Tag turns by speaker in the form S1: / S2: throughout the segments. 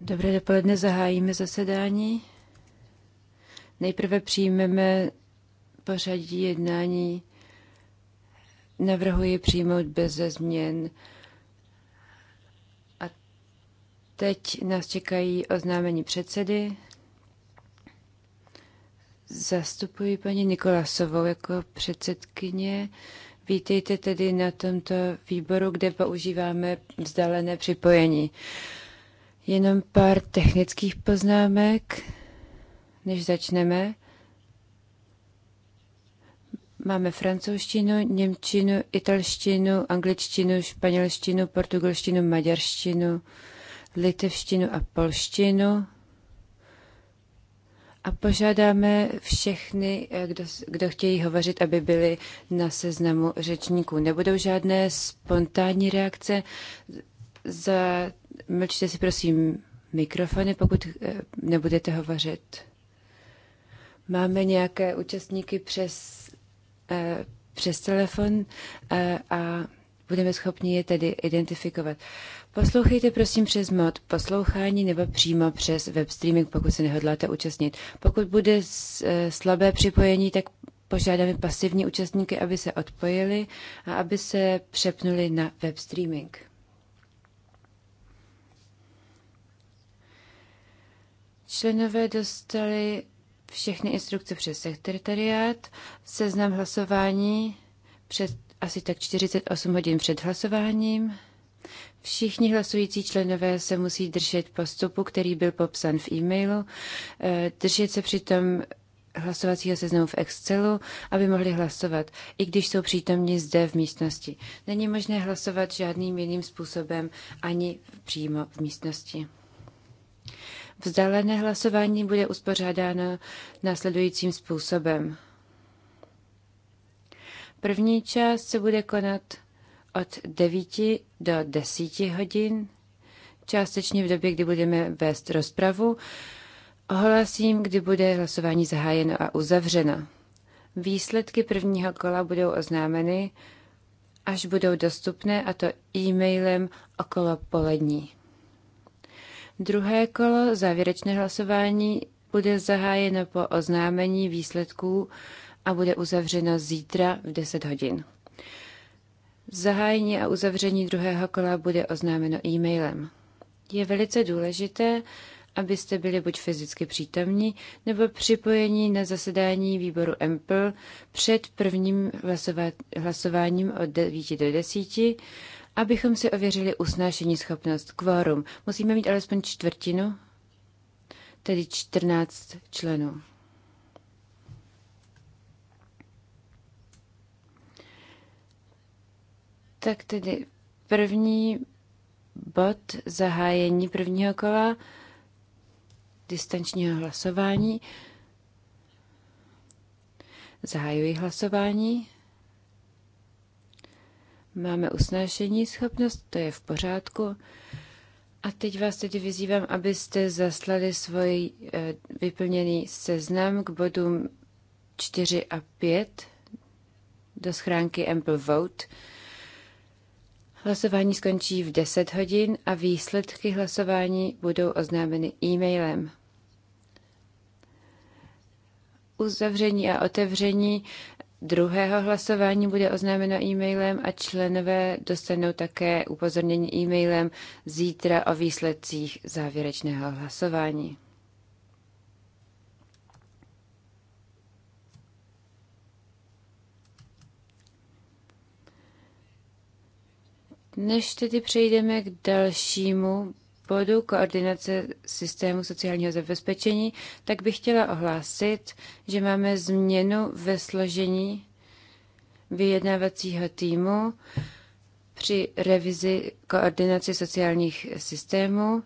S1: Dobré dopoledne, zahájíme zasedání. Nejprve přijmeme pořadí jednání. Navrhuji přijmout bez změn. A teď nás čekají oznámení předsedy. Zastupuji paní Nikolasovou jako předsedkyně Vítejte tedy na tomto výboru, kde používáme vzdálené připojení. Jenom pár technických poznámek, než začneme. Máme francouzštinu, němčinu, italštinu, angličtinu, španělštinu, portugalštinu, maďarštinu, litevštinu a polštinu. A požádáme všechny, eh, kdo, kdo chtějí hovořit, aby byli na seznamu řečníků. Nebudou žádné spontánní reakce. Za, mlčte si prosím mikrofony, pokud eh, nebudete hovořit. Máme nějaké účastníky přes, eh, přes telefon a budeme schopni je tedy identifikovat. Poslouchejte prosím přes mod poslouchání nebo přímo přes web streaming, pokud se nehodláte účastnit. Pokud bude eh, slabé připojení, tak požádáme pasivní účastníky, aby se odpojili a aby se přepnuli na web streaming. Členové dostali všechny instrukce přes sekretariát, seznam hlasování před asi tak 48 hodin před hlasováním. Všichni hlasující členové se musí držet postupu, který byl popsan v e-mailu, eh, držet se přitom hlasovacího seznamu v Excelu, aby mohli hlasovat, i když jsou přítomní zde v místnosti. Není možné hlasovat žádným jiným způsobem ani přímo v místnosti. Vzdálené hlasování bude uspořádáno následujícím způsobem. První část se bude konat od 9 do 10 hodin, částečně v době, kdy budeme vést rozpravu. Ohlasím, kdy bude hlasování zahájeno a uzavřeno. Výsledky prvního kola budou oznámeny, až budou dostupné, a to e-mailem okolo polední. Druhé kolo, závěrečné hlasování, bude zahájeno po oznámení výsledků a bude uzavřena zítra v 10 hodin. Zahájení a uzavření druhého kola bude oznámeno e-mailem. Je velice důležité, abyste byli buď fyzicky přítomní nebo připojení na zasedání výboru EMPL před prvním hlasováním od 9 do 10, abychom si ověřili usnášení schopnost kvórum. Musíme mít alespoň čtvrtinu, tedy 14 členů. Tak tedy první bod zahájení prvního kola distančního hlasování. Zahajuji hlasování. Máme usnášení schopnost, to je v pořádku. A teď vás tedy vyzývám, abyste zaslali svůj eh, vyplněný seznam k bodům 4 a 5 do schránky Ample Vote Hlasování skončí v 10 hodin a výsledky hlasování budou oznámeny e-mailem. Uzavření a otevření druhého hlasování bude oznámeno e-mailem a členové dostanou také upozornění e-mailem zítra o výsledcích závěrečného hlasování. Než tedy přejdeme k dalšímu bodu koordinace systému sociálního zabezpečení, tak bych chtěla ohlásit, že máme změnu ve složení vyjednávacího týmu při revizi koordinace sociálních systémů.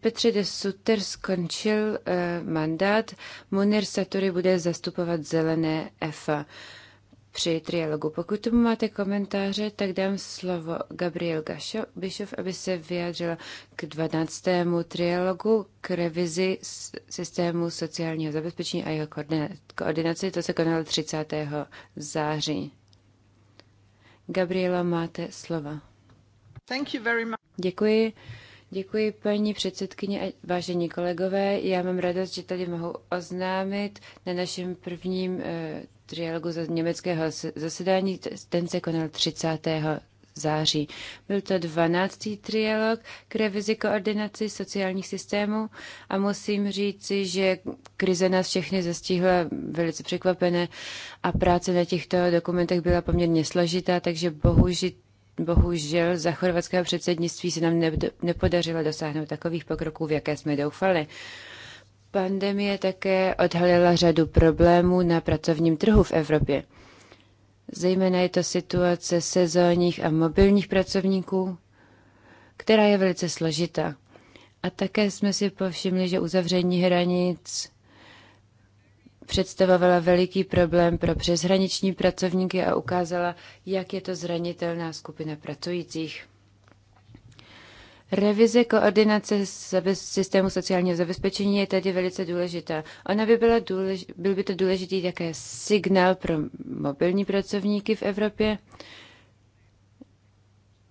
S1: Petře de Suter skončil uh, mandát, Munir Satury bude zastupovat zelené EFA při trialogu. Pokud tomu máte komentáře, tak dám slovo Gabriel Bišov, aby se vyjádřila k 12. trialogu k revizi systému sociálního zabezpečení a jeho koordinaci. To se konalo 30. září. Gabriela, máte slova. Děkuji. Děkuji, paní předsedkyně a vážení kolegové. Já mám radost, že tady mohu oznámit na našem prvním eh, trialogu za německého zasedání. Ten se konal 30 září. Byl to 12. trialog k revizi koordinaci sociálních systémů a musím říci, že krize nás všechny zastihla velice překvapené a práce na těchto dokumentech byla poměrně složitá, takže bohužel bohužel za chorvatského předsednictví se nám nepodařilo dosáhnout takových pokroků, v jaké jsme doufali. Pandemie také odhalila řadu problémů na pracovním trhu v Evropě. Zejména je to situace sezónních a mobilních pracovníků, která je velice složitá. A také jsme si povšimli, že uzavření hranic představovala veliký problém pro přeshraniční pracovníky a ukázala, jak je to zranitelná skupina pracujících. Revize koordinace systému sociálního zabezpečení je tedy velice důležitá. Ona by byla důlež, byl by to důležitý také signál pro mobilní pracovníky v Evropě,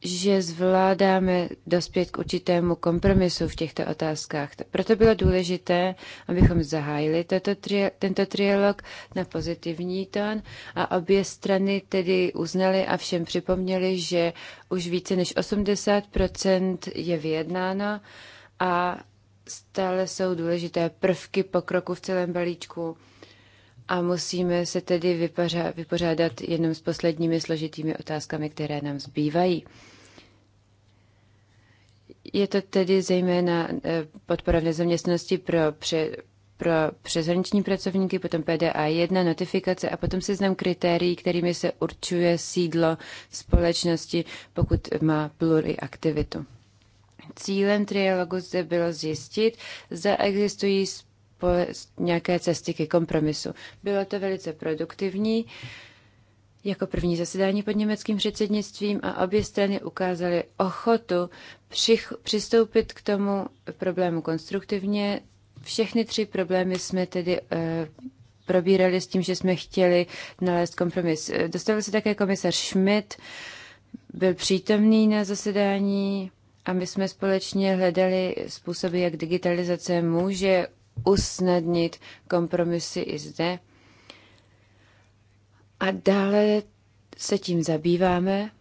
S1: že zvládáme dospět k určitému kompromisu v těchto otázkách. Proto bylo důležité, abychom zahájili toto tri, tento trialog na pozitivní tón a obě strany tedy uznali a všem připomněli, že už více než 80 je vyjednáno a stále jsou důležité prvky pokroku v celém balíčku a musíme se tedy vypořádat jenom s posledními složitými otázkami, které nám zbývají. Je to tedy zejména e, podpora v nezaměstnosti pro, pře, pro přeshraniční pracovníky, potom PDA 1, notifikace a potom seznam kritérií, kterými se určuje sídlo společnosti, pokud má aktivitu. Cílem trialogu zde bylo zjistit, zda existují po nějaké cesty ke kompromisu. Bylo to velice produktivní jako první zasedání pod německým předsednictvím a obě strany ukázaly ochotu přich, přistoupit k tomu problému konstruktivně. Všechny tři problémy jsme tedy e, probírali s tím, že jsme chtěli nalézt kompromis. Dostavil se také komisař Schmidt, byl přítomný na zasedání a my jsme společně hledali způsoby, jak digitalizace může usnadnit kompromisy i zde. A dále se tím zabýváme.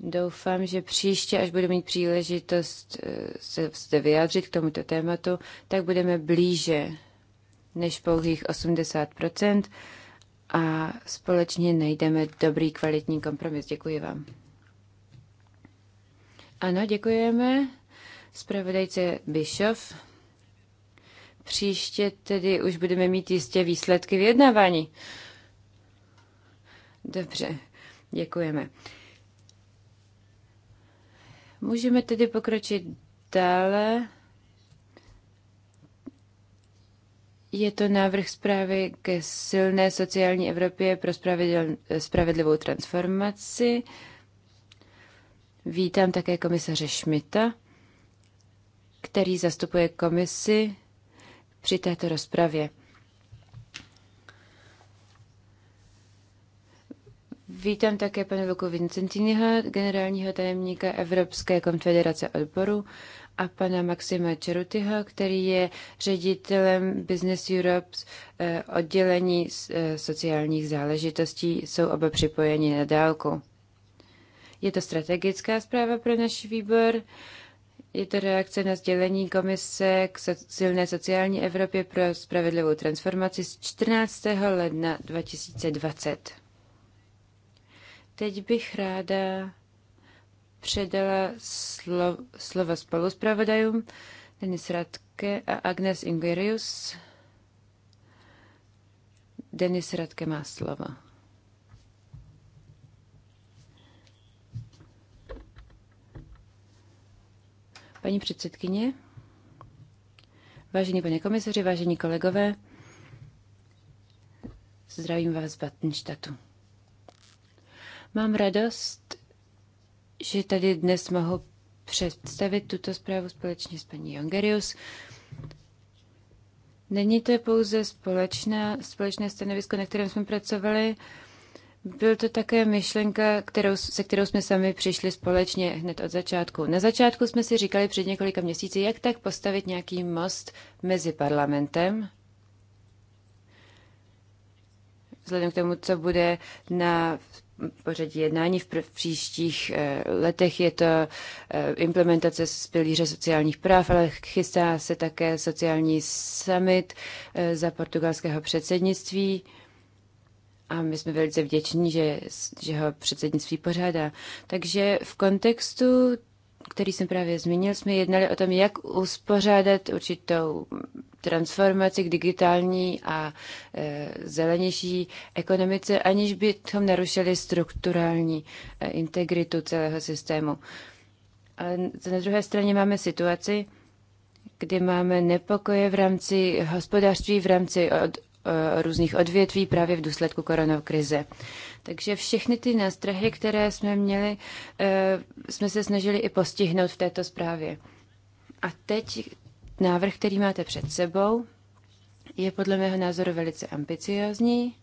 S1: Doufám, že příště, až budeme mít příležitost eh, se zde vyjádřit k tomuto tématu, tak budeme blíže než pouhých 80 a společně najdeme dobrý kvalitní kompromis. Děkuji vám. Ano, děkujeme. Spravodajce Bischoff. Příště tedy už budeme mít jistě výsledky vyjednávání. Dobře, děkujeme. Můžeme tedy pokročit dále. Je to návrh zprávy ke silné sociální Evropě pro spravedlivou transformaci. Vítám také komisaře Šmita, který zastupuje komisi při této rozpravě. Vítám také pana Luku Vincentiniho, generálního tajemníka Evropské konfederace odboru a pana Maxima Čerutyho, který je ředitelem Business Europe eh, oddělení eh, sociálních záležitostí, jsou oba připojeni na dálku. Je to strategická zpráva pro náš výbor je to reakce na sdělení Komise k silné sociální Evropě pro spravedlivou transformaci z 14. ledna 2020. Teď bych ráda předala slo, slovo spoluzpravodajům Denis Radke a Agnes Ingerius. Denis Radke má slovo. Paní předsedkyně, vážení pane komisaři, vážení kolegové, zdravím vás z Batnštatu. Mám radost, že tady dnes mohu představit tuto zprávu společně s paní Jongerius. Není to pouze společná, společné stanovisko, na kterém jsme pracovali, byl to také myšlenka, kterou, se kterou jsme sami přišli společně hned od začátku. Na začátku jsme si říkali před několika měsíci, jak tak postavit nějaký most mezi parlamentem, vzhledem k tomu, co bude na pořadí jednání v, v příštích eh, letech. Je to eh, implementace z pilíře sociálních práv, ale chystá se také sociální summit eh, za portugalského předsednictví a my jsme velice vděční, že, že ho předsednictví pořádá. Takže v kontextu, který jsem právě zmínil, jsme jednali o tom, jak uspořádat určitou transformaci k digitální a e, zelenější ekonomice, aniž bychom narušili strukturální e, integritu celého systému. Ale na druhé straně máme situaci, kdy máme nepokoje v rámci hospodářství, v rámci od, Eh, různých odvětví právě v důsledku koronakrize. Takže všechny ty nástrahy, které jsme měli, eh, jsme se snažili i postihnout v této zprávě. A teď návrh, který máte před sebou, je podle mého názoru velice ambiciozní.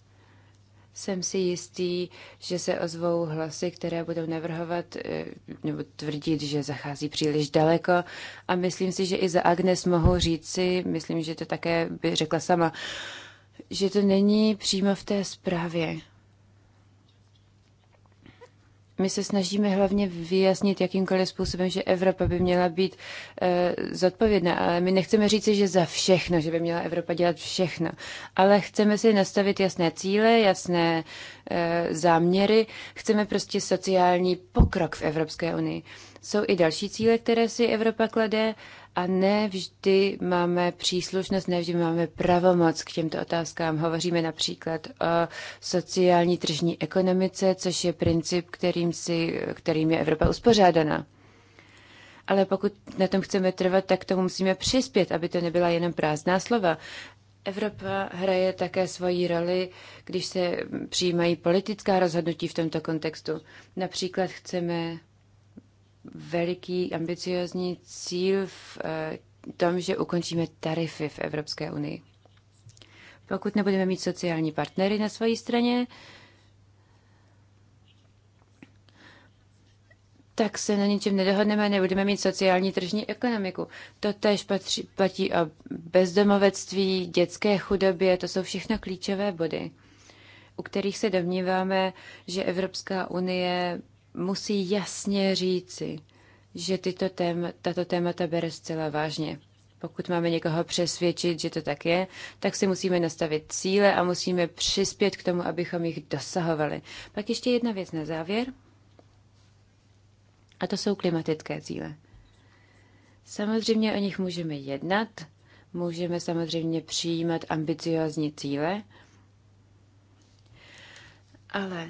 S1: Jsem si jistý, že se ozvou hlasy, které budou navrhovat eh, nebo tvrdit, že zachází příliš daleko. A myslím si, že i za Agnes mohu říci, myslím, že to také by řekla sama, že to není přímo v té zprávě. My se snažíme hlavně vyjasnit jakýmkoliv způsobem, že Evropa by měla být e, zodpovědná, ale my nechceme říct, že za všechno, že by měla Evropa dělat všechno, ale chceme si nastavit jasné cíle, jasné e, záměry, chceme prostě sociální pokrok v Evropské unii. Jsou i další cíle, které si Evropa klade, a ne vždy máme příslušnost, ne vždy máme pravomoc k těmto otázkám. Hovoříme například o sociální tržní ekonomice, což je princip, kterým, si, kterým je Evropa uspořádaná. Ale pokud na tom chceme trvat, tak tomu musíme přispět, aby to nebyla jenom prázdná slova. Evropa hraje také svoji roli, když se přijímají politická rozhodnutí v tomto kontextu. Například chceme veliký ambiciozní cíl v eh, tom, že ukončíme tarify v Evropské unii. Pokud nebudeme mít sociální partnery na své straně, tak se na ničem nedohodneme, nebudeme mít sociální tržní ekonomiku. To tež patří, platí o bezdomovectví, dětské chudobě, to jsou všechno klíčové body, u kterých se domníváme, že Evropská unie musí jasně říci, že tyto tém, tato témata bere zcela vážně. Pokud máme někoho přesvědčit, že to tak je, tak si musíme nastavit cíle a musíme přispět k tomu, abychom jich dosahovali. Pak ještě jedna věc na závěr. A to jsou klimatické cíle. Samozřejmě o nich můžeme jednat, můžeme samozřejmě přijímat ambiciozní cíle, ale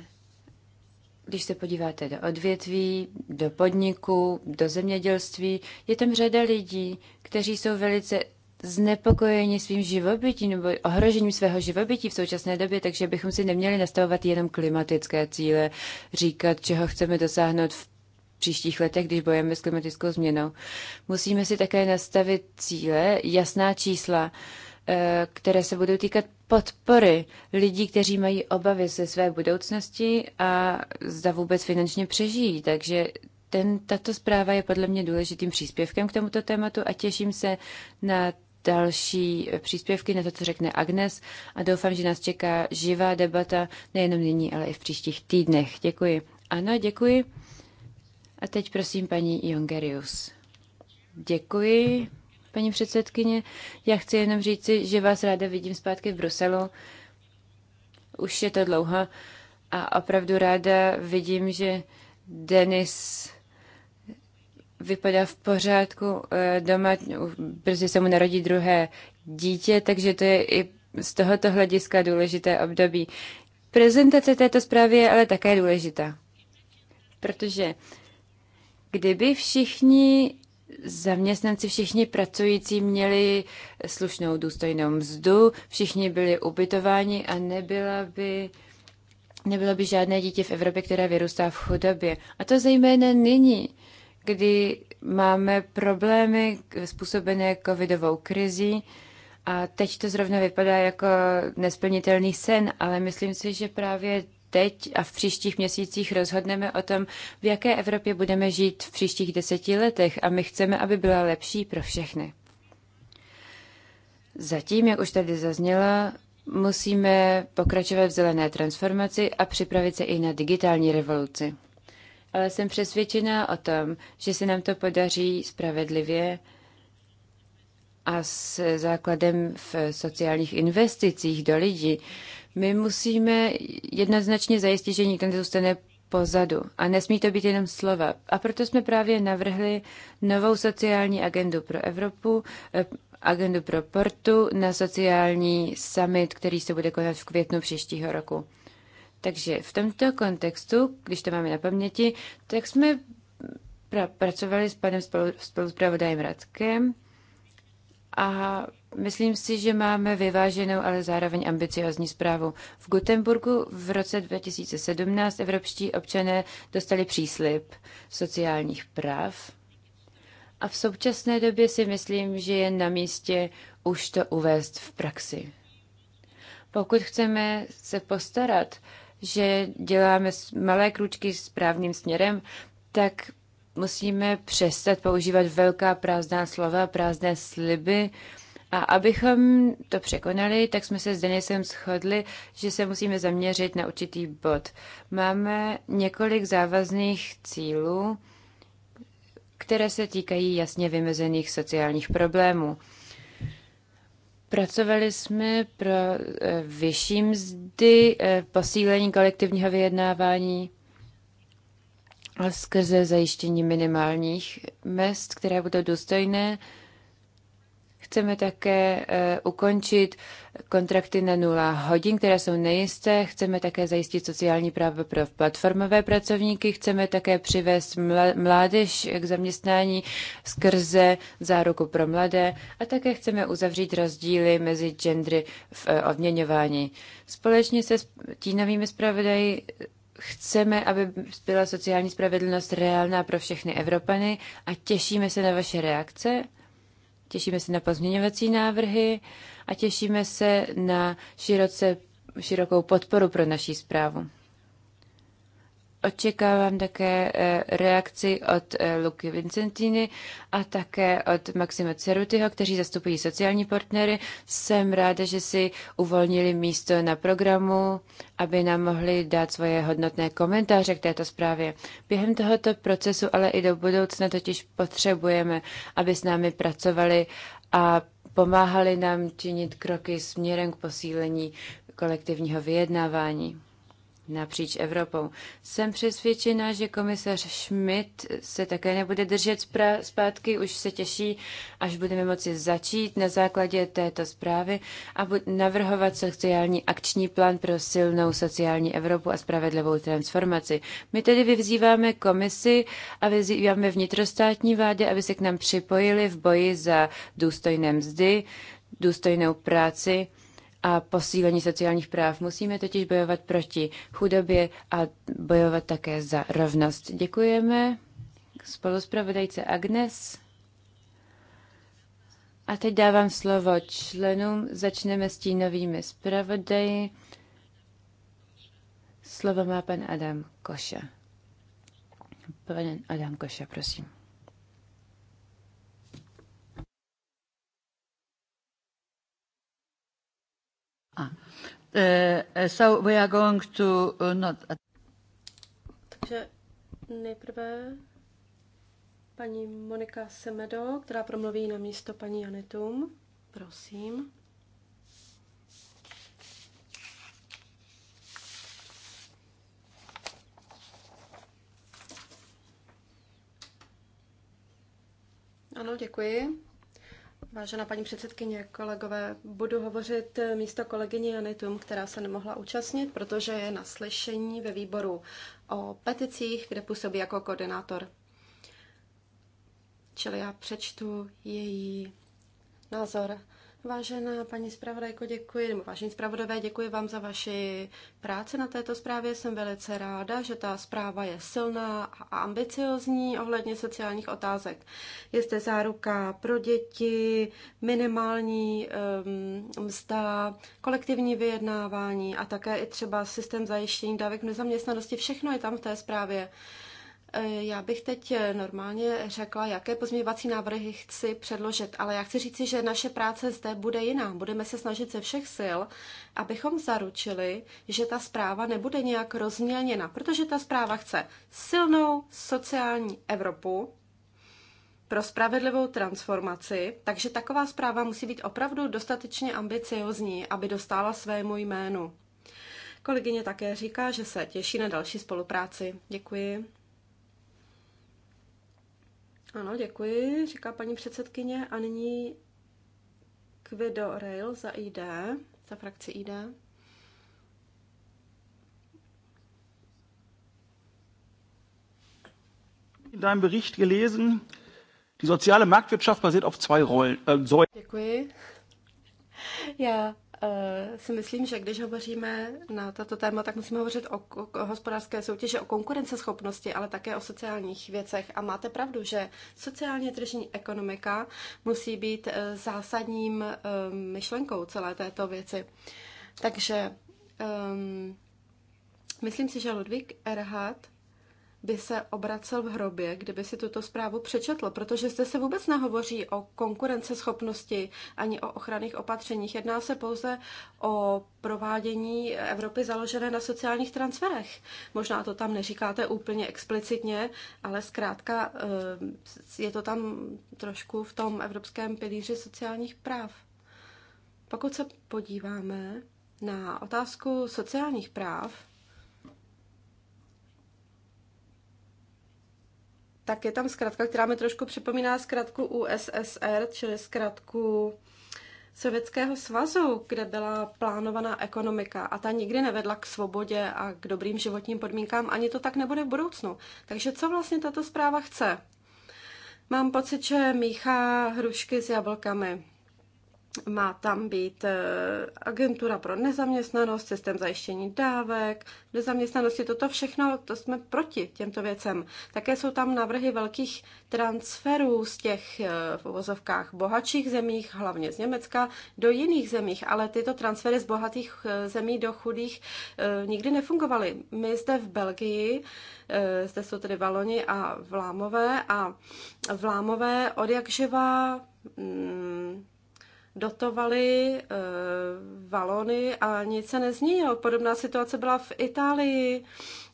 S1: když se podíváte do odvětví, do podniku, do zemědělství, je tam řada lidí, kteří jsou velice znepokojeni svým živobytím nebo ohrožením svého živobytí v současné době, takže bychom si neměli nastavovat jenom klimatické cíle, říkat, čeho chceme dosáhnout v příštích letech, když bojujeme s klimatickou změnou. Musíme si také nastavit cíle, jasná čísla, eh, které se budou týkat podpory lidí, kteří mají obavy ze své budoucnosti a zda vůbec finančně přežijí. Takže ten, tato zpráva je podle mě důležitým příspěvkem k tomuto tématu a těším se na další příspěvky, na to, co řekne Agnes a doufám, že nás čeká živá debata nejenom nyní, ale i v příštích týdnech. Děkuji. Ano, děkuji. A teď prosím paní Jongerius. Děkuji paní předsedkyně. Já chci jenom říci, že vás ráda vidím zpátky v Bruselu. Už je to dlouho a opravdu ráda vidím, že Denis vypadá v pořádku eh, doma, brzy se mu narodí druhé dítě, takže to je i z tohoto hlediska důležité období. Prezentace této zprávy je ale také důležitá, protože kdyby všichni zaměstnanci, všichni pracující měli slušnou důstojnou mzdu, všichni byli ubytováni a nebyla by nebylo by žádné dítě v Evropě, které vyrůstá v chudobě. A to zejména nyní, kdy máme problémy způsobené covidovou krizí a teď to zrovna vypadá jako nesplnitelný sen, ale myslím si, že právě teď a v příštích měsících rozhodneme o tom, v jaké Evropě budeme žít v příštích deseti letech a my chceme, aby byla lepší pro všechny. Zatím, jak už tady zazněla, musíme pokračovat v zelené transformaci a připravit se i na digitální revoluci. Ale jsem přesvědčená o tom, že se nám to podaří spravedlivě a s základem v sociálních investicích do lidí, my musíme jednoznačně zajistit, že nikdo nezůstane pozadu a nesmí to být jenom slova. A proto jsme právě navrhli novou sociální agendu pro Evropu, eh, agendu pro Portu na sociální summit, který se bude konat v květnu příštího roku. Takže v tomto kontextu, když to máme na paměti, tak jsme pra- pracovali s panem spolu, spoluzpravodajem Radkem a myslím si, že máme vyváženou, ale zároveň ambiciozní zprávu. V Gutenburgu v roce 2017 evropští občané dostali příslip sociálních práv a v současné době si myslím, že je na místě už to uvést v praxi. Pokud chceme se postarat, že děláme malé kručky správným směrem, tak musíme přestat používat velká prázdná slova, prázdné sliby. A abychom to překonali, tak jsme se s Denisem shodli, že se musíme zaměřit na určitý bod. Máme několik závazných cílů, které se týkají jasně vymezených sociálních problémů. Pracovali jsme pro eh, vyšší mzdy, eh, posílení kolektivního vyjednávání, skrze zajištění minimálních mest, které budou důstojné. Chceme také e, ukončit kontrakty na nula hodin, které jsou nejisté. Chceme také zajistit sociální právo pro platformové pracovníky. Chceme také přivést mládež k zaměstnání skrze záruku pro mladé. A také chceme uzavřít rozdíly mezi gendry v e, odměňování. Společně se tínovými zpravodaji chceme, aby byla sociální spravedlnost reálná pro všechny Evropany a těšíme se na vaše reakce, těšíme se na pozměňovací návrhy a těšíme se na široce, širokou podporu pro naší zprávu. Očekávám také eh, reakci od eh, Luky Vincentiny a také od Maxima Cerutyho, kteří zastupují sociální partnery. Jsem ráda, že si uvolnili místo na programu, aby nám mohli dát svoje hodnotné komentáře k této zprávě. Během tohoto procesu, ale i do budoucna totiž potřebujeme, aby s námi pracovali a pomáhali nám činit kroky směrem k posílení kolektivního vyjednávání napříč Evropou. Jsem přesvědčena, že komisař Schmidt se také nebude držet zpátky, už se těší, až budeme moci začít na základě této zprávy a navrhovat sociální akční plán pro silnou sociální Evropu a spravedlivou transformaci. My tedy vyvzýváme komisi a vyzýváme vnitrostátní vládě, aby se k nám připojili v boji za důstojné mzdy, důstojnou práci, a posílení sociálních práv. Musíme totiž bojovat proti chudobě a bojovat také za rovnost. Děkujeme spoluzpravodajce Agnes. A teď dávám slovo členům. Začneme s novými zpravodaji. Slovo má pan Adam Koša. Pan Adam Koša, prosím.
S2: E, e, so we are going to uh, not...
S3: Takže nejprve paní Monika Semedo, která promluví na místo paní Janetum. Prosím. Ano, děkuji. Vážená paní předsedkyně, kolegové, budu hovořit místo kolegyně Jany Tum, která se nemohla účastnit, protože je na slyšení ve výboru o peticích, kde působí jako koordinátor. Čili já přečtu její názor. Vážená paní zpravodajko, děkuji, nebo vážení zpravodové, děkuji vám za vaši práci na této zprávě. Jsem velice ráda, že ta zpráva je silná a ambiciozní ohledně sociálních otázek. Je zde záruka pro děti, minimální um, mzda, kolektivní vyjednávání a také i třeba systém zajištění dávek v nezaměstnanosti. Všechno je tam v té zprávě. Uh, Eh, já bych teď eh, normálně řekla, jaké pozměňovací návrhy chci předložit, ale já chci říci, že naše práce zde bude jiná. Budeme se snažit ze všech sil, abychom zaručili, že ta zpráva nebude nějak rozmělněna, protože ta zpráva chce silnou sociální Evropu pro spravedlivou transformaci, takže taková zpráva musí být opravdu dostatečně ambiciozní, aby dostala svému jménu. Kolegyně také říká, že se těší na další spolupráci. Děkuji. Ano, děkuji, říká paní předsedkyně. A nyní Kvido Rail za ID, za frakci ID.
S2: In deinem Bericht gelesen, die soziale Marktwirtschaft basiert auf zwei Rollen, äh, Säulen.
S3: Děkuji. Ja. Eh, si myslím, že když hovoříme na tato téma, tak musíme hovořit o, o hospodářské soutěži, o konkurenceschopnosti, ale také o sociálních věcech. A máte pravdu, že sociálně tržní ekonomika musí být eh, zásadním ehm, myšlenkou celé této věci. Takže um, myslím si, že Ludvík Erhard by se obracel v hrobě, kdyby si tuto zprávu přečetl, protože zde se vůbec nehovoří o konkurenceschopnosti ani o ochranných opatřeních. Jedná se pouze o provádění Evropy založené na sociálních transferech. Možná to tam neříkáte úplně explicitně, ale zkrátka eh, je to tam trošku v tom evropském pilíři sociálních práv. Pokud se podíváme na otázku sociálních práv, tak je tam zkratka, která mi trošku připomíná zkratku USSR, čili zkratku Sovětského svazu, kde byla plánovaná ekonomika a ta nikdy nevedla k svobodě a k dobrým životním podmínkám, ani to tak nebude v budoucnu. Takže co vlastně tato zpráva chce? Mám pocit, že míchá hrušky s jablkami. Má tam být e, agentura pro nezaměstnanost, systém zajištění dávek, nezaměstnanosti, toto všechno, to jsme proti těmto věcem. Také jsou tam návrhy velkých transferů z těch e, v uvozovkách bohatších zemích, hlavně z Německa, do jiných zemích, ale tyto transfery z bohatých e, zemí do chudých nikdy nefungovaly. My zde v Belgii, zde jsou tedy Valoni a Vlámové a Vlámové odjakživa mm, dotovali eh, valony a nic se nezměnilo. Podobná situace byla v Itálii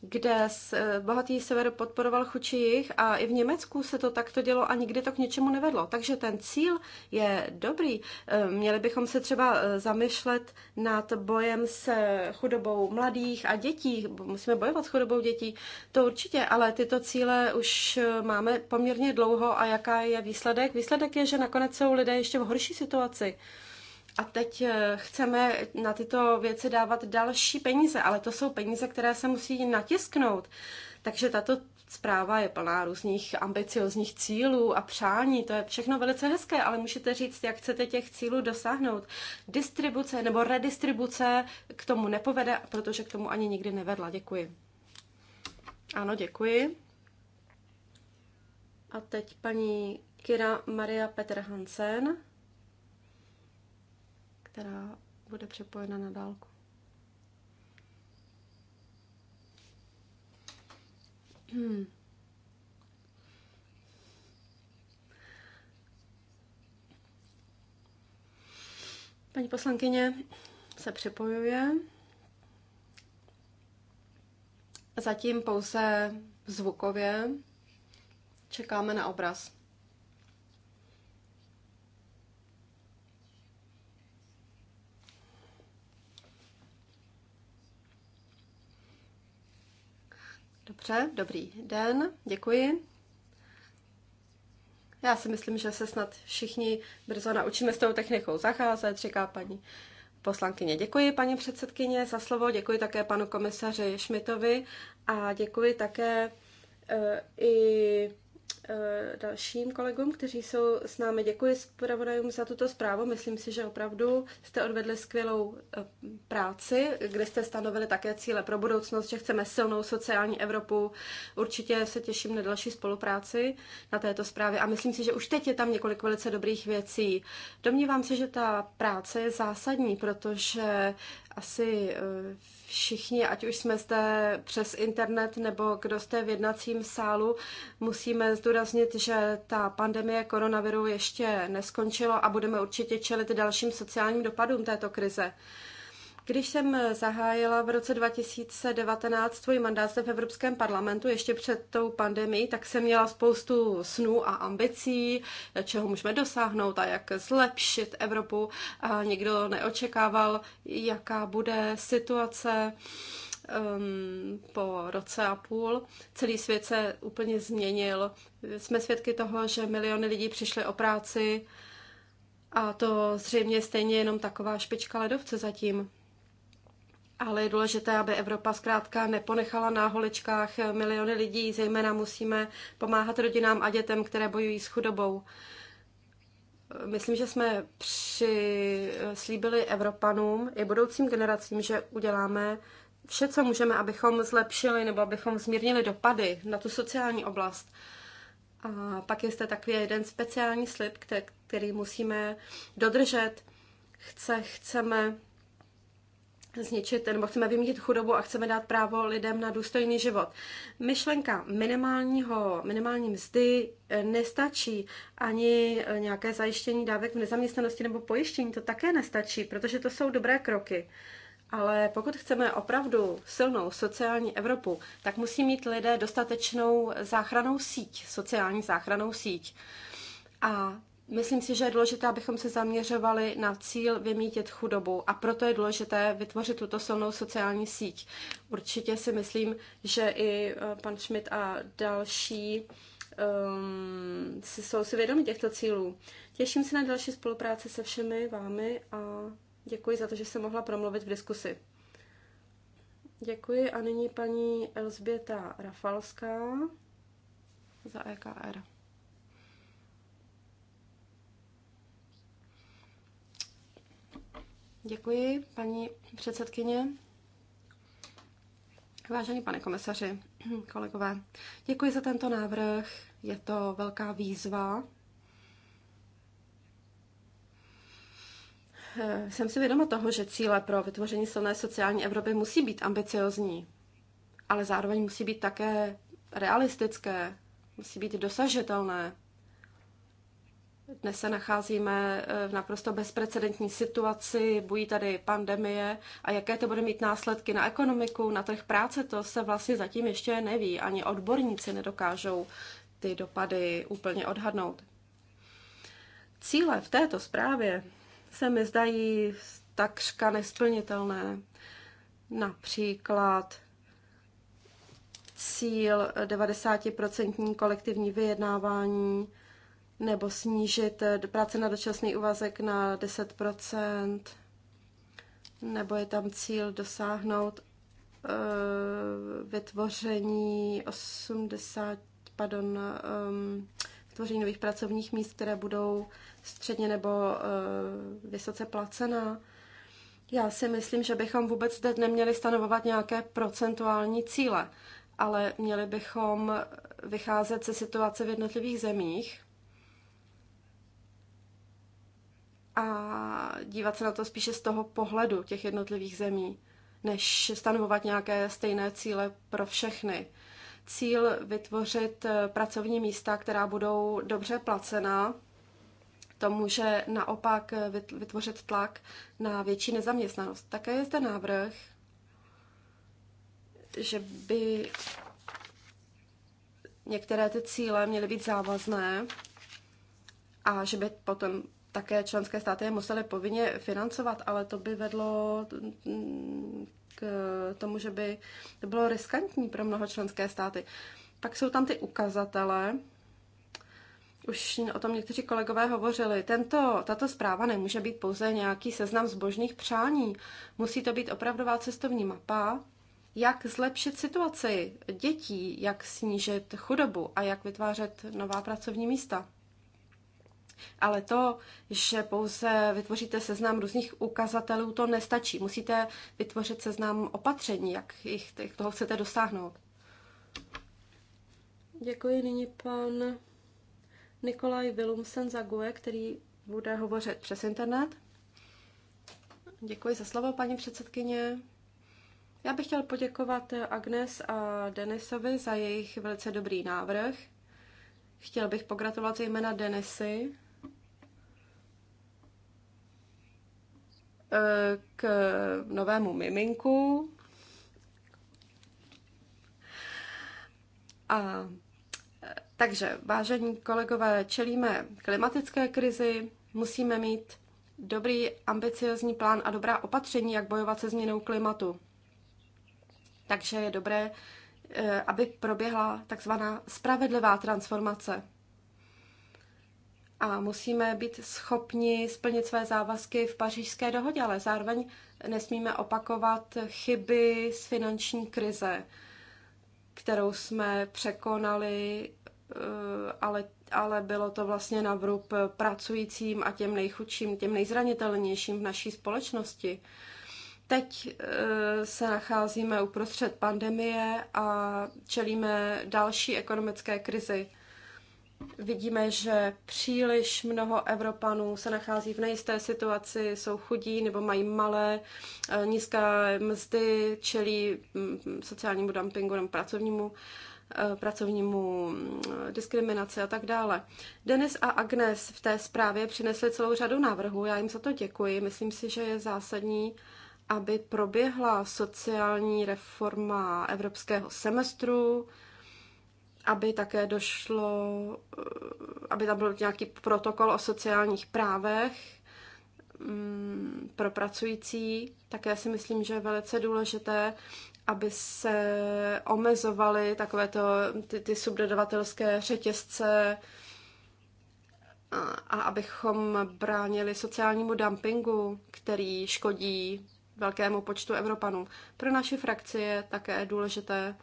S3: kde eh, bohatý sever podporoval chučí jich a i v Německu se to takto dělo a nikdy to k něčemu nevedlo. Takže ten cíl je dobrý. Eh, měli bychom se třeba eh, zamyšlet nad bojem se chudobou mladých a dětí. Musíme bojovat s chudobou dětí, to určitě, ale tyto cíle už máme poměrně dlouho a jaká je výsledek? Výsledek je, že nakonec jsou lidé ještě v horší situaci a teď eh, chceme na tyto věci dávat další peníze, ale to jsou peníze, které se musí natisknout. Takže tato zpráva je plná různých ambiciozních cílů a přání. To je všechno velice hezké, ale můžete říct, jak chcete těch cílů dosáhnout. Distribuce nebo redistribuce k tomu nepovede, protože k tomu ani nikdy nevedla. Děkuji. Ano, děkuji. A teď paní Kira Maria Petr Hansen která bude přepojena na dálku. Hmm. Paní poslankyně se přepojuje. Zatím pouze zvukově čekáme na obraz. Dobře, dobrý den, děkuji. Já si myslím, že se snad všichni brzo naučíme s tou technikou zacházet, říká paní poslankyně. Děkuji paní předsedkyně za slovo, děkuji také panu komisaři Šmitovi a děkuji také e, i Eh, dalším kolegům, kteří jsou s námi. Děkuji zpravodajům za tuto zprávu. Myslím si, že opravdu jste odvedli skvělou eh, práci, kde jste stanovili také cíle pro budoucnost, že chceme silnou sociální Evropu. Určitě se těším na další spolupráci na této zprávě a myslím si, že už teď je tam několik velice dobrých věcí. Domnívám se, že ta práce je zásadní, protože asi eh, všichni, ať už jsme zde přes internet nebo kdo jste v jednacím sálu, musíme zdůraznit, že ta pandemie koronaviru ještě neskončila a budeme určitě čelit dalším sociálním dopadům této krize. Když jsem zahájila v roce 2019 svůj mandát v Evropském parlamentu, ještě před tou pandemí, tak jsem měla spoustu snů a ambicí, čeho můžeme dosáhnout a jak zlepšit Evropu. A nikdo neočekával, jaká bude situace um, po roce a půl. Celý svět se úplně změnil. Jsme svědky toho, že miliony lidí přišly o práci a to zřejmě stejně jenom taková špička ledovce zatím ale je důležité, aby Evropa zkrátka neponechala na holičkách miliony lidí, zejména musíme pomáhat rodinám a dětem, které bojují s chudobou. Myslím, že jsme přislíbili Evropanům i budoucím generacím, že uděláme vše, co můžeme, abychom zlepšili nebo abychom zmírnili dopady na tu sociální oblast. A pak je zde takový jeden speciální slib, který musíme dodržet. Chce, chceme zničit, nebo chceme vymítit chudobu a chceme dát právo lidem na důstojný život. Myšlenka minimálního, minimální mzdy eh, nestačí, ani eh, nějaké zajištění dávek v nezaměstnanosti nebo pojištění, to také nestačí, protože to jsou dobré kroky. Ale pokud chceme opravdu silnou sociální Evropu, tak musí mít lidé dostatečnou záchranou síť, sociální záchranou síť. A Myslím si, že je důležité, abychom se zaměřovali na cíl vymítit chudobu a proto je důležité vytvořit tuto silnou sociální síť. Určitě si myslím, že i eh, pan Schmidt a další um, jsou si vědomi těchto cílů. Těším se na další spolupráci se všemi vámi a děkuji za to, že jsem mohla promluvit v diskusi. Děkuji a nyní paní Elzběta Rafalská za EKR. Děkuji, paní předsedkyně. Vážený pane komisaři, kolegové, děkuji za tento návrh. Je to velká výzva. Jsem si vědoma toho, že cíle pro vytvoření silné sociální Evropy musí být ambiciozní, ale zároveň musí být také realistické, musí být dosažitelné. Dnes se nacházíme e, v naprosto bezprecedentní situaci, bují tady pandemie a jaké to bude mít následky na ekonomiku, na trh práce, to se vlastně zatím ještě neví. Ani odborníci nedokážou ty dopady úplně odhadnout. Cíle v této zprávě se mi zdají takřka nesplnitelné. Například cíl 90% kolektivní vyjednávání nebo snížit eh, práce na dočasný úvazek na 10 nebo je tam cíl dosáhnout eh, vytvoření 80, pardon, ehm, vytvoření nových pracovních míst, které budou středně nebo eh, vysoce placená. Já si myslím, že bychom vůbec zde neměli stanovovat nějaké procentuální cíle, ale měli bychom vycházet ze situace v jednotlivých zemích a dívat se na to spíše z toho pohledu těch jednotlivých zemí, než stanovovat nějaké stejné cíle pro všechny. Cíl vytvořit eh, pracovní místa, která budou dobře placená, to může naopak eh, vytvořit tlak na větší nezaměstnanost. Také je zde návrh, že by některé ty cíle měly být závazné a že by potom také členské státy je musely povinně financovat, ale to by vedlo mm, k tomu, že by to bylo riskantní pro mnoho členské státy. Pak jsou tam ty ukazatele, už o tom někteří kolegové hovořili. Tento, tato zpráva nemůže být pouze nějaký seznam zbožných přání. Musí to být opravdová cestovní mapa, jak zlepšit situaci dětí, jak snížit chudobu a jak vytvářet nová pracovní místa. Ale to, že pouze vytvoříte seznam různých ukazatelů, to nestačí. Musíte vytvořit seznam opatření, jak jich, jak toho chcete dosáhnout. Děkuji nyní pan Nikolaj Vilumsen GUE, který bude hovořit přes internet. Děkuji za slovo, paní předsedkyně. Já bych chtěl poděkovat Agnes a Denisovi za jejich velice dobrý návrh. Chtěl bych pogratulovat zejména Denisy k novému miminku. A takže, vážení kolegové, čelíme klimatické krizi, musíme mít dobrý, ambiciozní plán a dobrá opatření, jak bojovat se změnou klimatu. Takže je dobré, eh, aby proběhla takzvaná spravedlivá transformace a musíme být schopni splnit své závazky v pařížské dohodě, ale zároveň nesmíme opakovat chyby z finanční krize, kterou jsme překonali, eh, ale, ale bylo to vlastně na vrub pracujícím a těm nejchudším, těm nejzranitelnějším v naší společnosti. Teď eh, se nacházíme uprostřed pandemie a čelíme další ekonomické krizi. Vidíme, že příliš mnoho Evropanů se nachází v nejisté situaci, jsou chudí nebo mají malé, eh, nízké mzdy, čelí mm, mm, sociálnímu dumpingu nebo pracovnímu eh, pracovnímu mm, diskriminaci a tak dále. Denis a Agnes v té zprávě přinesli celou řadu návrhů, já jim za to děkuji. Myslím si, že je zásadní, aby proběhla sociální reforma evropského semestru, aby také došlo, eh, aby tam byl nějaký protokol o sociálních právech mm, pro pracující. Také si myslím, že je velice důležité, aby se omezovaly takovéto ty, ty subdodavatelské řetězce a, a abychom bránili sociálnímu dumpingu, který škodí velkému počtu Evropanů. Pro naši frakci je také důležité,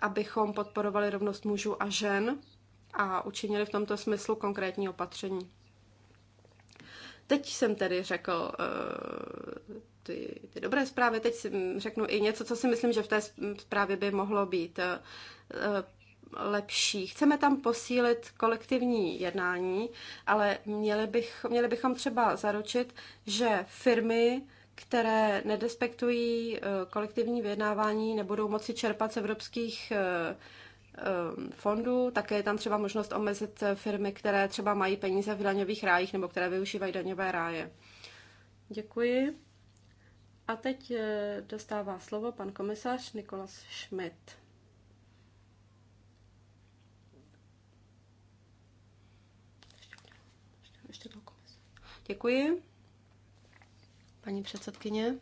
S3: abychom podporovali rovnost mužů a žen a učinili v tomto smyslu konkrétní opatření. Teď jsem tedy řekl eh, ty, ty dobré zprávy, teď si řeknu i něco, co si myslím, že v té zprávě by mohlo být eh, lepší. Chceme tam posílit kolektivní jednání, ale měli, bych, měli bychom třeba zaručit, že firmy které nedespektují kolektivní vyjednávání, nebudou moci čerpat z evropských fondů. Také je tam třeba možnost omezit firmy, které třeba mají peníze v daňových rájích nebo které využívají daňové ráje. Děkuji. A teď dostává slovo pan komisař Nikolas Schmidt. Děkuji paní předsedkyně.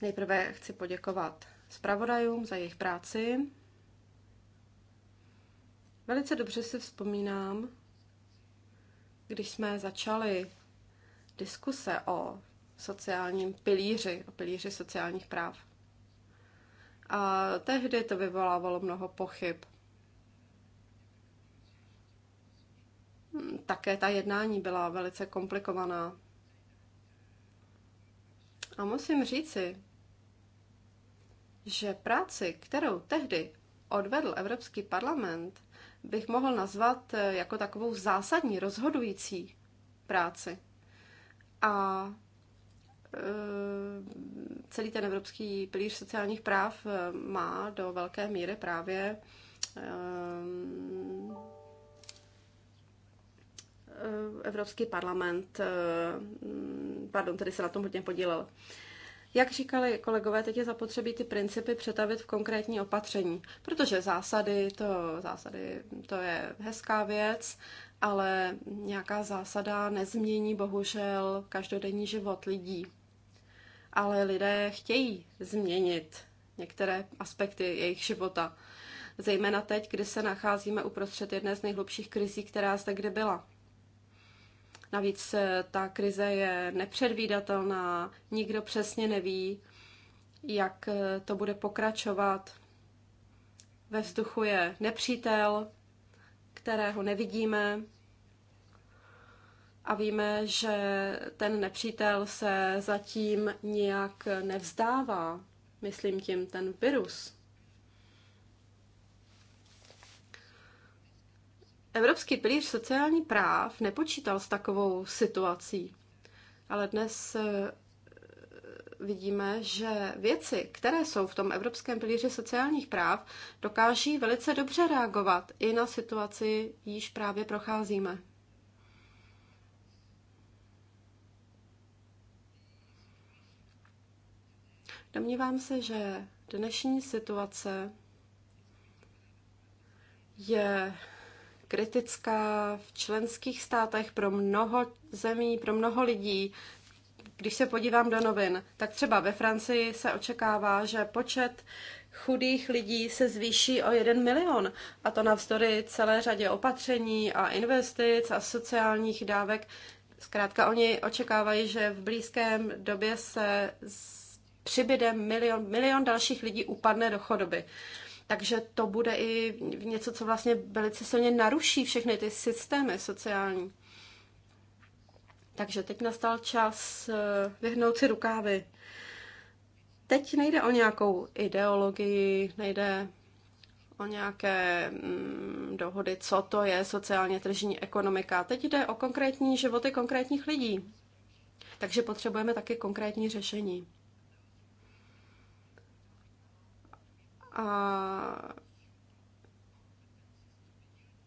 S3: Nejprve chci poděkovat zpravodajům za jejich práci. Velice dobře si vzpomínám, když jsme začali diskuse o sociálním pilíři, o pilíři sociálních práv. A tehdy to vyvolávalo mnoho pochyb. Také ta jednání byla velice komplikovaná. A musím říci, že práci, kterou tehdy odvedl Evropský parlament, bych mohl nazvat eh, jako takovou zásadní, rozhodující práci. A eh, celý ten evropský pilíř sociálních práv eh, má do velké míry právě Eh, Evropský parlament, eh, mm, pardon, tedy se na tom hodně podílel. Jak říkali kolegové, teď je zapotřebí ty principy přetavit v konkrétní opatření, protože zásady to, zásady, to je hezká věc, ale nějaká zásada nezmění bohužel každodenní život lidí. Ale lidé chtějí změnit některé aspekty jejich života. Zejména teď, kdy se nacházíme uprostřed jedné z nejhlubších krizí, která zde kdy byla. Navíc eh, ta krize je nepředvídatelná, nikdo přesně neví, jak eh, to bude pokračovat. Ve vzduchu je nepřítel, kterého nevidíme a víme, že ten nepřítel se zatím nijak nevzdává, myslím tím ten virus. Evropský pilíř sociální práv nepočítal s takovou situací, ale dnes eh, vidíme, že věci, které jsou v tom Evropském pilíři sociálních práv, dokáží velice dobře reagovat i na situaci, již právě procházíme. Domnívám se, že dnešní situace je kritická v členských státech pro mnoho zemí, pro mnoho lidí. Když se podívám do novin, tak třeba ve Francii se očekává, že počet chudých lidí se zvýší o jeden milion. A to navzdory celé řadě opatření a investic a sociálních dávek. Zkrátka oni očekávají, že v blízkém době se přibyde milion, milion dalších lidí upadne do chodoby. Takže to bude i něco, co vlastně velice silně naruší všechny ty systémy sociální. Takže teď nastal čas eh, vyhnout si rukávy. Teď nejde o nějakou ideologii, nejde o nějaké mm, dohody, co to je sociálně tržní ekonomika. Teď jde o konkrétní životy konkrétních lidí. Takže potřebujeme taky konkrétní řešení. A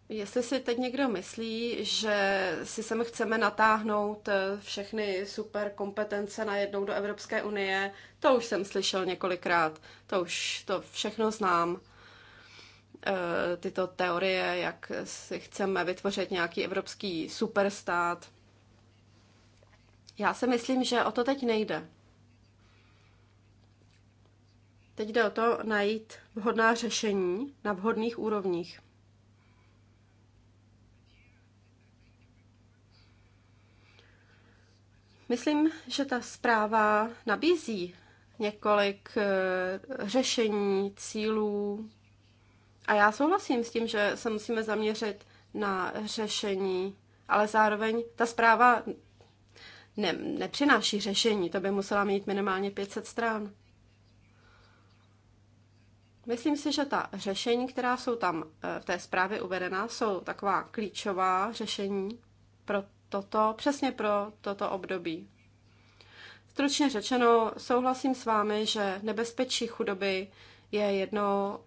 S3: Jestli si teď někdo myslí, že si sem chceme natáhnout eh, všechny super kompetence najednou do Evropské unie, to už jsem slyšel několikrát, to už to všechno znám. Eh, tyto teorie, jak si chceme vytvořit nějaký evropský superstát. Já si myslím, že o to teď nejde. Teď jde o to najít vhodná řešení na vhodných úrovních. Myslím, že ta zpráva nabízí několik eh, řešení, cílů. A já souhlasím s tím, že se musíme zaměřit na řešení, ale zároveň ta zpráva ne, nepřináší řešení, to by musela mít minimálně 500 stran. Myslím si, že ta řešení, která jsou tam eh, v té zprávě uvedena, jsou taková klíčová řešení pro toto, přesně pro toto období. Stručně řečeno, souhlasím s vámi, že nebezpečí chudoby je jedno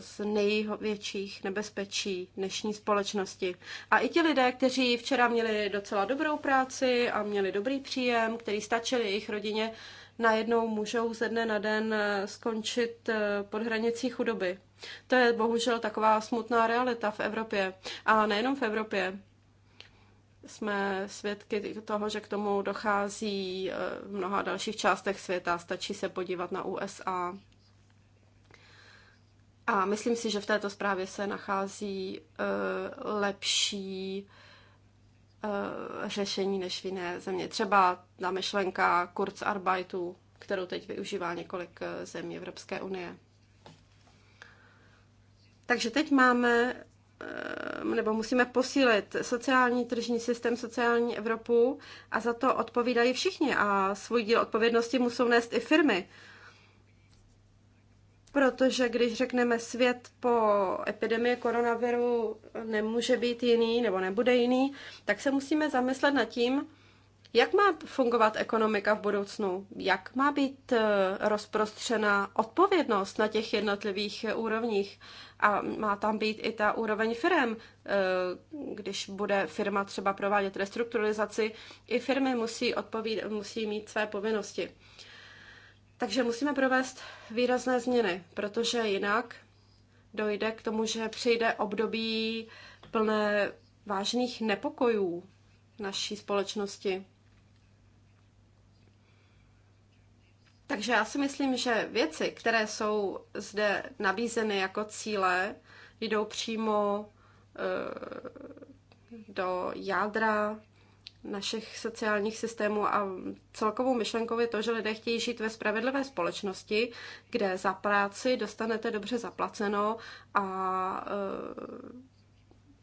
S3: z největších nebezpečí dnešní společnosti. A i ti lidé, kteří včera měli docela dobrou práci a měli dobrý příjem, který stačili jejich rodině, najednou můžou ze dne na den eh, skončit eh, pod hranicí chudoby. To je bohužel taková smutná realita v Evropě. A nejenom v Evropě. Jsme svědky toho, že k tomu dochází eh, v mnoha dalších částech světa. Stačí se podívat na USA. A myslím si, že v této zprávě se nachází lepší Eh, řešení než v jiné země. Třeba ta myšlenka Kurzarbeitu, kterou teď využívá několik eh, zemí Evropské unie. Takže teď máme, eh, nebo musíme posílit sociální tržní systém, sociální Evropu a za to odpovídají všichni a svůj díl odpovědnosti musou nést i firmy. Protože když řekneme svět po epidemii koronaviru nemůže být jiný nebo nebude jiný, tak se musíme zamyslet nad tím, jak má fungovat ekonomika v budoucnu? Jak má být eh, rozprostřena odpovědnost na těch jednotlivých eh, úrovních? A má tam být i ta úroveň firm. Eh, když bude firma třeba provádět restrukturalizaci, i firmy musí, odpovíd- musí mít své povinnosti. Takže musíme provést výrazné změny, protože jinak dojde k tomu, že přijde období plné vážných nepokojů naší společnosti. Takže já si myslím, že věci, které jsou zde nabízeny jako cíle, jdou přímo eh, do jádra našich sociálních systémů a celkovou myšlenkou je to, že lidé chtějí žít ve spravedlivé společnosti, kde za práci dostanete dobře zaplaceno a e,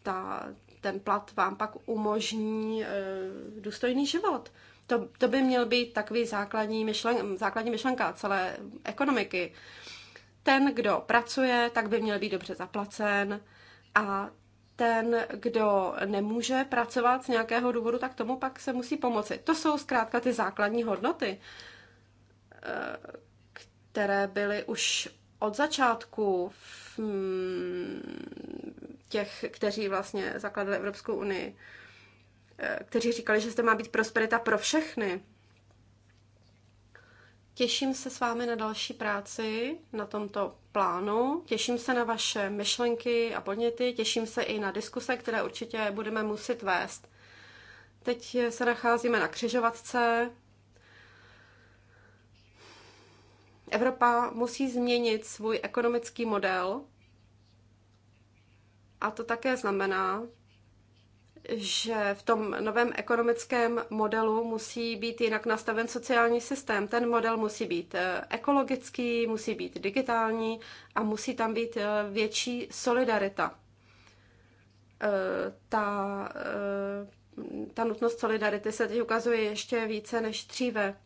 S3: ta, ten plat vám pak umožní e, důstojný život. To, to by měl být takový základní, myšlen, základní myšlenka celé ekonomiky. Ten, kdo pracuje, tak by měl být dobře zaplacen a ten, kdo nemůže pracovat z nějakého důvodu, tak tomu pak se musí pomoci. To jsou zkrátka ty základní hodnoty, eh, které byly už od začátku v mm, těch, kteří vlastně zakladali Evropskou unii, eh, kteří říkali, že zde má být prosperita pro všechny, Těším se s vámi na další práci na tomto plánu. Těším se na vaše myšlenky a podněty. Těším se i na diskuse, které určitě budeme muset vést. Teď se nacházíme na křižovatce. Evropa musí změnit svůj ekonomický model. A to také znamená, že v tom novém ekonomickém modelu musí být jinak nastaven sociální systém. Ten model musí být eh, ekologický, musí být digitální a musí tam být eh, větší solidarita. Eh, ta, ta nutnost solidarity se teď ukazuje ještě více než dříve.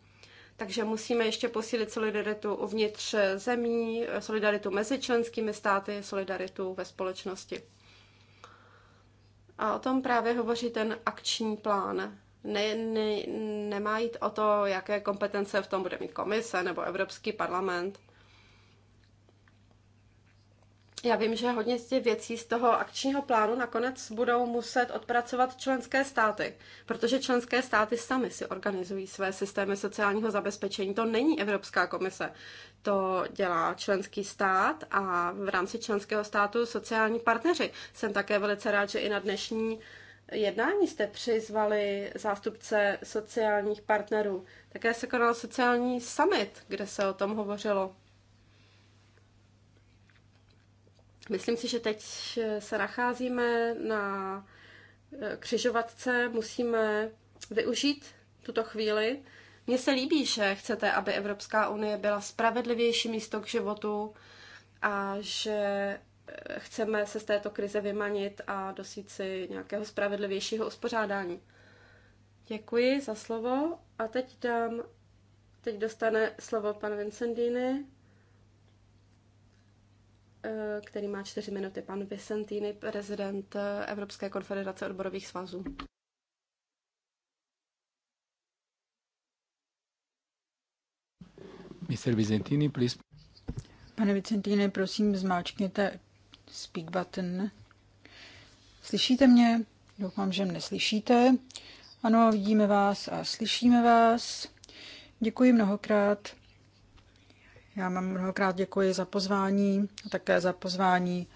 S3: Takže musíme ještě posílit solidaritu uvnitř zemí, solidaritu mezi členskými státy, solidaritu ve společnosti. A o tom právě hovoří ten akční plán. Ne, ne, nemá jít o to, jaké kompetence v tom bude mít komise nebo Evropský parlament. Já vím, že hodně z těch věcí z toho akčního plánu nakonec budou muset odpracovat členské státy, protože členské státy sami si organizují své systémy sociálního zabezpečení. To není Evropská komise, to dělá členský stát a v rámci členského státu sociální partneři. Jsem také velice rád, že i na dnešní jednání jste přizvali zástupce sociálních partnerů. Také se konal sociální summit, kde se o tom hovořilo. Myslím si, že teď se nacházíme na eh, křižovatce, musíme využít tuto chvíli. Mně se líbí, že chcete, aby Evropská unie byla spravedlivější místo k životu a že eh, chceme se z této krize vymanit a dosít si nějakého spravedlivějšího uspořádání. Děkuji za slovo a teď dám, teď dostane slovo pan Vincendini Eh, který má čtyři minuty, pan Vicentini, prezident eh, Evropské konfederace odborových
S2: svazů.
S1: Mr. Vicentini, please.
S2: Pane Vicentini, prosím, zmáčkněte speak button. Slyšíte mě? Doufám, že mne slyšíte. Ano, vidíme vás a slyšíme vás. Děkuji mnohokrát já vám mnohokrát děkuji za pozvání a také za pozvání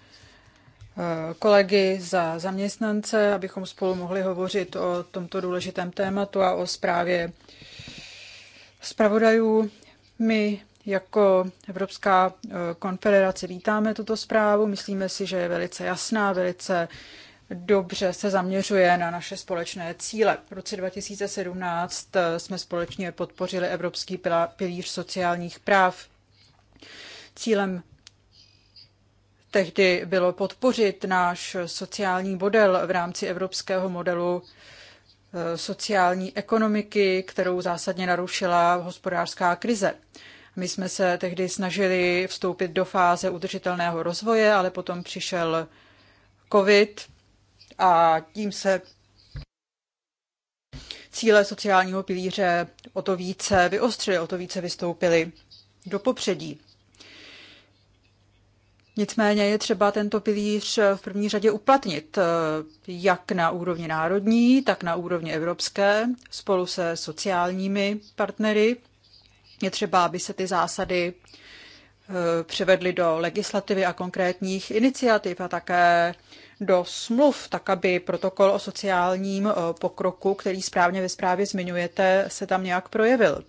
S2: eh, kolegy za zaměstnance, abychom spolu mohli hovořit o tomto důležitém tématu a o zprávě zpravodajů. My jako Evropská eh, konfederace vítáme tuto zprávu. Myslíme si, že je velice jasná, velice dobře se zaměřuje na naše společné cíle. V roce 2017 eh, jsme společně podpořili Evropský pilíř sociálních práv Cílem tehdy bylo podpořit náš sociální model v rámci evropského modelu eh, sociální ekonomiky, kterou zásadně narušila hospodářská krize. My jsme se tehdy snažili vstoupit do fáze udržitelného rozvoje, ale potom přišel COVID a tím se cíle sociálního pilíře o to více vyostřily, o to více vystoupily do popředí. Nicméně je třeba tento pilíř v první řadě uplatnit, eh, jak na úrovni národní, tak na úrovni evropské, spolu se sociálními partnery. Je třeba, aby se ty zásady eh, převedly do legislativy a konkrétních iniciativ a také do smluv, tak aby protokol o sociálním eh, pokroku, který správně ve zprávě zmiňujete, se tam nějak projevil.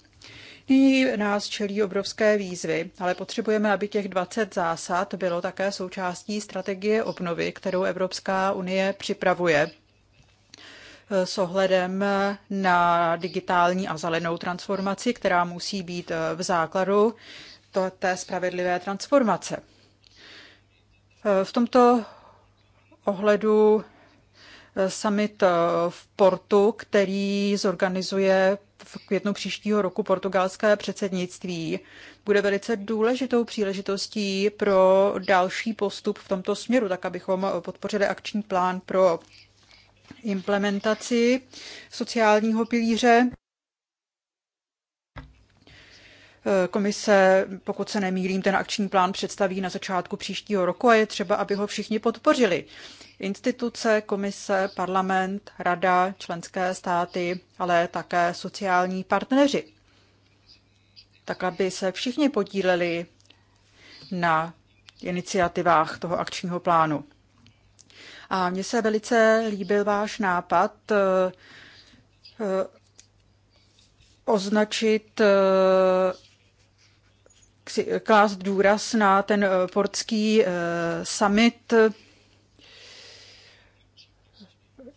S2: Nyní nás čelí obrovské výzvy, ale potřebujeme, aby těch 20 zásad bylo také součástí strategie obnovy, kterou Evropská unie připravuje s ohledem na digitální a zelenou transformaci, která musí být v základu té spravedlivé transformace. V tomto ohledu eh, summit eh, v Portu, který zorganizuje v květnu příštího roku portugalské předsednictví bude velice důležitou příležitostí pro další postup v tomto směru, tak abychom podpořili akční plán pro implementaci sociálního pilíře Komise, pokud se nemýlím, ten akční plán představí na začátku příštího roku a je třeba, aby ho všichni podpořili. Instituce, komise, parlament, rada, členské státy, ale také sociální partneři. Tak, aby se všichni podíleli na iniciativách toho akčního plánu. A mně se velice líbil váš nápad eh, eh, označit eh, klást důraz na ten eh, portský eh, summit,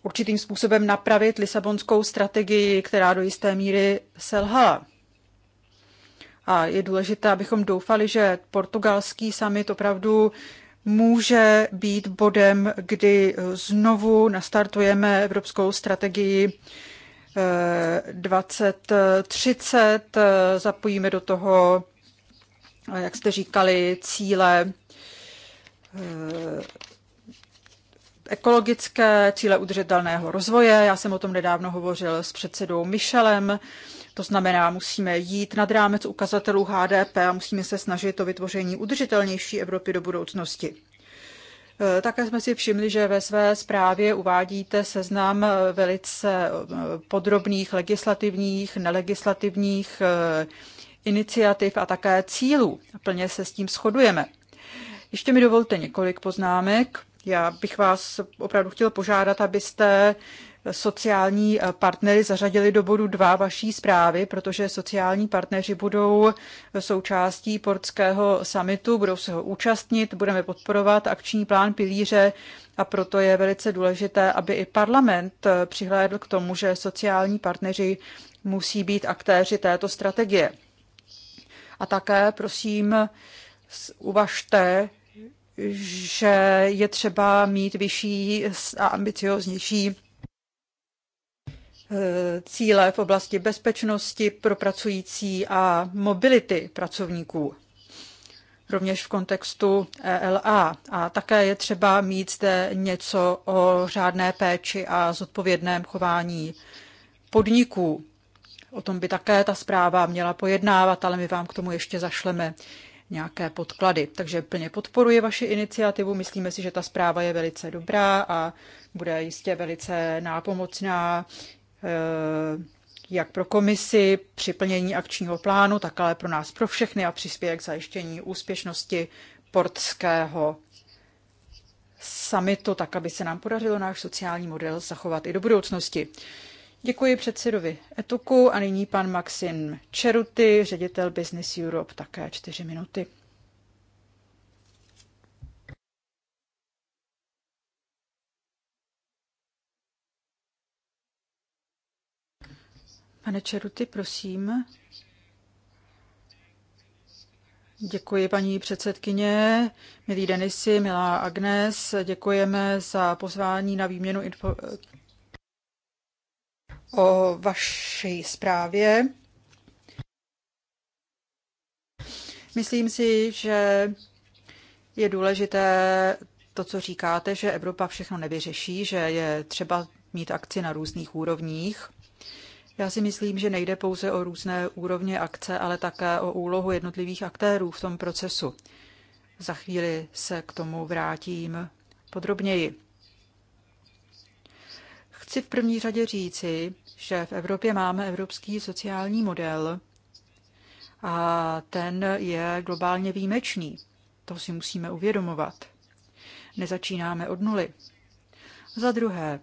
S2: určitým způsobem napravit Lisabonskou strategii, která do jisté míry selhala. A je důležité, abychom doufali, že portugalský summit opravdu může být bodem, kdy eh, znovu nastartujeme evropskou strategii 2030, zapojíme do toho jak jste říkali, cíle eh, ekologické, cíle udržitelného rozvoje. Já jsem o tom nedávno hovořil s předsedou Michelem. To znamená, musíme jít nad rámec ukazatelů HDP a musíme se snažit o vytvoření udržitelnější Evropy do budoucnosti. Eh, také jsme si všimli, že ve své zprávě uvádíte seznam eh, velice podrobných legislativních, nelegislativních iniciativ a také cílů. Plně se s tím shodujeme. Ještě mi dovolte několik poznámek. Já bych vás opravdu chtěl požádat, abyste sociální eh, partnery zařadili do bodu dva vaší zprávy, protože sociální partneři budou součástí portského samitu, budou se ho účastnit, budeme podporovat akční plán pilíře a proto je velice důležité, aby i parlament eh, přihlédl k tomu, že sociální partneři musí být aktéři této strategie. A také, prosím, uvažte, že je třeba mít vyšší a ambicioznější eh, cíle v oblasti bezpečnosti pro pracující a mobility pracovníků, rovněž v kontextu ELA. A také je třeba mít zde něco o řádné péči a zodpovědném chování podniků. O tom by také ta zpráva měla pojednávat, ale my vám k tomu ještě zašleme nějaké podklady. Takže plně podporuji vaši iniciativu. Myslíme si, že ta zpráva je velice dobrá a bude jistě velice nápomocná eh, jak pro komisi při plnění akčního plánu, tak ale pro nás, pro všechny a přispěje k zajištění úspěšnosti portského samitu, tak aby se nám podařilo náš sociální model zachovat i do budoucnosti. Děkuji předsedovi Etuku a nyní pan Maxim Čeruty, ředitel Business Europe, také čtyři minuty. Pane Čeruty, prosím. Děkuji, paní předsedkyně, milí Denisy, milá Agnes. Děkujeme za pozvání na výměnu informací o vaší zprávě. Myslím si, že je důležité to, co říkáte, že Evropa všechno nevyřeší, že je třeba mít akci na různých úrovních. Já si myslím, že nejde pouze o různé úrovně akce, ale také o úlohu jednotlivých aktérů v tom procesu. Za chvíli se k tomu vrátím podrobněji. Chci v první řadě říci, že v Evropě máme evropský sociální model a ten je globálně výjimečný. To si musíme uvědomovat. Nezačínáme od nuly. Za druhé,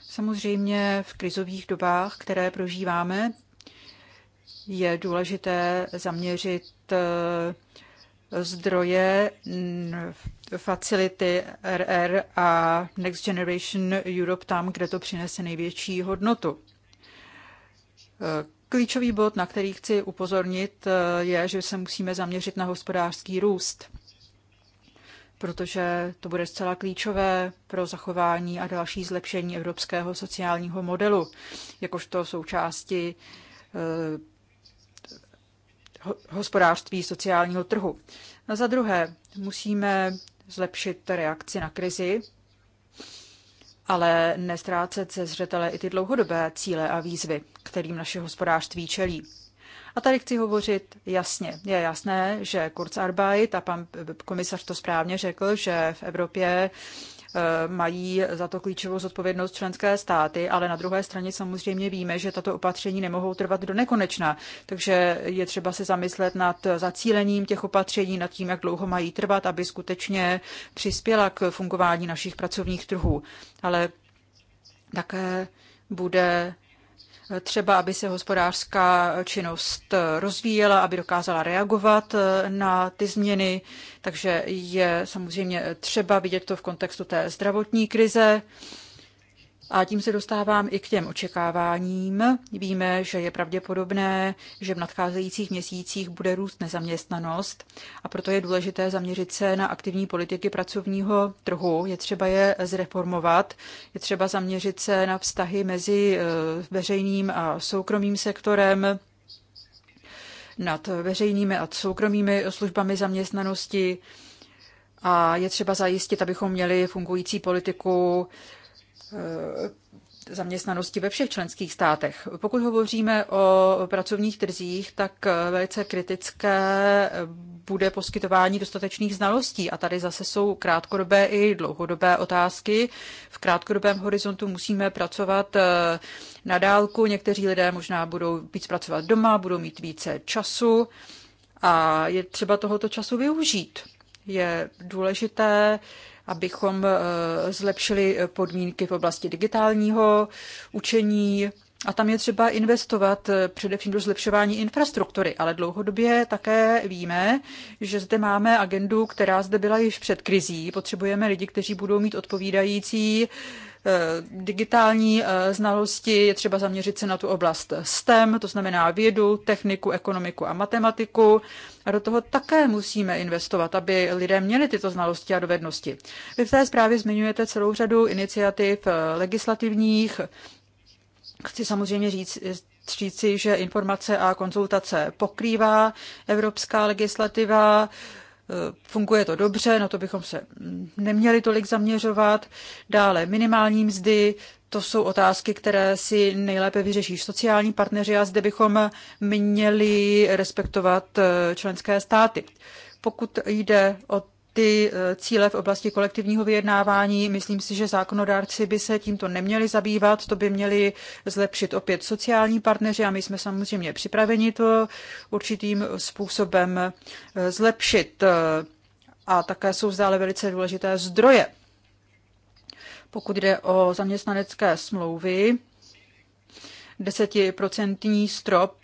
S2: samozřejmě v krizových dobách, které prožíváme, je důležité zaměřit zdroje facility RR a Next Generation Europe tam, kde to přinese největší hodnotu. E, klíčový bod, na který chci upozornit, e, je, že se musíme zaměřit na hospodářský růst, protože to bude zcela klíčové pro zachování a další zlepšení evropského sociálního modelu, jakožto součásti e, hospodářství sociálního trhu. A no za druhé, musíme zlepšit reakci na krizi, ale nestrácet ze zřetele i ty dlouhodobé cíle a výzvy, kterým naše hospodářství čelí. A tady chci hovořit jasně. Je jasné, že Kurzarbeit, a pan komisař to správně řekl, že v Evropě Eh, mají za to klíčovou zodpovědnost členské státy, ale na druhé straně samozřejmě víme, že tato opatření nemohou trvat do nekonečna. Takže je třeba se zamyslet nad zacílením těch opatření, nad tím, jak dlouho mají trvat, aby skutečně přispěla k fungování našich pracovních trhů. Ale také bude třeba, aby se hospodářská činnost rozvíjela, aby dokázala reagovat eh, na ty změny. Takže je samozřejmě třeba vidět to v kontextu té zdravotní krize. A tím se dostávám i k těm očekáváním. Víme, že je pravděpodobné, že v nadcházejících měsících bude růst nezaměstnanost a proto je důležité zaměřit se na aktivní politiky pracovního trhu. Je třeba je zreformovat, je třeba zaměřit se na vztahy mezi eh, veřejným a soukromým sektorem, nad veřejnými a soukromými službami zaměstnanosti a je třeba zajistit, abychom měli fungující politiku Eh, zaměstnanosti ve všech členských státech. Pokud hovoříme o pracovních trzích, tak eh, velice kritické eh, bude poskytování dostatečných znalostí. A tady zase jsou krátkodobé i dlouhodobé otázky. V krátkodobém horizontu musíme pracovat na dálku. Někteří lidé možná budou víc pracovat doma, budou mít více času a je třeba tohoto času využít. Je důležité abychom eh, zlepšili podmínky v oblasti digitálního učení. A tam je třeba investovat eh, především do zlepšování infrastruktury, ale dlouhodobě také víme, že zde máme agendu, která zde byla již před krizí. Potřebujeme lidi, kteří budou mít odpovídající Eh, digitální eh, znalosti, je třeba zaměřit se na tu oblast STEM, to znamená vědu, techniku, ekonomiku a matematiku. A do toho také musíme investovat, aby lidé měli tyto znalosti a dovednosti. Vy v té zprávě zmiňujete celou řadu iniciativ eh, legislativních. Chci samozřejmě říct, říci, že informace a konzultace pokrývá evropská legislativa. Eh, funguje to dobře, no to bychom se neměli tolik zaměřovat. Dále minimální mzdy, to jsou otázky, které si nejlépe vyřeší sociální partneři a zde bychom měli respektovat eh, členské státy. Pokud jde o ty eh, cíle v oblasti kolektivního vyjednávání. Myslím si, že zákonodárci by se tímto neměli zabývat, to by měli zlepšit opět sociální partneři a my jsme samozřejmě připraveni to určitým způsobem eh, zlepšit. Eh, a také jsou vzdále velice důležité zdroje. Pokud jde o zaměstnanecké smlouvy, desetiprocentní strop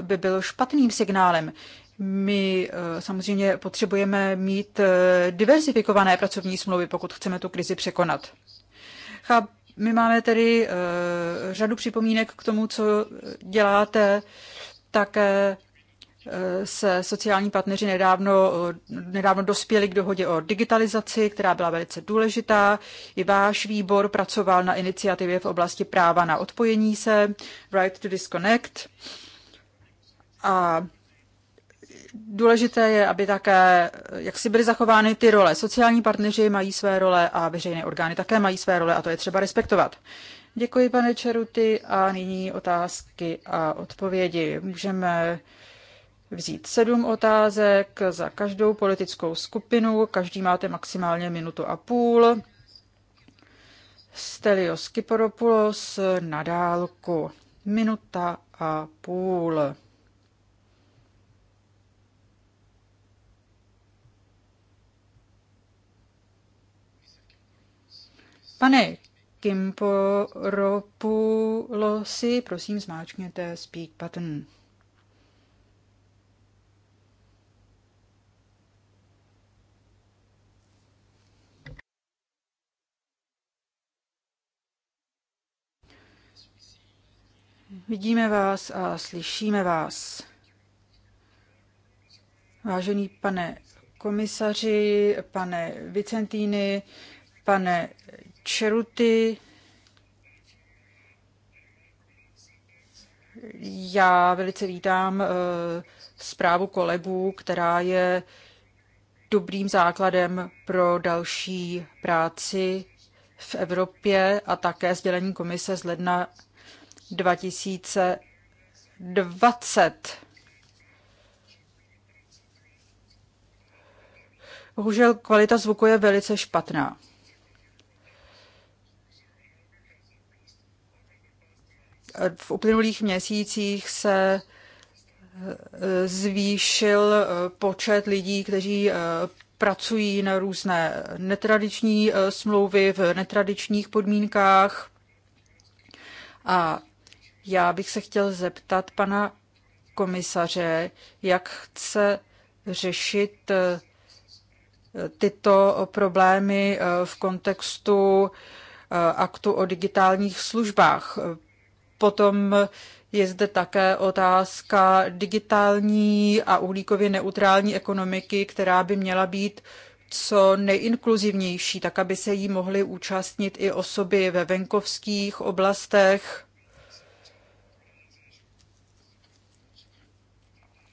S2: by byl špatným signálem. My eh, samozřejmě potřebujeme mít eh, diversifikované pracovní smlouvy, pokud chceme tu krizi překonat. My máme tedy eh, řadu připomínek k tomu, co děláte, také se sociální partneři nedávno, nedávno dospěli k dohodě o digitalizaci, která byla velice důležitá. I váš výbor pracoval na iniciativě v oblasti práva na odpojení se, Right to Disconnect. A důležité je, aby také, jak si byly zachovány ty role. Sociální partneři mají své role a veřejné orgány také mají své role a to je třeba respektovat. Děkuji, pane Čeruty, a nyní otázky a odpovědi. Můžeme vzít sedm otázek za každou politickou skupinu, každý máte maximálně minutu a půl. Stelios Kyporopoulos na dálku. Minuta a půl. Pane Kimporopulosi, prosím zmáčkněte speak button. Vidíme vás a slyšíme vás. Vážený pane komisaři, pane Vicentíny, pane Čeruty já velice vítám eh, zprávu kolegů, která je dobrým základem pro další práci v Evropě a také sdělení komise z ledna 2020. Bohužel kvalita zvuku je velice špatná. v uplynulých měsících se eh, zvýšil eh, počet lidí, kteří eh, pracují na různé netradiční smlouvy v netradičních podmínkách. A já bych se chtěl zeptat pana komisaře, jak chce řešit tyto problémy v kontextu aktu o digitálních službách, Potom je zde také otázka digitální a uhlíkově neutrální ekonomiky, která by měla být co nejinkluzivnější, tak aby se jí mohly účastnit i osoby ve venkovských oblastech.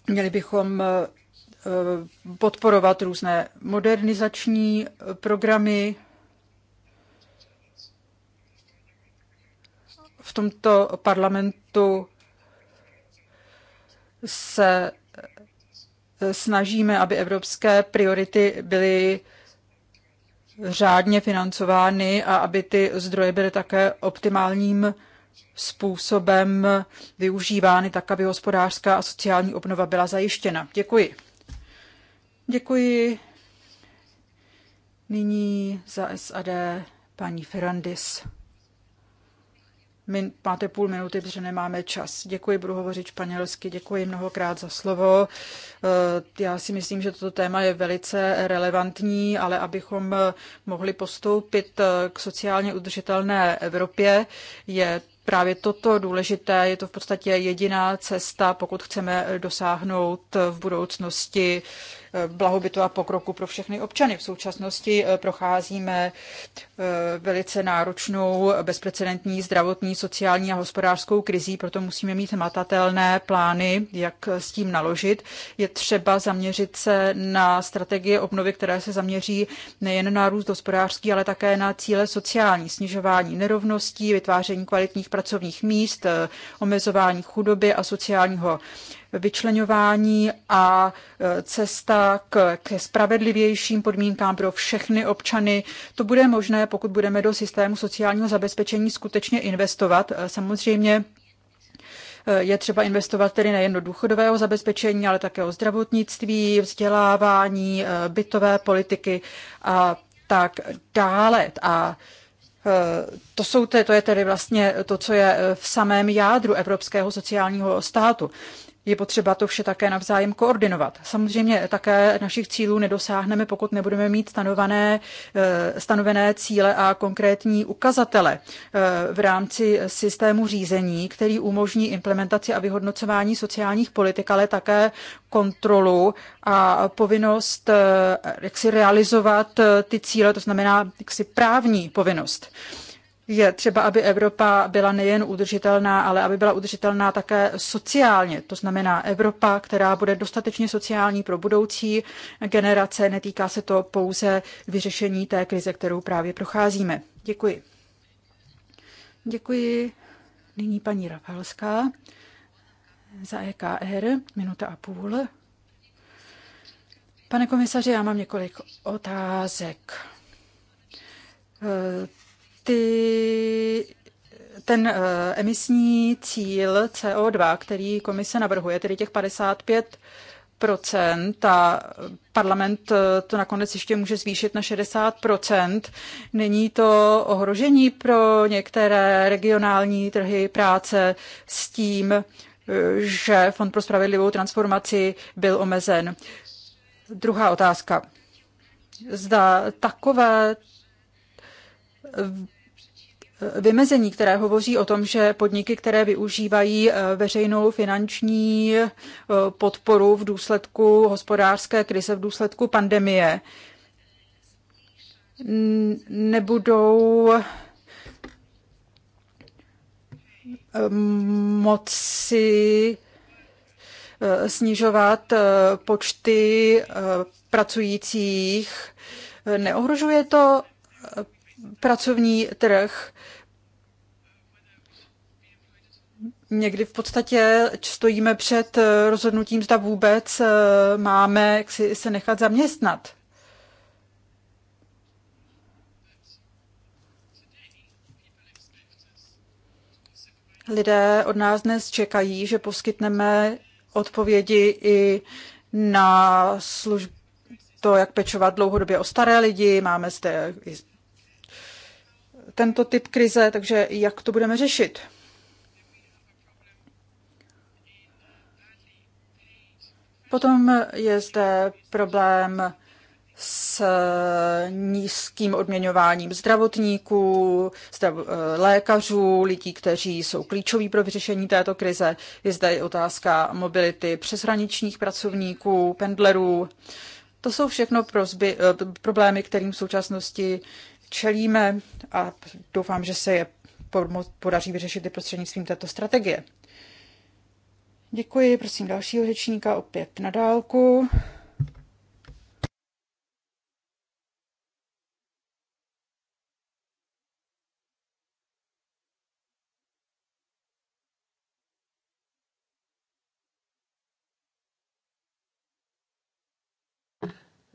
S2: Měli bychom eh, podporovat různé modernizační programy, tomto parlamentu se eh, snažíme, aby evropské priority byly řádně financovány a aby ty zdroje byly také optimálním způsobem využívány tak, aby hospodářská a sociální obnova byla zajištěna. Děkuji. Děkuji. Nyní za SAD paní Ferrandis min, máte půl minuty, protože nemáme čas. Děkuji, budu hovořit španělsky, děkuji mnohokrát za slovo. Eh, já si myslím, že toto téma je velice relevantní, ale abychom eh, mohli postoupit eh, k sociálně udržitelné Evropě, je právě toto důležité. Je to v podstatě jediná cesta, pokud chceme dosáhnout v budoucnosti blahobytu a pokroku pro všechny občany. V současnosti eh, procházíme eh, velice náročnou, bezprecedentní zdravotní, sociální a hospodářskou krizí, proto musíme mít matatelné plány, jak s tím naložit. Je třeba zaměřit se na strategie obnovy, které se zaměří nejen na růst hospodářský, ale také na cíle sociální, snižování nerovností, vytváření kvalitních pracovních míst, eh, omezování chudoby a sociálního vyčlenování a e, cesta k, k spravedlivějším podmínkám pro všechny občany. To bude možné, pokud budeme do systému sociálního zabezpečení skutečně investovat. E, samozřejmě e, je třeba investovat tedy nejen do důchodového zabezpečení, ale také o zdravotnictví, vzdělávání, bytové politiky a tak dále. A to, jsou te, to je tedy vlastně to, co je v samém jádru evropského sociálního státu je potřeba to vše také navzájem koordinovat. Samozřejmě také našich cílů nedosáhneme, pokud nebudeme mít stanovené, eh, stanovené cíle a konkrétní ukazatele eh, v rámci systému řízení, který umožní implementaci a vyhodnocování sociálních politik, ale také kontrolu a povinnost eh, jak si realizovat ty cíle, to znamená jak si právní povinnost je třeba, aby Evropa byla nejen udržitelná, ale aby byla udržitelná také sociálně. To znamená Evropa, která bude dostatečně sociální pro budoucí generace. Netýká se to pouze vyřešení té krize, kterou právě procházíme. Děkuji. Děkuji. Nyní paní Rafalská za EKR, minuta a půl. Pane komisaři, já mám několik otázek ty, ten eh, emisní cíl CO2, který komise navrhuje, tedy těch 55 procent a parlament eh, to nakonec ještě může zvýšit na 60 procent. Není to ohrožení pro některé regionální trhy práce s tím, eh, že Fond pro spravedlivou transformaci byl omezen. Druhá otázka. Zda takové vymezení, které hovoří o tom, že podniky, které využívají eh, veřejnou finanční eh, podporu v důsledku hospodářské krize, v důsledku pandemie, nebudou eh, moci snižovat počty pracujících. Neohrožuje to pracovní trh někdy v podstatě stojíme před eh, rozhodnutím, zda vůbec eh, máme si se nechat zaměstnat. Lidé od nás dnes čekají, že poskytneme odpovědi i na služ, to, jak pečovat dlouhodobě o staré lidi. Máme zde tento typ krize, takže jak to budeme řešit? Potom je zde problém s nízkým odměňováním zdravotníků, eh, lékařů, lidí, kteří jsou klíčoví pro vyřešení této krize. Je zde i otázka mobility přeshraničních pracovníků, pendlerů. To jsou všechno prozby, eh, problémy, kterým v současnosti čelíme a doufám, že se je podaří vyřešit i prostřednictvím této strategie. Děkuji, prosím dalšího řečníka opět na dálku.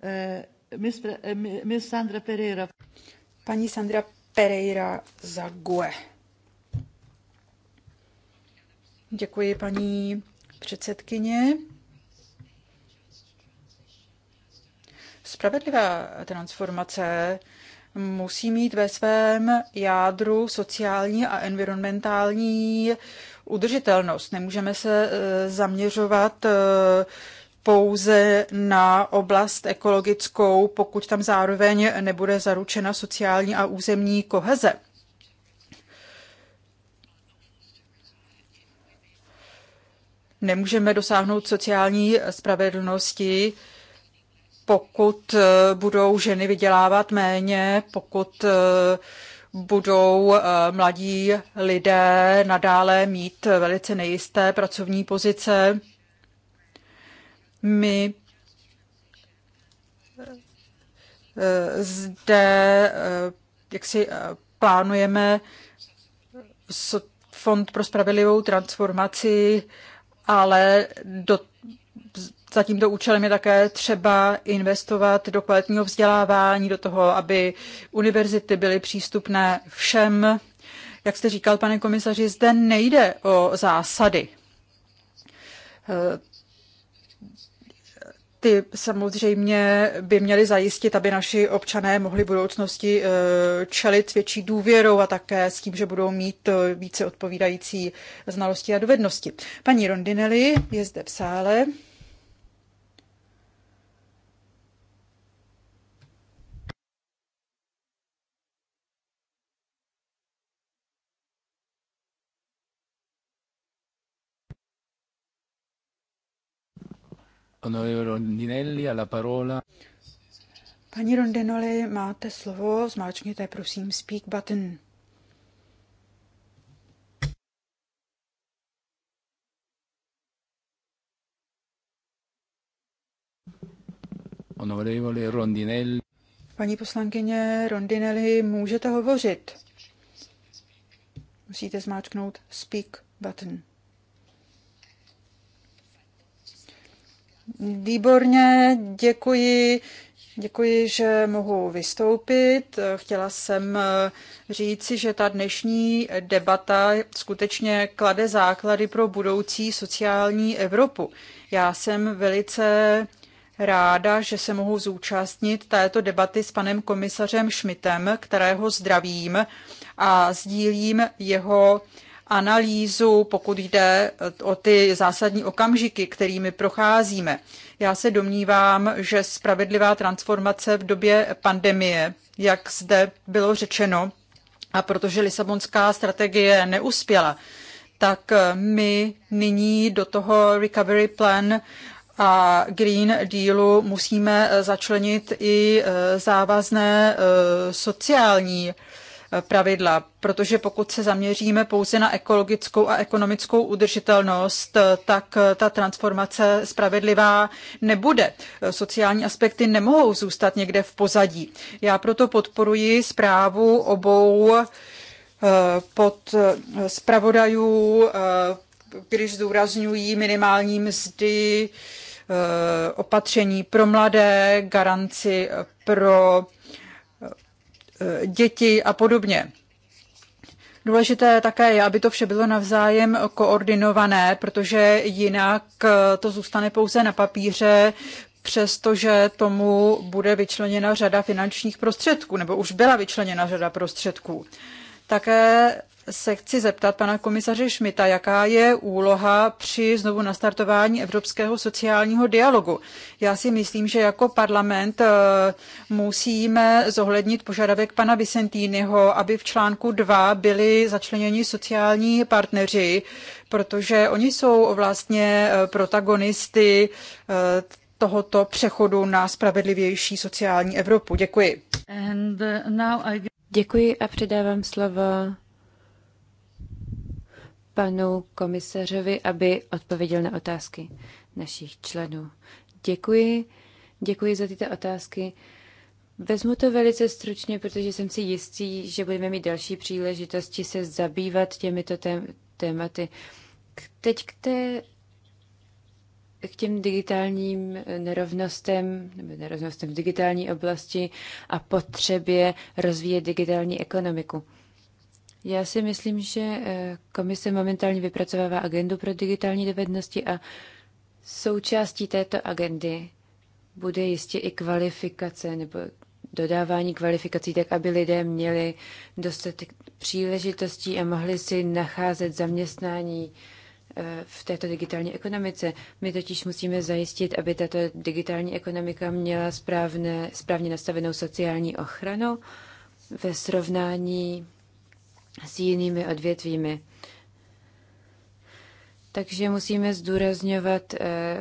S2: Eh, eh, miss Sandra Pereira. Paní Sandra Pereira Zague. Děkuji, paní předsedkyně. Spravedlivá transformace musí mít ve svém jádru sociální a environmentální udržitelnost. Nemůžeme se e, zaměřovat e, pouze na oblast ekologickou, pokud tam zároveň nebude zaručena sociální a územní koheze. Nemůžeme dosáhnout sociální spravedlnosti, pokud eh, budou ženy vydělávat méně, pokud eh, budou eh, mladí lidé nadále mít velice nejisté pracovní pozice my eh, zde eh, jak si eh, plánujeme Fond pro spravedlivou transformaci, ale do, za tímto účelem je také třeba investovat do kvalitního vzdělávání, do toho, aby univerzity byly přístupné všem. Jak jste říkal, pane komisaři, zde nejde o zásady ty samozřejmě by měly zajistit, aby naši občané mohli v budoucnosti eh, čelit větší důvěrou a také s tím, že budou mít eh, více odpovídající znalosti a dovednosti. Paní Rondinelli je zde v sále.
S1: Rondinelli,
S2: Paní Rondinoli, máte slovo, zmáčkněte prosím speak button.
S1: Onorevole Rondinelli.
S2: Paní poslankyně Rondinelli, můžete hovořit. Musíte zmáčknout speak button. Výborně, děkuji. Děkuji, že mohu vystoupit. Chtěla jsem eh, říci, že ta dnešní debata skutečně klade základy pro budoucí sociální Evropu. Já jsem velice ráda, že se mohu zúčastnit této debaty s panem komisařem Schmidtem, kterého zdravím a sdílím jeho analýzu, pokud jde eh, o ty zásadní okamžiky, kterými procházíme. Já se domnívám, že spravedlivá transformace v době pandemie, jak zde bylo řečeno, a protože Lisabonská strategie neuspěla, tak eh, my nyní do toho recovery plan a Green Dealu musíme eh, začlenit i závazné sociální pravidla, protože pokud se zaměříme pouze na ekologickou a ekonomickou udržitelnost, tak ta transformace spravedlivá nebude. Sociální aspekty nemohou zůstat někde v pozadí. Já proto podporuji zprávu obou eh, pod eh, zpravodajů, eh, když zdůrazňují minimální mzdy, opatření pro mladé, garanci pro E, děti a podobně. Důležité také je, aby to vše bylo navzájem koordinované, protože jinak e, to zůstane pouze na papíře, přestože tomu bude vyčleněna řada finančních prostředků, nebo už byla vyčleněna řada prostředků. Také se chci zeptat pana komisaře Šmita, jaká je úloha při znovu nastartování evropského sociálního dialogu. Já si myslím, že jako parlament eh, musíme zohlednit požadavek pana Vicentýnyho, aby v článku 2 byli začleněni sociální partneři, protože oni jsou vlastně eh, protagonisty eh, tohoto přechodu na spravedlivější sociální Evropu. Děkuji.
S1: Děkuji a předávám slovo panu komisařovi, aby odpověděl na otázky našich členů. Děkuji, děkuji za tyto otázky. Vezmu to velice stručně, protože jsem si jistý, že budeme mít další příležitosti se zabývat těmito tématy. Teď k, té, k těm digitálním nerovnostem, nebo nerovnostem v digitální oblasti a potřebě rozvíjet digitální ekonomiku. Já si myslím, že eh, komise momentálně vypracovává agendu pro digitální dovednosti a součástí této agendy bude jistě i kvalifikace nebo dodávání kvalifikací, tak aby lidé měli dostatek příležitostí a mohli si nacházet zaměstnání eh, v této digitální ekonomice. My totiž musíme zajistit, aby tato digitální ekonomika měla správné, správně nastavenou sociální ochranu ve srovnání s jinými odvětvími. Takže musíme zdůrazňovat eh,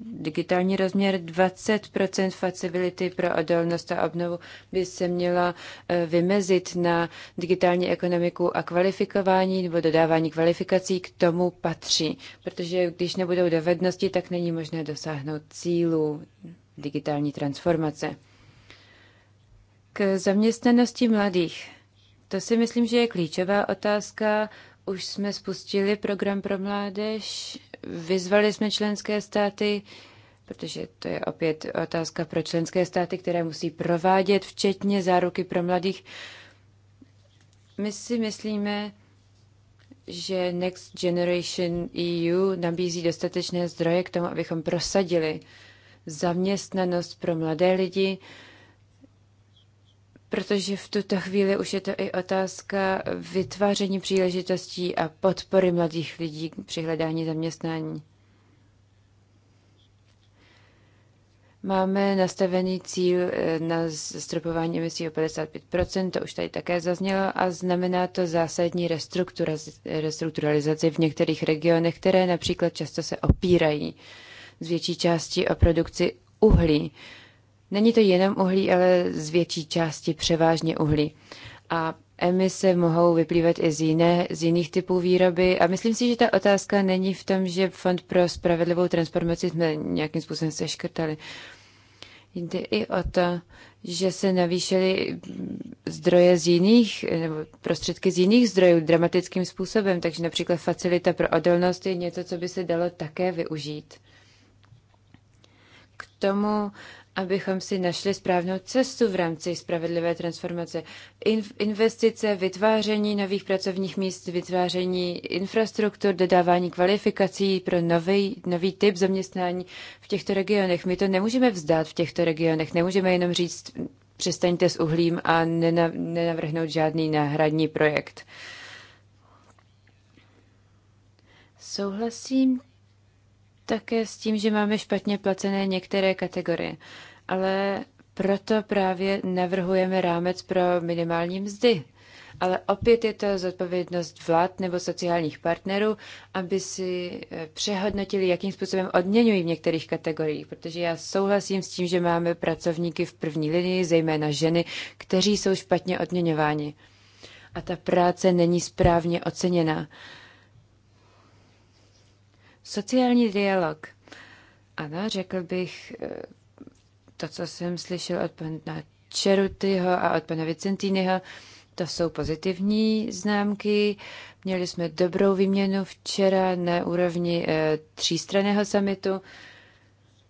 S1: digitální rozměr. 20 facility pro odolnost a obnovu by se měla eh, vymezit na digitální ekonomiku a kvalifikování nebo dodávání kvalifikací k tomu patří. Protože když nebudou dovednosti, tak není možné dosáhnout cílu digitální transformace. K zaměstnanosti mladých. To si myslím, že je klíčová otázka. Už jsme spustili program pro mládež, vyzvali jsme členské státy, protože to je opět otázka pro členské státy, které musí provádět, včetně záruky pro mladých. My si myslíme, že Next Generation EU nabízí dostatečné zdroje k tomu, abychom prosadili zaměstnanost pro mladé lidi, protože v tuto chvíli už je to i otázka vytváření příležitostí a podpory mladých lidí při hledání zaměstnání. Máme nastavený cíl eh, na stropování emisí o 55%, to už tady také zaznělo, a znamená to zásadní restrukturalizaci v některých regionech, které například často se opírají z větší části o produkci uhlí. Není to jenom uhlí, ale z větší části převážně uhlí. A emise mohou vyplývat i z, jiné, z jiných typů výroby. A myslím si, že ta otázka není v tom, že Fond pro spravedlivou transformaci jsme nějakým způsobem seškrtali. Jde i o to, že se navýšily zdroje z jiných, nebo prostředky z jiných zdrojů dramatickým způsobem, takže například facilita pro odolnost je něco, co by se dalo také využít. K tomu abychom si našli správnou cestu v rámci spravedlivé transformace. investice, vytváření nových pracovních míst, vytváření infrastruktur, dodávání kvalifikací pro nový, nový typ zaměstnání v těchto regionech. My to nemůžeme vzdát v těchto regionech, nemůžeme jenom říct, přestaňte s uhlím a nenavrhnout žádný náhradní projekt. Souhlasím také s tím, že máme špatně placené některé kategorie. Ale proto právě navrhujeme rámec pro minimální mzdy. Ale opět je to zodpovědnost vlád nebo sociálních partnerů, aby si eh, přehodnotili, jakým způsobem odměňují v některých kategoriích. Protože já souhlasím s tím, že máme pracovníky v první linii, zejména ženy, kteří jsou špatně odměňováni. A ta práce není správně oceněna. Sociální dialog. Ano, řekl bych eh, to, co jsem slyšel od pana Čerutyho a od pana Vicentýnyho, to jsou pozitivní známky. Měli jsme dobrou výměnu včera na úrovni eh, třístraného samitu.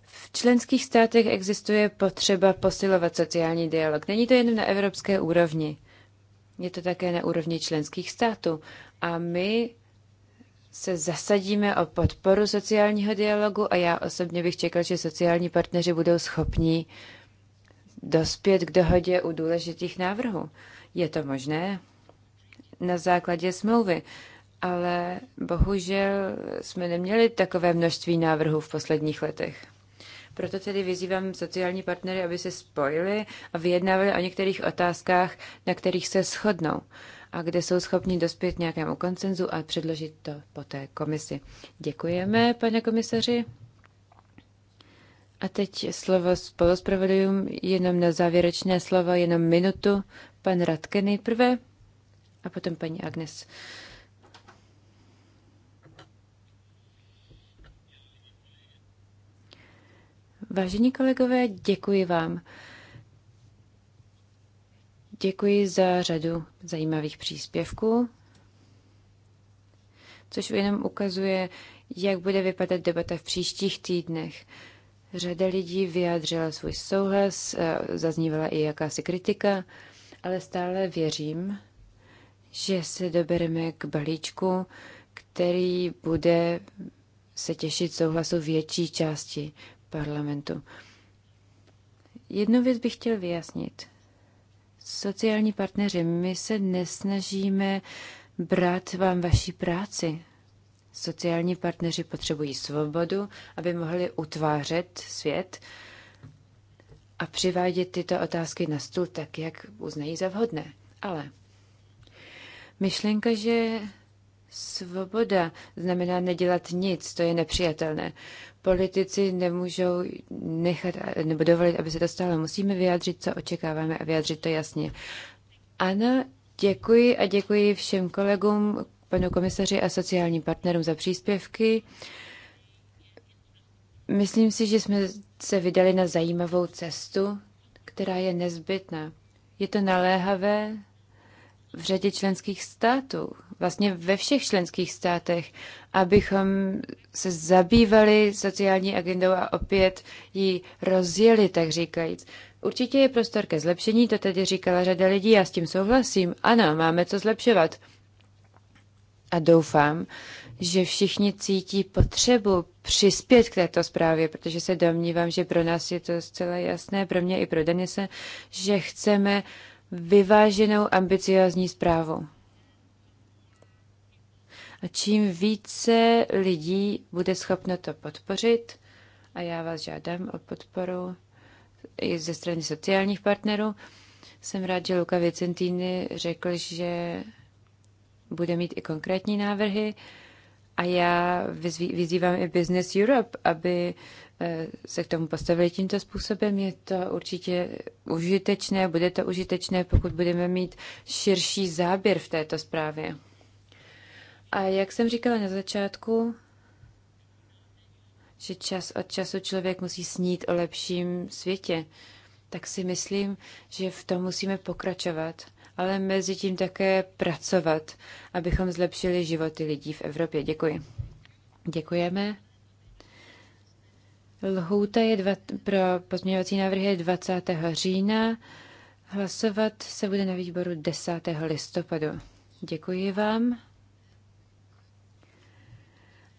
S1: V členských státech existuje potřeba posilovat sociální dialog. Není to jenom na evropské úrovni. Je to také na úrovni členských států. A my se zasadíme o podporu sociálního dialogu a já osobně bych čekal, že sociální partneři budou schopni dospět k dohodě u důležitých návrhů. Je to možné na základě smlouvy, ale bohužel jsme neměli takové množství návrhů v posledních letech. Proto tedy vyzývám sociální partnery, aby se spojili a vyjednávali o některých otázkách, na kterých se shodnou a kde jsou schopni dospět nějakému koncenzu a předložit to poté komisi. Děkujeme, pane komisaři. A teď slovo spoluzpravodajům, jenom na závěrečné slovo, jenom minutu. Pan Radke nejprve a potom paní Agnes. Vážení kolegové, děkuji vám. Děkuji za řadu zajímavých příspěvků, což jenom ukazuje, jak bude vypadat debata v příštích týdnech. Řada lidí vyjádřila svůj souhlas, eh, zaznívala i jakási kritika, ale stále věřím, že se dobereme k balíčku, který bude se těšit souhlasu větší části parlamentu. Jednu věc bych chtěl vyjasnit. Sociální partneři, my se nesnažíme brát vám vaší práci. Sociální partneři potřebují svobodu, aby mohli utvářet svět a přivádět tyto otázky na stůl tak, jak uznají za vhodné. Ale myšlenka, že Svoboda znamená nedělat nic, to je nepřijatelné. Politici nemůžou nechat nebo dovolit, aby se to stalo. Musíme vyjádřit, co očekáváme a vyjádřit to jasně. Ano, děkuji a děkuji všem kolegům, panu komisaři a sociálním partnerům za příspěvky. Myslím si, že jsme se vydali na zajímavou cestu, která je nezbytná. Je to naléhavé, v řadě členských států, vlastně ve všech členských státech, abychom se zabývali sociální agendou a opět ji rozjeli, tak říkajíc. Určitě je prostor ke zlepšení, to tedy říkala řada lidí, já s tím souhlasím. Ano, máme co zlepšovat. A doufám, že všichni cítí potřebu přispět k této zprávě, protože se domnívám, že pro nás je to zcela jasné, pro mě i pro Denise, že chceme uh, vyváženou ambiciozní zprávou. A čím více lidí bude schopno to podpořit, a já vás žádám o podporu i ze strany sociálních partnerů, jsem rád, že Luka Vicentini řekl, že bude mít i konkrétní návrhy a já vyzývám i Business Europe, aby Eh, se k tomu postavili tímto způsobem. Je to určitě užitečné, bude to užitečné, pokud budeme mít širší záběr v této zprávě. A jak jsem říkala na začátku, že čas od času člověk musí snít o lepším světě, tak si myslím, že v tom musíme pokračovat, ale mezi tím také pracovat, abychom zlepšili životy lidí v Evropě. Děkuji. Děkujeme. Lhůta je dva, pro pozměňovací návrhy je 20. října. Hlasovat se bude na výboru 10. listopadu. Děkuji vám.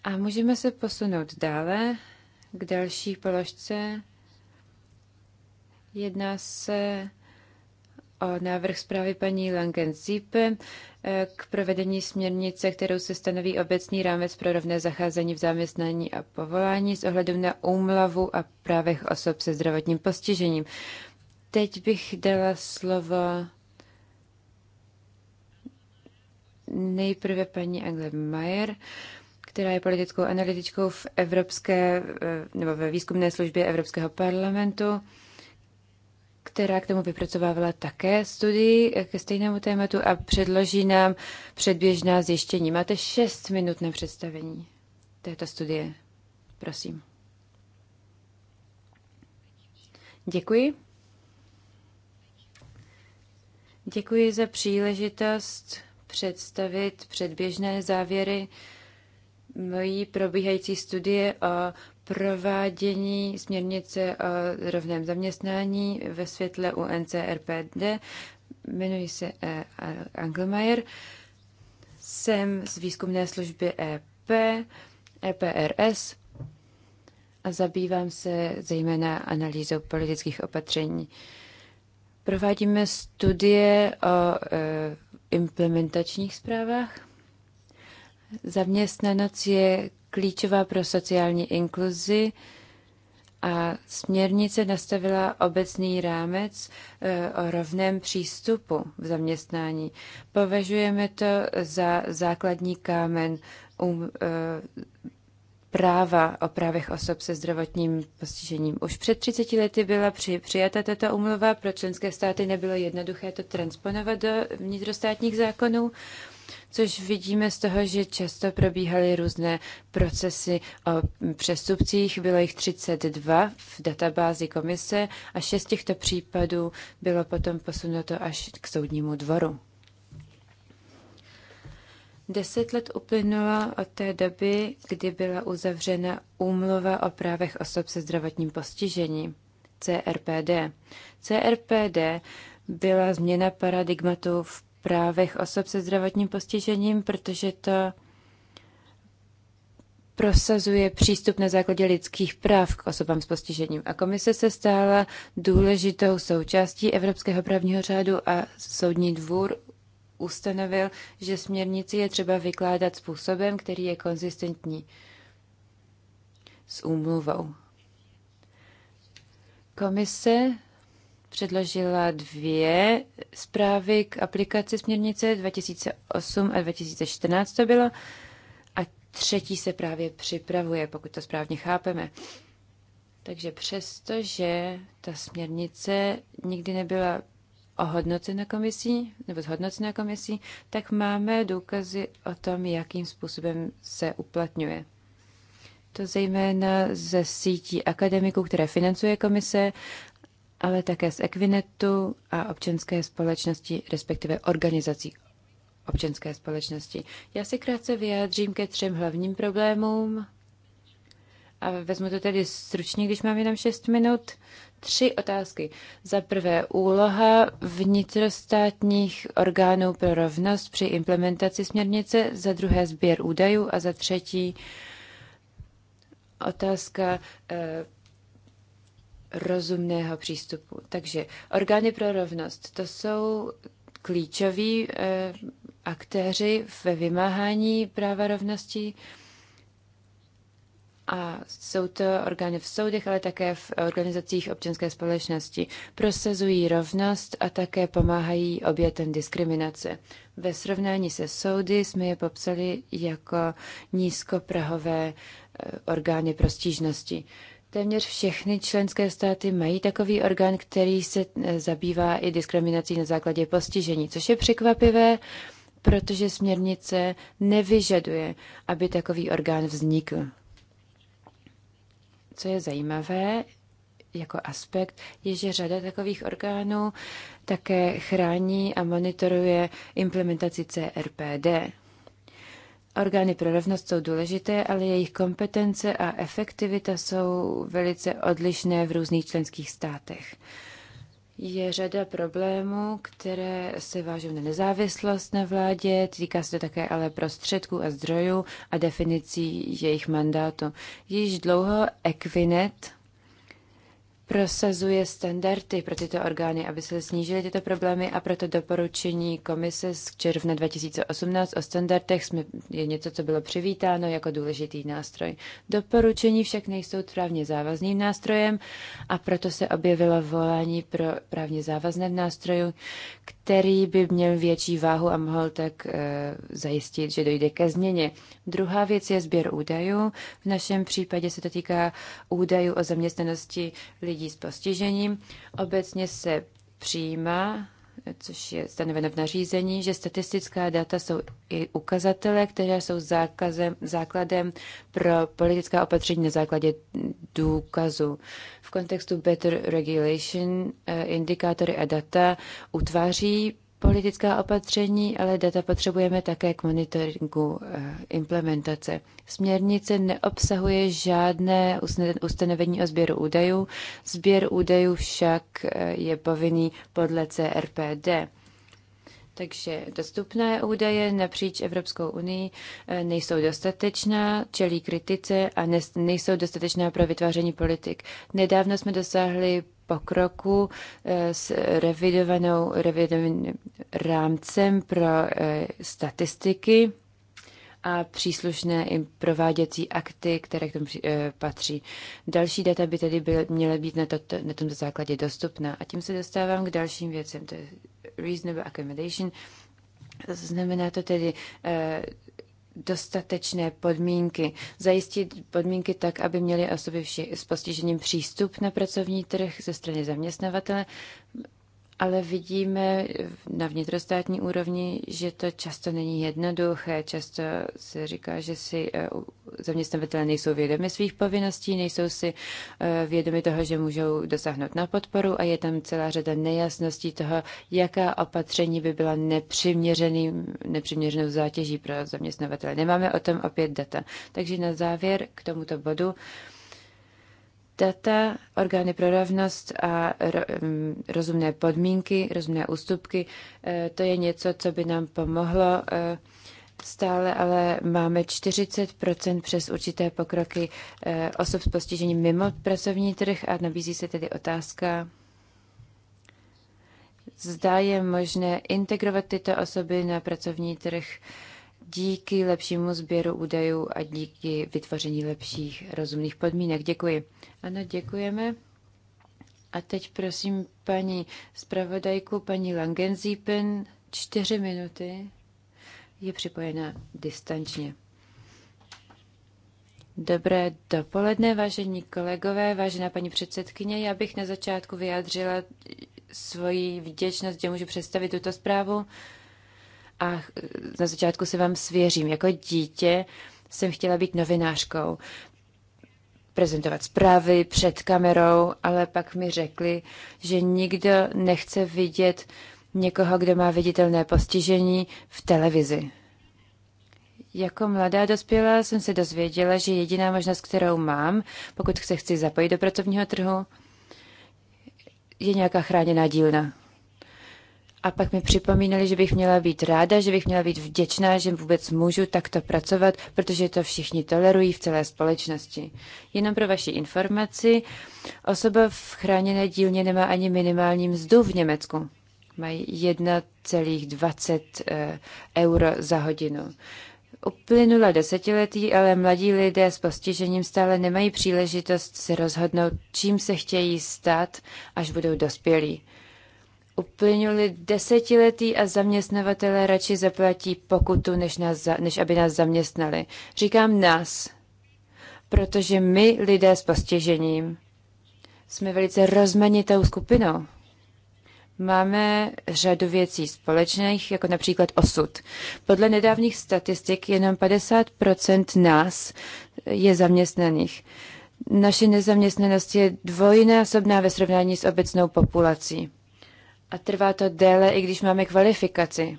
S1: A můžeme se posunout dále k další položce. Jedná se o návrh zprávy paní Langen-Zipe eh, k provedení směrnice, kterou se stanoví obecný rámec pro rovné zacházení v zaměstnání a povolání s ohledem na úmlavu a právech osob se zdravotním postižením. Teď bych dala slovo nejprve paní Angle Mayer, která je politickou analytičkou v Evropské, eh, nebo ve výzkumné službě Evropského parlamentu která k tomu vypracovávala také studii ke stejnému tématu a předloží nám předběžná zjištění. Máte šest minut na představení této studie. Prosím. Děkuji. Děkuji za příležitost představit předběžné závěry mojí probíhající studie o provádění směrnice o rovném zaměstnání ve světle UNCRPD. Jmenuji se eh, Angelmeier. Jsem z výzkumné služby EP, EPRS a zabývám se zejména analýzou politických opatření. Provádíme studie o eh, implementačních zprávách Zaměstnanost je klíčová pro sociální inkluzi a směrnice nastavila obecný rámec eh, o rovném přístupu v zaměstnání. Považujeme to za základní kámen um, eh, práva o právech osob se zdravotním postižením. Už před 30 lety byla při, přijata tato umluva, pro členské státy nebylo jednoduché to transponovat do vnitrostátních zákonů což vidíme z toho, že často probíhaly různé procesy o přestupcích. Bylo jich 32 v databázi komise a šest těchto případů bylo potom posunuto až k soudnímu dvoru. Deset let uplynulo od té doby, kdy byla uzavřena úmluva o právech osob se zdravotním postižením, CRPD. CRPD byla změna paradigmatu v právech osob se zdravotním postižením, protože to prosazuje přístup na základě lidských práv k osobám s postižením a komise se stála důležitou součástí Evropského právního řádu a soudní dvůr ustanovil, že směrnici je třeba vykládat způsobem, který je konzistentní s úmluvou. Komise předložila dvě zprávy k aplikaci směrnice 2008 a 2014 to bylo a třetí se právě připravuje, pokud to správně chápeme. Takže přesto, že ta směrnice nikdy nebyla ohodnocena komisí, nebo zhodnocena komisí, tak máme důkazy o tom, jakým způsobem se uplatňuje. To zejména ze sítí akademiků, které financuje komise ale také z Equinetu a občanské společnosti, respektive organizací občanské společnosti. Já si krátce vyjádřím ke třem hlavním problémům a vezmu to tedy stručně, když mám jenom 6 minut. Tři otázky. Za prvé, úloha vnitrostátních orgánů pro rovnost při implementaci směrnice, za druhé sběr údajů a za třetí otázka eh, rozumného přístupu. Takže orgány pro rovnost, to jsou klíčoví eh, aktéři ve vymáhání práva rovnosti a jsou to orgány v soudech, ale také v organizacích občanské společnosti. Prosazují rovnost a také pomáhají obětem diskriminace. Ve srovnání se soudy jsme je popsali jako nízkoprahové eh, orgány pro stížnosti. Téměř všechny členské státy mají takový orgán, který se e, zabývá i diskriminací na základě postižení, což je překvapivé, protože směrnice nevyžaduje, aby takový orgán vznikl. Co je zajímavé, jako aspekt je, že řada takových orgánů také chrání a monitoruje implementaci CRPD. Orgány pro rovnost jsou důležité, ale jejich kompetence a efektivita jsou velice odlišné v různých členských státech. Je řada problémů, které se vážou na nezávislost na vládě, týká se to také ale prostředků a zdrojů a definicí jejich mandátu. Již dlouho Equinet prosazuje standardy pro tyto orgány, aby se snížily tyto problémy a proto doporučení komise z června 2018 o standardech jsme, je něco, co bylo přivítáno jako důležitý nástroj. Doporučení však nejsou právně závazným nástrojem a proto se objevilo volání pro právně závazné nástroje, který by měl větší váhu a mohl tak e, zajistit, že dojde ke změně. Druhá věc je sběr údajů. V našem případě se to týká údajů o zaměstnanosti lidí lidí s postižením. Obecně se přijímá, což je stanoveno v nařízení, že statistická data jsou i ukazatele, které jsou zákazem, základem pro politická opatření na základě důkazu. V kontextu Better Regulation eh, indikátory a data utváří politická opatření, ale data potřebujeme také k monitoringu eh, implementace. Směrnice neobsahuje žádné ustanovení o sběru údajů, sběr údajů však eh, je povinný podle CRPD. Takže dostupné údaje napříč Evropskou unii eh, nejsou dostatečná, čelí kritice a nejsou dostatečná pro vytváření politik. Nedávno jsme dosáhli pokroku eh, s revidovanou, revidovaným rámcem pro eh, statistiky a příslušné i prováděcí akty, které k tomu eh, patří. Další data by tedy byly, měly být na, to, na tomto základě dostupná. A tím se dostávám k dalším věcem. To je reasonable accommodation. Znamená to tedy eh, dostatečné podmínky. Zajistit podmínky tak, aby měly osoby vši, s postižením přístup na pracovní trh ze strany zaměstnavatele, ale vidíme na vnitrostátní úrovni, že to často není jednoduché. Často se říká, že si eh, zaměstnavatelé nejsou vědomi svých povinností, nejsou si eh, vědomi toho, že můžou dosáhnout na podporu a je tam celá řada nejasností toho, jaká opatření by byla nepřiměřeným, nepřiměřenou zátěží pro zaměstnavatele. Nemáme o tom opět data. Takže na závěr k tomuto bodu data, orgány pro rovnost a mm, rozumné podmínky, rozumné ústupky. E, to je něco, co by nám pomohlo e, stále, ale máme 40% přes určité pokroky e, osob s postižením mimo pracovní trh a nabízí se tedy otázka, zda je možné integrovat tyto osoby na pracovní trh díky lepšímu sběru údajů a díky vytvoření lepších rozumných podmínek. Děkuji. Ano, děkujeme. A teď prosím paní zpravodajku, paní Langenzípen, čtyři minuty. Je připojena distančně. Dobré dopoledne, vážení kolegové, vážená paní předsedkyně. Já bych na začátku vyjádřila svoji vděčnost, že můžu představit tuto zprávu a na začátku se vám svěřím. Jako dítě jsem chtěla být novinářkou, prezentovat zprávy před kamerou, ale pak mi řekli, že nikdo nechce vidět někoho, kdo má viditelné postižení v televizi. Jako mladá dospělá jsem se dozvěděla, že jediná možnost, kterou mám, pokud se chci zapojit do pracovního trhu, je nějaká chráněná dílna. A pak mi připomínali, že bych měla být ráda, že bych měla být vděčná, že vůbec můžu takto pracovat, protože to všichni tolerují v celé společnosti. Jenom pro vaši informaci, osoba v chráněné dílně nemá ani minimální mzdu v Německu. Mají 1,20 eh, euro za hodinu. Uplynula desetiletí, ale mladí lidé s postižením stále nemají příležitost se rozhodnout, čím se chtějí stát, až budou dospělí uplynuli desetiletí a zaměstnavatelé radši zaplatí pokutu, než, nás, než aby nás zaměstnali. Říkám nás, protože my, lidé s postižením, jsme velice rozmanitou skupinou. Máme řadu věcí společných, jako například osud. Podle nedávných statistik jenom 50 nás je zaměstnaných. Naše nezaměstnanost je dvojnásobná ve srovnání s obecnou populací a trvá to déle, i když máme kvalifikaci.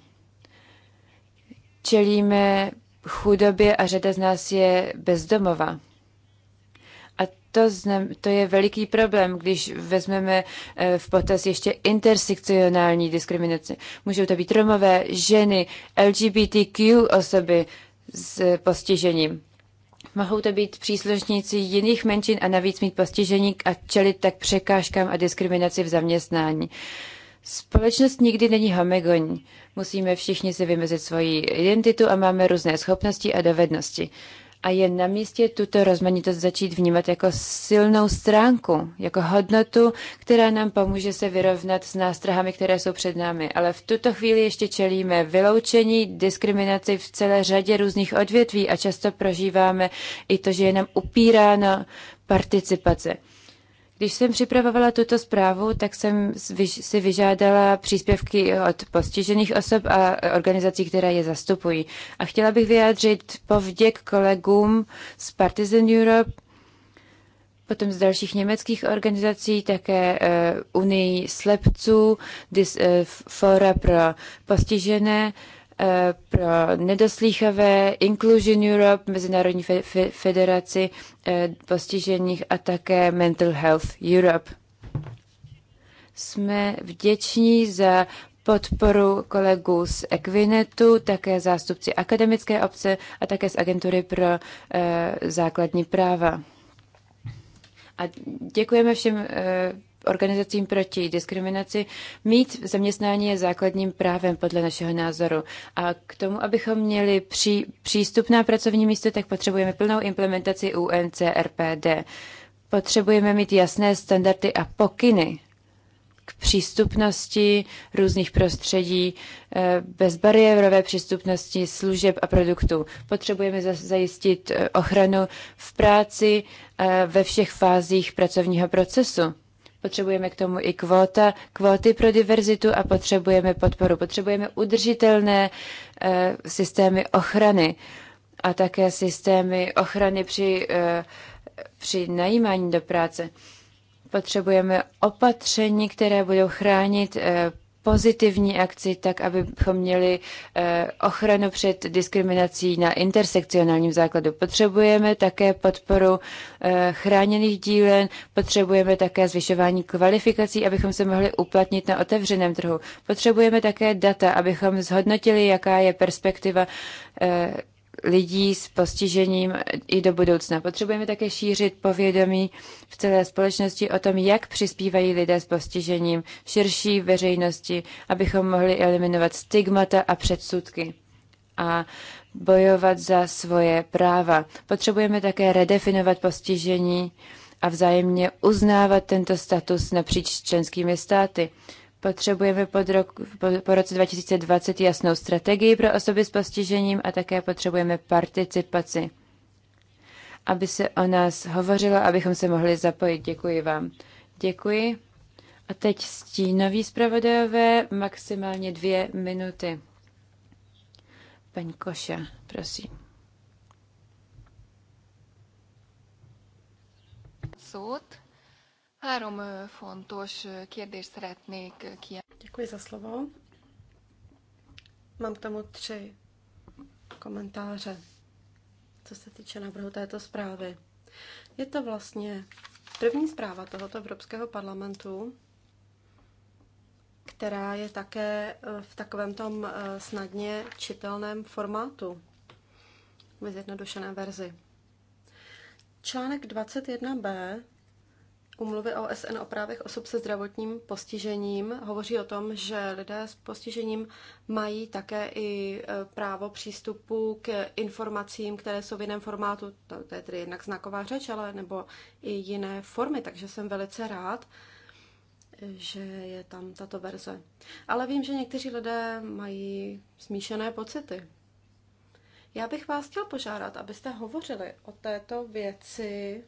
S1: Čelíme chudobě a řada z nás je bezdomova. A to, znam, to je veliký problém, když vezmeme eh, v potaz ještě intersekcionální diskriminaci. Můžou to být Romové, ženy, LGBTQ osoby s postižením. Mohou to být příslušníci jiných menšin a navíc mít postižení a čelit tak překážkám a diskriminaci v zaměstnání. Uh, Společnost nikdy není homegoň. Musíme všichni si vymezit svoji identitu a máme různé schopnosti a dovednosti. A je na místě tuto rozmanitost začít vnímat jako silnou stránku, jako hodnotu, která nám pomůže se vyrovnat s nástrahami, které jsou před námi. Ale v tuto chvíli ještě čelíme vyloučení, diskriminaci v celé řadě různých odvětví a často prožíváme i to, že je nám upírána participace. Když jsem připravovala tuto zprávu, tak jsem si vyžádala příspěvky od postižených osob a organizací, které je zastupují. A chtěla bych vyjádřit povděk kolegům z Partisan Europe, potom z dalších německých organizací, také e, Unii slepců, e, Fora pro postižené, Eh, pro nedoslýchavé, Inclusion Europe, Mezinárodní federaci eh, postižených a také Mental Health Europe. Jsme vděční za podporu kolegů z Equinetu, také zástupci akademické obce a také z Agentury pro eh, základní práva. A děkujeme všem organizacím proti diskriminaci, mít zaměstnání je základním právem podle našeho názoru. A k tomu, abychom měli při, přístupná pracovní místo, tak potřebujeme plnou implementaci UNCRPD. Potřebujeme mít jasné standardy a pokyny k přístupnosti různých prostředí, eh, bezbariérové přístupnosti služeb a produktů. Potřebujeme zajistit eh, ochranu v práci eh, ve všech fázích pracovního procesu. Potřebujeme k tomu i kvóta, kvóty pro diverzitu a potřebujeme podporu. Potřebujeme udržitelné e, systémy ochrany a také systémy ochrany při, e, při najímání do práce. Potřebujeme opatření, které budou chránit e, pozitivní akci, tak abychom měli eh, ochranu před diskriminací na intersekcionálním základu. Potřebujeme také podporu eh, chráněných dílen, potřebujeme také zvyšování kvalifikací, abychom se mohli uplatnit na otevřeném trhu. Potřebujeme také data, abychom zhodnotili, jaká je perspektiva eh, lidí s postižením i do budoucna. Potřebujeme také šířit povědomí v celé společnosti o tom, jak přispívají lidé s postižením v širší veřejnosti, abychom mohli eliminovat stigmata a předsudky a bojovat za svoje práva. Potřebujeme také redefinovat postižení a vzájemně uznávat tento status napříč členskými státy. Potřebujeme pod rok, po, po roce 2020 jasnou strategii pro osoby s postižením a také potřebujeme participaci, aby se o nás hovořilo, abychom se mohli zapojit. Děkuji vám. Děkuji. A teď stínoví zpravodajové maximálně dvě minuty. Paní Koša, prosím.
S3: Soud. Három fontos kérdést szeretnék kiemelni. Děkuji za slovo. Mám k tomu tři komentáře, co se týče návrhu této zprávy. Je to vlastně první zpráva tohoto Evropského parlamentu, která je také v takovém tom snadně čitelném formátu, ve zjednodušené verzi. Článek 21b úmluvy OSN o právech osob se zdravotním postižením hovoří o tom, že lidé s postižením mají také i e, právo přístupu k informacím, které jsou v jiném formátu, to, to je tedy jednak znaková řeč, ale nebo i jiné formy, takže jsem velice rád, že je tam tato verze. Ale vím, že někteří lidé mají smíšené pocity. Já bych vás chtěl požádat, abyste hovořili o této věci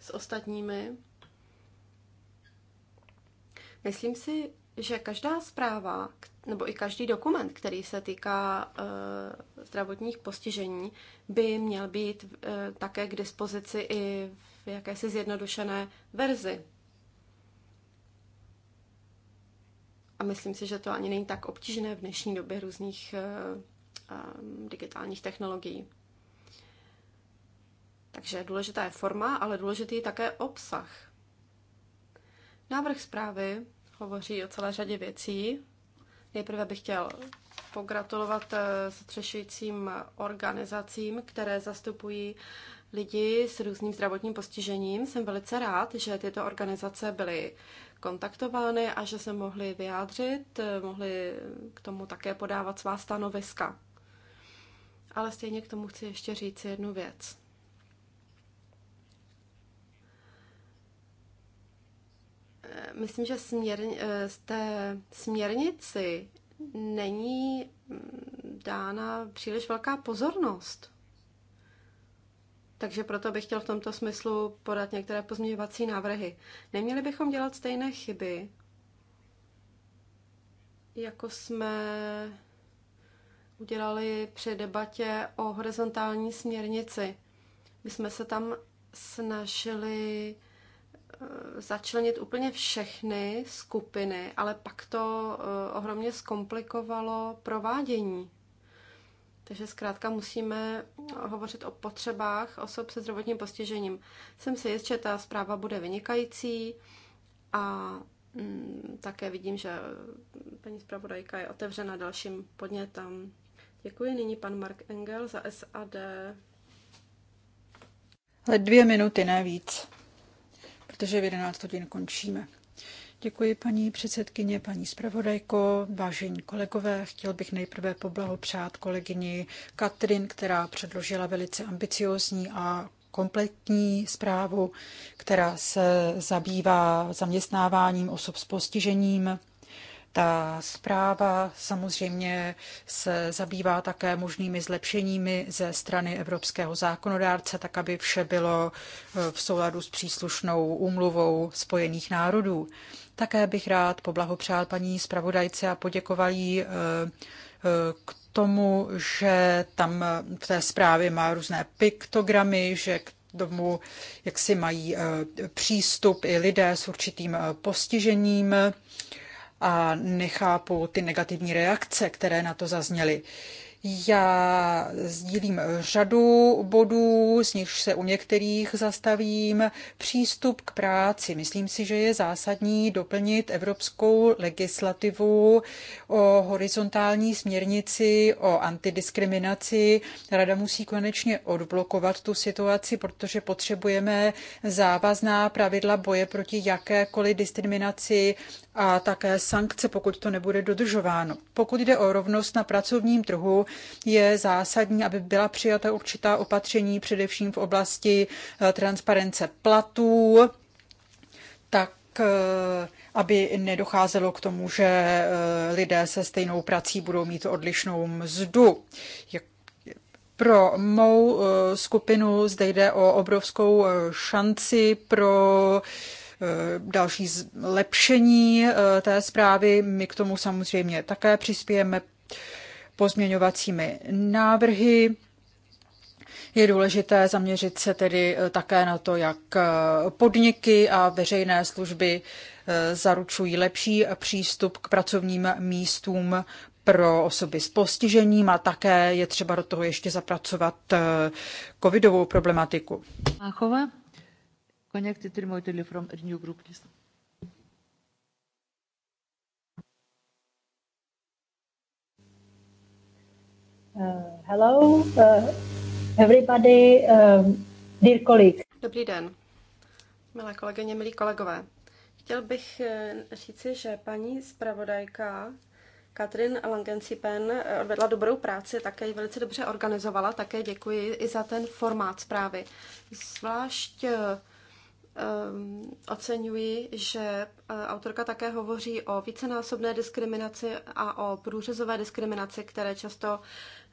S3: s ostatními, Myslím si, že každá zpráva nebo i každý dokument, který se týká uh, zdravotních postižení, by měl být uh, také k dispozici i v jakési zjednodušené verzi. A myslím si, že to ani není tak obtížné v dnešní době různých uh, um, digitálních technologií. Takže důležitá je forma, ale důležitý je také obsah. Návrh zprávy hovoří o celé řadě věcí. Nejprve bych chtěl pogratulovat eh, zatřešujícím organizacím, které zastupují lidi s různým zdravotním postižením. Jsem velice rád, že tyto organizace byly kontaktovány a že se mohly vyjádřit, eh, mohly k tomu také podávat svá stanoviska. Ale stejně k tomu chci ještě říct jednu věc. myslím, že směr, eh, z té směrnici není mm, dána příliš velká pozornost. Takže proto bych chtěl v tomto smyslu podat některé pozměňovací návrhy. Neměli bychom dělat stejné chyby, jako jsme udělali při debatě o horizontální směrnici. My jsme se tam snažili Eh, začlenit úplně všechny skupiny, ale pak to eh, ohromně zkomplikovalo provádění. Takže zkrátka musíme hovořit o potřebách osob se zdravotním postižením. Jsem si jist, že ta zpráva bude vynikající a mm, také vidím, že paní zpravodajka je otevřena dalším podnětem. Děkuji. Nyní pan Mark Engel za SAD.
S2: Ale dvě minuty navíc protože v 11 hodin končíme. Děkuji paní předsedkyně, paní zpravodajko, vážení kolegové. Chtěl bych nejprve poblahopřát kolegyni Katrin, která předložila velice ambiciozní a kompletní zprávu, která se zabývá zaměstnáváním osob s postižením. Ta zpráva samozřejmě se zabývá také možnými zlepšeními ze strany evropského zákonodárce, tak aby vše bylo eh, v souladu s příslušnou úmluvou Spojených národů. Také bych rád poblahopřál paní zpravodajce a poděkoval jí eh, eh, k tomu, že tam v té zprávě má různé piktogramy, že k tomu, jak si mají přístup i lidé s určitým postižením a nechápu ty negativní reakce, které na to zazněly. Já sdílím řadu bodů, z nichž se u některých zastavím. Přístup k práci. Myslím si, že je zásadní doplnit evropskou legislativu o horizontální směrnici o antidiskriminaci. Rada musí konečně odblokovat tu situaci, protože potřebujeme závazná pravidla boje proti jakékoliv diskriminaci a také sankce, pokud to nebude dodržováno. Pokud jde o rovnost na pracovním trhu, je zásadní, aby byla přijata určitá opatření, především v oblasti eh, transparence platů, tak eh, aby nedocházelo k tomu, že eh, lidé se stejnou prací budou mít odlišnou mzdu. Pro mou skupinu zde jde o obrovskou šanci pro Eh, další zlepšení eh, té zprávy. My k tomu samozřejmě také přispějeme pozměňovacími návrhy. Je důležité zaměřit se tedy eh, také na to, jak podniky a veřejné služby zaručují lepší přístup k pracovním místům pro osoby s postižením a také je třeba do toho ještě zapracovat covidovou problematiku. Máchova. Connected remotely from Renew Group, please. Uh, hello, uh, everybody, um, dear colleagues.
S3: Dobrý den, milé kolegyně, milí kolegové. Chtěl bych eh, říci, že paní zpravodajka Katrin Langensipen eh, odvedla dobrou práci, také ji velice dobře organizovala, také děkuji i za ten formát zprávy. Zvlášť eh, um, oceňuji, že e, autorka také hovoří o vícenásobné diskriminaci a o průřezové diskriminaci, které často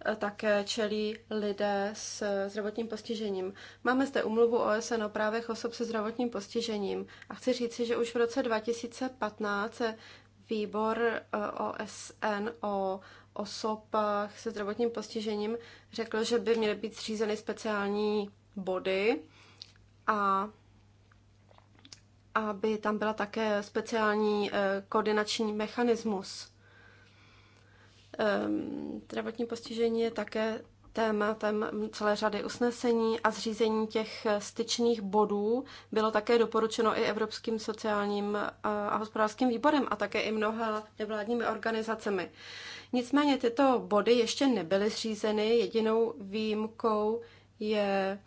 S3: e, také čelí lidé s zdravotním postižením. Máme zde umluvu OSN o právech osob se zdravotním postižením a chci říci, že už v roce 2015 výbor e, OSN o osobách se zdravotním postižením řekl, že by měly být zřízeny speciální body a aby tam byla také speciální eh, koordinační mechanismus. Ehm, zdravotní postižení je také tématem celé řady usnesení a zřízení těch eh, styčných bodů bylo také doporučeno i Evropským sociálním eh, a hospodářským výborem a také i mnoha nevládními organizacemi. Nicméně tyto body ještě nebyly zřízeny. Jedinou výjimkou je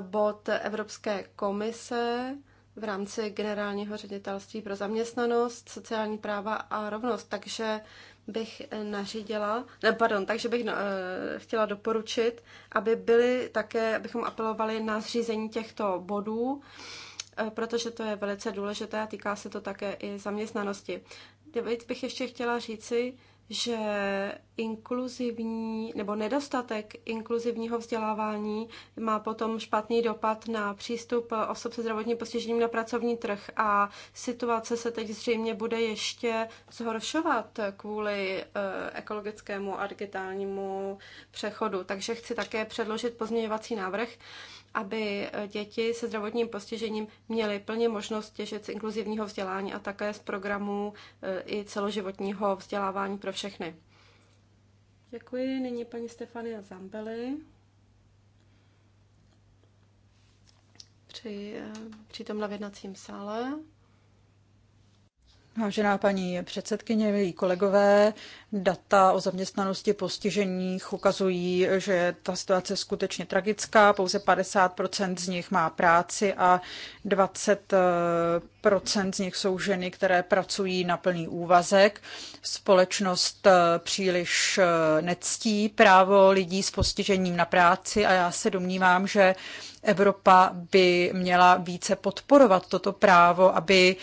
S3: bod Evropské komise, v rámci generálního ředitelství pro zaměstnanost, sociální práva a rovnost. Takže bych nařídila, ne, pardon, takže bych no, chtěla doporučit, aby byly také, abychom apelovali na zřízení těchto bodů, eh, protože to je velice důležité a týká se to také i zaměstnanosti. Teď bych ještě chtěla říci, že inkluzivní nebo nedostatek inkluzivního vzdělávání má potom špatný dopad na přístup osob se zdravotním postižením na pracovní trh a situace se teď zřejmě bude ještě zhoršovat kvůli e, ekologickému a digitálnímu přechodu. Takže chci také předložit pozměňovací návrh, aby e, děti se zdravotním postižením měly plně možnost těžit z inkluzivního vzdělání a také z programů e, i celoživotního vzdělávání pro všechny. Děkuji. Nyní paní Stefania Zambeli. Při, eh, přítomna v jednacím sále.
S2: Vážená paní předsedkyně, milí kolegové, data o zaměstnanosti postižených ukazují, že ta situace je skutečně tragická. Pouze 50 z nich má práci a 20 z nich jsou ženy, které pracují na plný úvazek. Společnost eh, příliš eh, nectí právo lidí s postižením na práci a já se domnívám, že Evropa by měla více podporovat toto právo, aby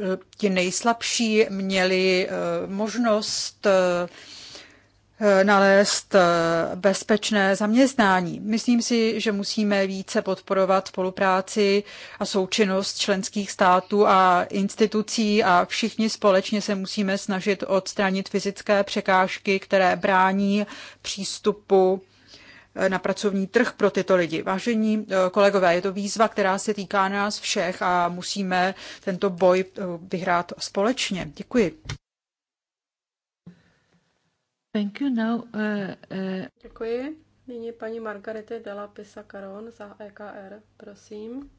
S2: Eh, ti nejslabší měli eh, možnost eh, nalézt bezpečné zaměstnání. Myslím si, že musíme více podporovat spolupráci a součinnost členských států a institucí a všichni společně se musíme snažit odstranit fyzické překážky, které brání přístupu Eh, na pracovní trh pro tyto lidi. Vážení eh, kolegové, je to výzva, která se týká nás všech a musíme tento boj eh, vyhrát společně. Děkuji. Thank you. Now, uh, uh...
S3: Děkuji. Nyní paní Margarete Della Pisa-Caron za EKR. Prosím.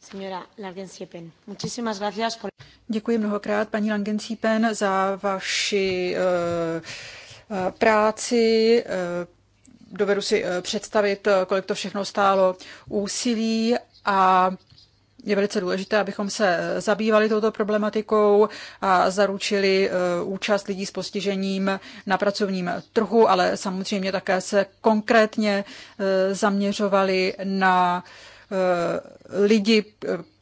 S2: Señora Langensipen, muchísimas gracias por... Děkuji mnohokrát, paní Langensiepen, za vaši uh, Eh, práci, eh, dovedu si eh, představit, kolik to všechno stálo úsilí a je velice důležité, abychom se zabývali touto problematikou a zaručili účast lidí s postižením na pracovním trhu, ale samozřejmě také se konkrétně zaměřovali na lidi,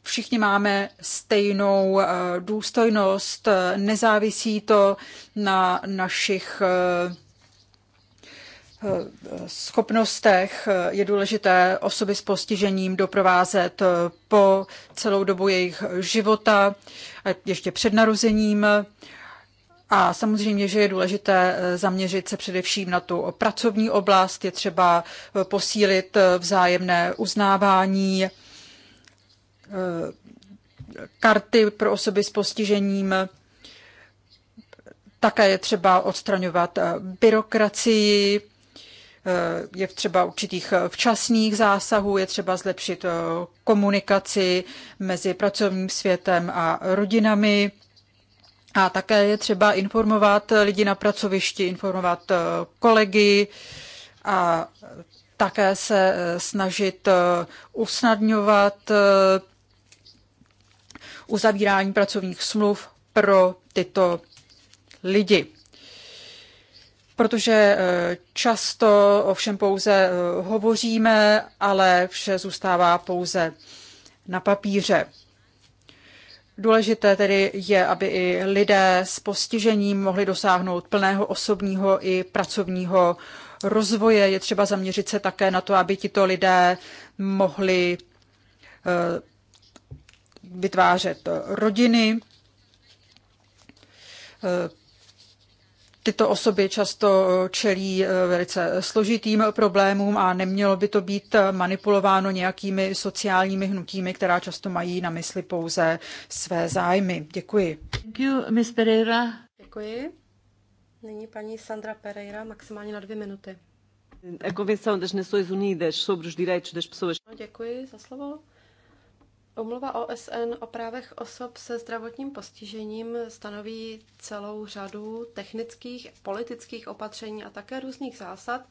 S2: všichni máme stejnou eh, důstojnost, nezávisí to na našich eh, eh, schopnostech je důležité osoby s postižením doprovázet po celou dobu jejich života, ještě před narozením. A samozřejmě, že je důležité zaměřit se především na tu pracovní oblast, je třeba posílit vzájemné uznávání karty pro osoby s postižením. Také je třeba odstraňovat byrokracii, je třeba určitých včasných zásahů, je třeba zlepšit komunikaci mezi pracovním světem a rodinami. A také je třeba informovat lidi na pracovišti, informovat kolegy a také se snažit usnadňovat uzavírání pracovních smluv pro tyto lidi. Protože eh, často ovšem pouze eh, hovoříme, ale vše zůstává pouze na papíře. Důležité tedy je, aby i lidé s postižením mohli dosáhnout plného osobního i pracovního rozvoje. Je třeba zaměřit se také na to, aby tito lidé mohli eh, vytvářet rodiny. Tyto osoby často čelí velice složitým problémům a nemělo by to být manipulováno nějakými sociálními hnutími, která často mají na mysli pouze své zájmy. Děkuji.
S3: Děkuji. Nyní paní Sandra Pereira, maximálně na dvě minuty.
S2: A Convenção
S3: Unidas sobre os Direitos das Pessoas. Děkuji za slovo. Umluva OSN o právech osob se zdravotním postižením stanoví celou řadu technických, politických opatření a také různých zásad,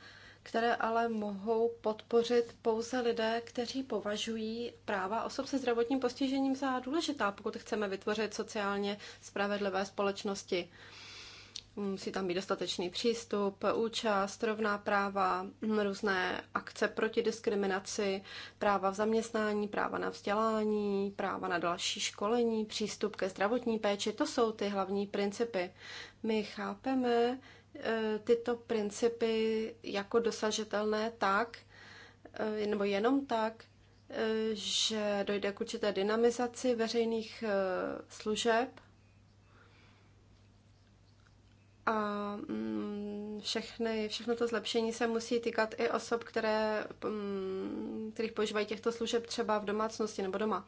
S3: které ale mohou podpořit pouze lidé, kteří považují práva osob se zdravotním postižením za důležitá, pokud chceme vytvořit sociálně spravedlivé společnosti. Musí tam být dostatečný přístup, účast, rovná práva, různé akce proti diskriminaci, práva v zaměstnání, práva na vzdělání, práva na další školení, přístup ke zdravotní péči. To jsou ty hlavní principy. My chápeme e, tyto principy jako dosažitelné tak, e, nebo jenom tak, e, že dojde k určité dynamizaci veřejných služeb a mm, všechny, všechno to zlepšení se musí týkat i osob, které, mm, kterých používají těchto služeb třeba v domácnosti nebo doma.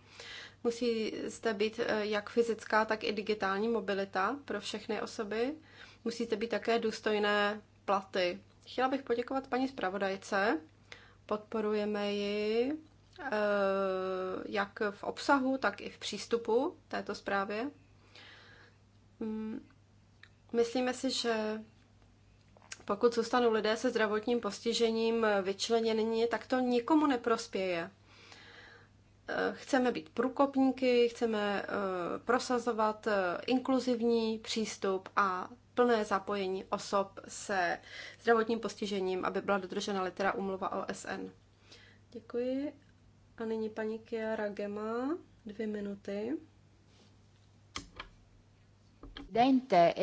S3: Musí zde být e, jak fyzická, tak i digitální mobilita pro všechny osoby. Musíte být také důstojné platy. Chtěla bych poděkovat paní zpravodajce. Podporujeme ji e, jak v obsahu, tak i v přístupu této zprávě. Mm, Myslíme si, že pokud zůstanou lidé se zdravotním postižením vyčleněni, tak to nikomu neprospěje. Eh, chceme být průkopníky, chceme eh, prosazovat eh, inkluzivní přístup a plné zapojení osob se zdravotním postižením, aby byla dodržena litera umluva OSN. Děkuji. A nyní paní Kiara Gema, dvě minuty.
S2: Dente,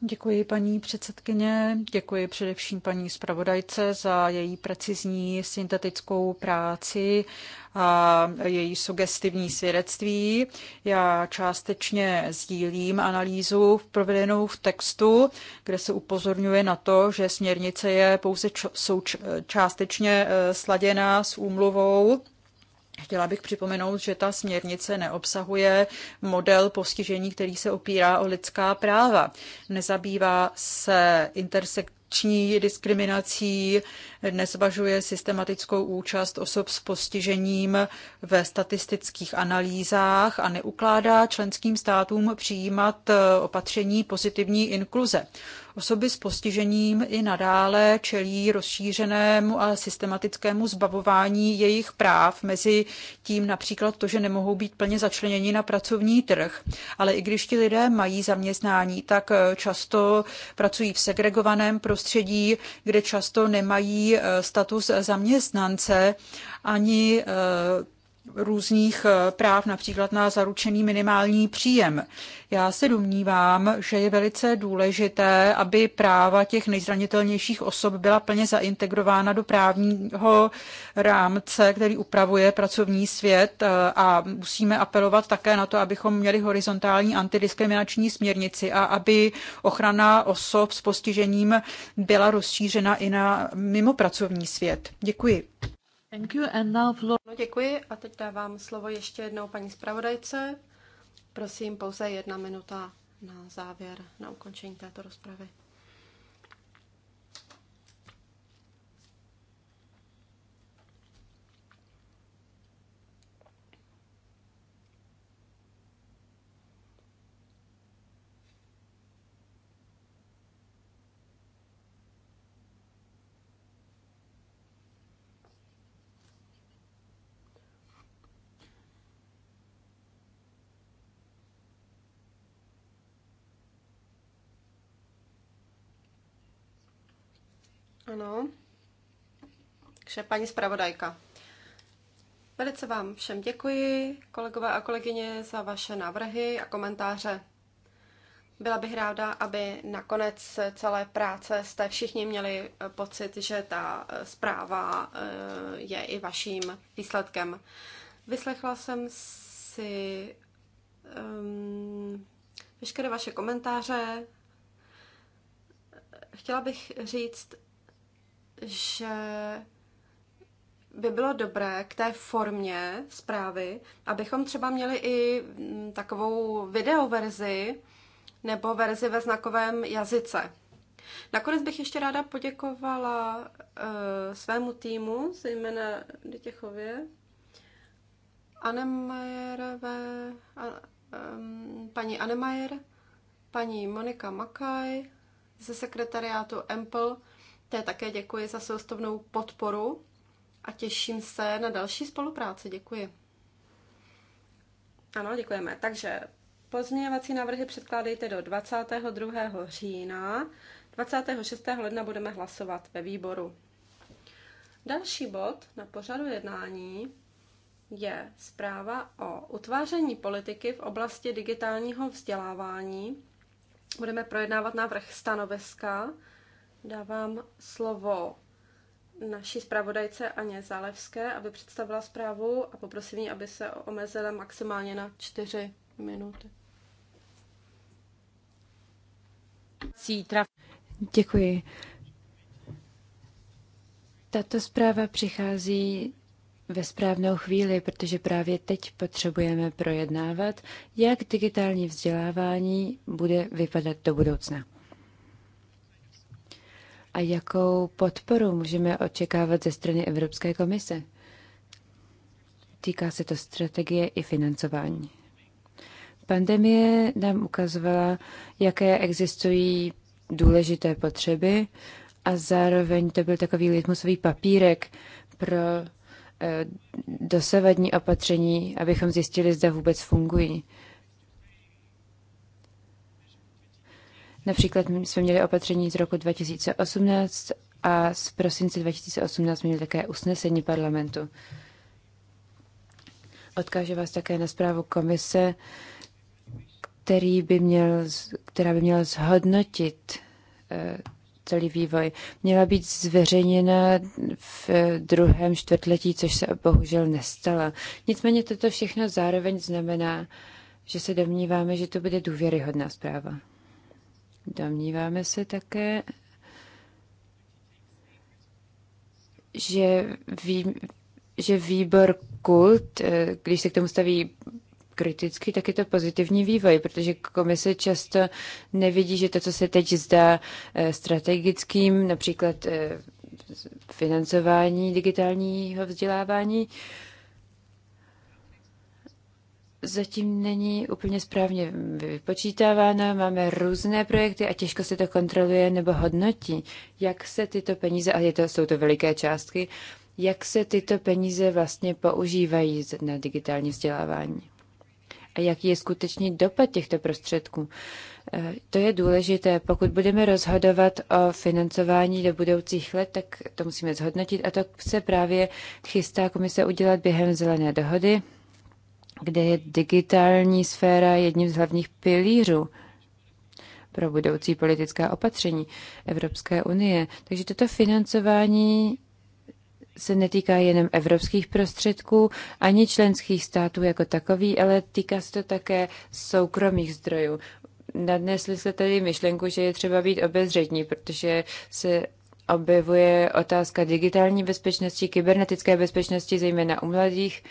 S2: Děkuji paní předsedkyně, děkuji především paní zpravodajce za její precizní syntetickou práci a její sugestivní svědectví. Já částečně sdílím analýzu provedenou v textu, kde se upozorňuje na to, že směrnice je pouze částečně eh, sladěná s úmluvou Chtěla bych připomenout, že ta směrnice neobsahuje model postižení, který se opírá o lidská práva. Nezabývá se intersekční diskriminací, nezvažuje systematickou účast osob s postižením ve statistických analýzách a neukládá členským státům přijímat eh, opatření pozitivní inkluze. Osoby s postižením i nadále čelí rozšířenému a systematickému zbavování jejich práv, mezi tím například to, že nemohou být plně začleněni na pracovní trh. Ale i když ti lidé mají zaměstnání, tak eh, často pracují v segregovaném prostředí, kde často nemají eh, status zaměstnance ani eh, různých eh, práv, například na zaručený minimální příjem. Já se domnívám, že je velice důležité, aby práva těch nejzranitelnějších osob byla plně zaintegrována do právního rámce, který upravuje pracovní svět eh, a musíme apelovat také na to, abychom měli horizontální antidiskriminační směrnici a aby ochrana osob s postižením byla rozšířena i na mimo pracovní svět. Děkuji.
S3: Thank you and now floor... No, děkuji a teď dávám slovo ještě jednou paní zpravodajce. Prosím, pouze jedna minuta na závěr, na ukončení této rozpravy. Ano. Takže paní zpravodajka. Velice vám všem děkuji, kolegové a kolegyně, za vaše návrhy a komentáře. Byla bych ráda, aby nakonec celé práce jste všichni měli eh, pocit, že ta eh, zpráva eh, je i vaším výsledkem. Vyslechla jsem si um, veškeré vaše komentáře. Chtěla bych říct, že by bylo dobré k té formě zprávy, abychom třeba měli i mm, takovou videoverzi nebo verzi ve znakovém jazyce. Nakonec bych ještě ráda poděkovala uh, svému týmu, zejména Dytěchově, Anemajerové, um, paní Anemajer, paní Monika Makaj ze sekretariátu Empl Té také děkuji za soustavnou podporu a těším se na další spolupráci. Děkuji. Ano, děkujeme. Takže pozměňovací návrhy předkládejte do 22. října. 26. ledna budeme hlasovat ve výboru. Další bod na pořadu jednání je zpráva o utváření politiky v oblasti digitálního vzdělávání. Budeme projednávat návrh stanoviska Dávám slovo naší zpravodajce Aně Zálevské, aby představila zprávu a poprosím ji, aby se omezila maximálně na čtyři minuty. Děkuji. Tato zpráva
S1: přichází ve správnou chvíli, protože právě teď potřebujeme projednávat, jak digitální vzdělávání bude vypadat do budoucna a jakou podporu můžeme očekávat ze strany Evropské komise. Týká se to strategie i financování. Pandemie nám ukazovala, jaké existují důležité potřeby a zároveň to byl takový litmusový papírek pro eh, dosavadní opatření, abychom zjistili, zda vůbec fungují. Například jsme měli opatření z roku 2018 a z prosince 2018 měli také usnesení parlamentu. Odkáže vás také na zprávu komise, který by měl, která by měla zhodnotit eh, celý vývoj. Měla být zveřejněna v druhém čtvrtletí, což se bohužel nestalo. Nicméně toto všechno zároveň znamená, že se domníváme, že to bude důvěryhodná zpráva. Domníváme se také, že, vý, že výbor kult, eh, když se k tomu staví kriticky, tak je to pozitivní vývoj, protože komise často nevidí, že to, co se teď zdá eh, strategickým, například eh, financování digitálního vzdělávání, zatím není úplně správně vypočítáváno, máme různé projekty a těžko se to kontroluje nebo hodnotí, jak se tyto peníze, a je to, jsou to veliké částky, jak se tyto peníze vlastně používají na digitální vzdělávání a jaký je skutečný dopad těchto prostředků. Eh, to je důležité. Pokud budeme rozhodovat o financování do budoucích let, tak to musíme zhodnotit a to se právě chystá komise udělat během zelené dohody kde je digitální sféra jedním z hlavních pilířů pro budoucí politická opatření Evropské unie. Takže toto financování se netýká jenom evropských prostředků ani členských států jako takový, ale týká se to také soukromých zdrojů. Nadnesli se tedy myšlenku, že je třeba být obezřední, protože se objevuje otázka digitální bezpečnosti, kybernetické bezpečnosti, zejména u mladých,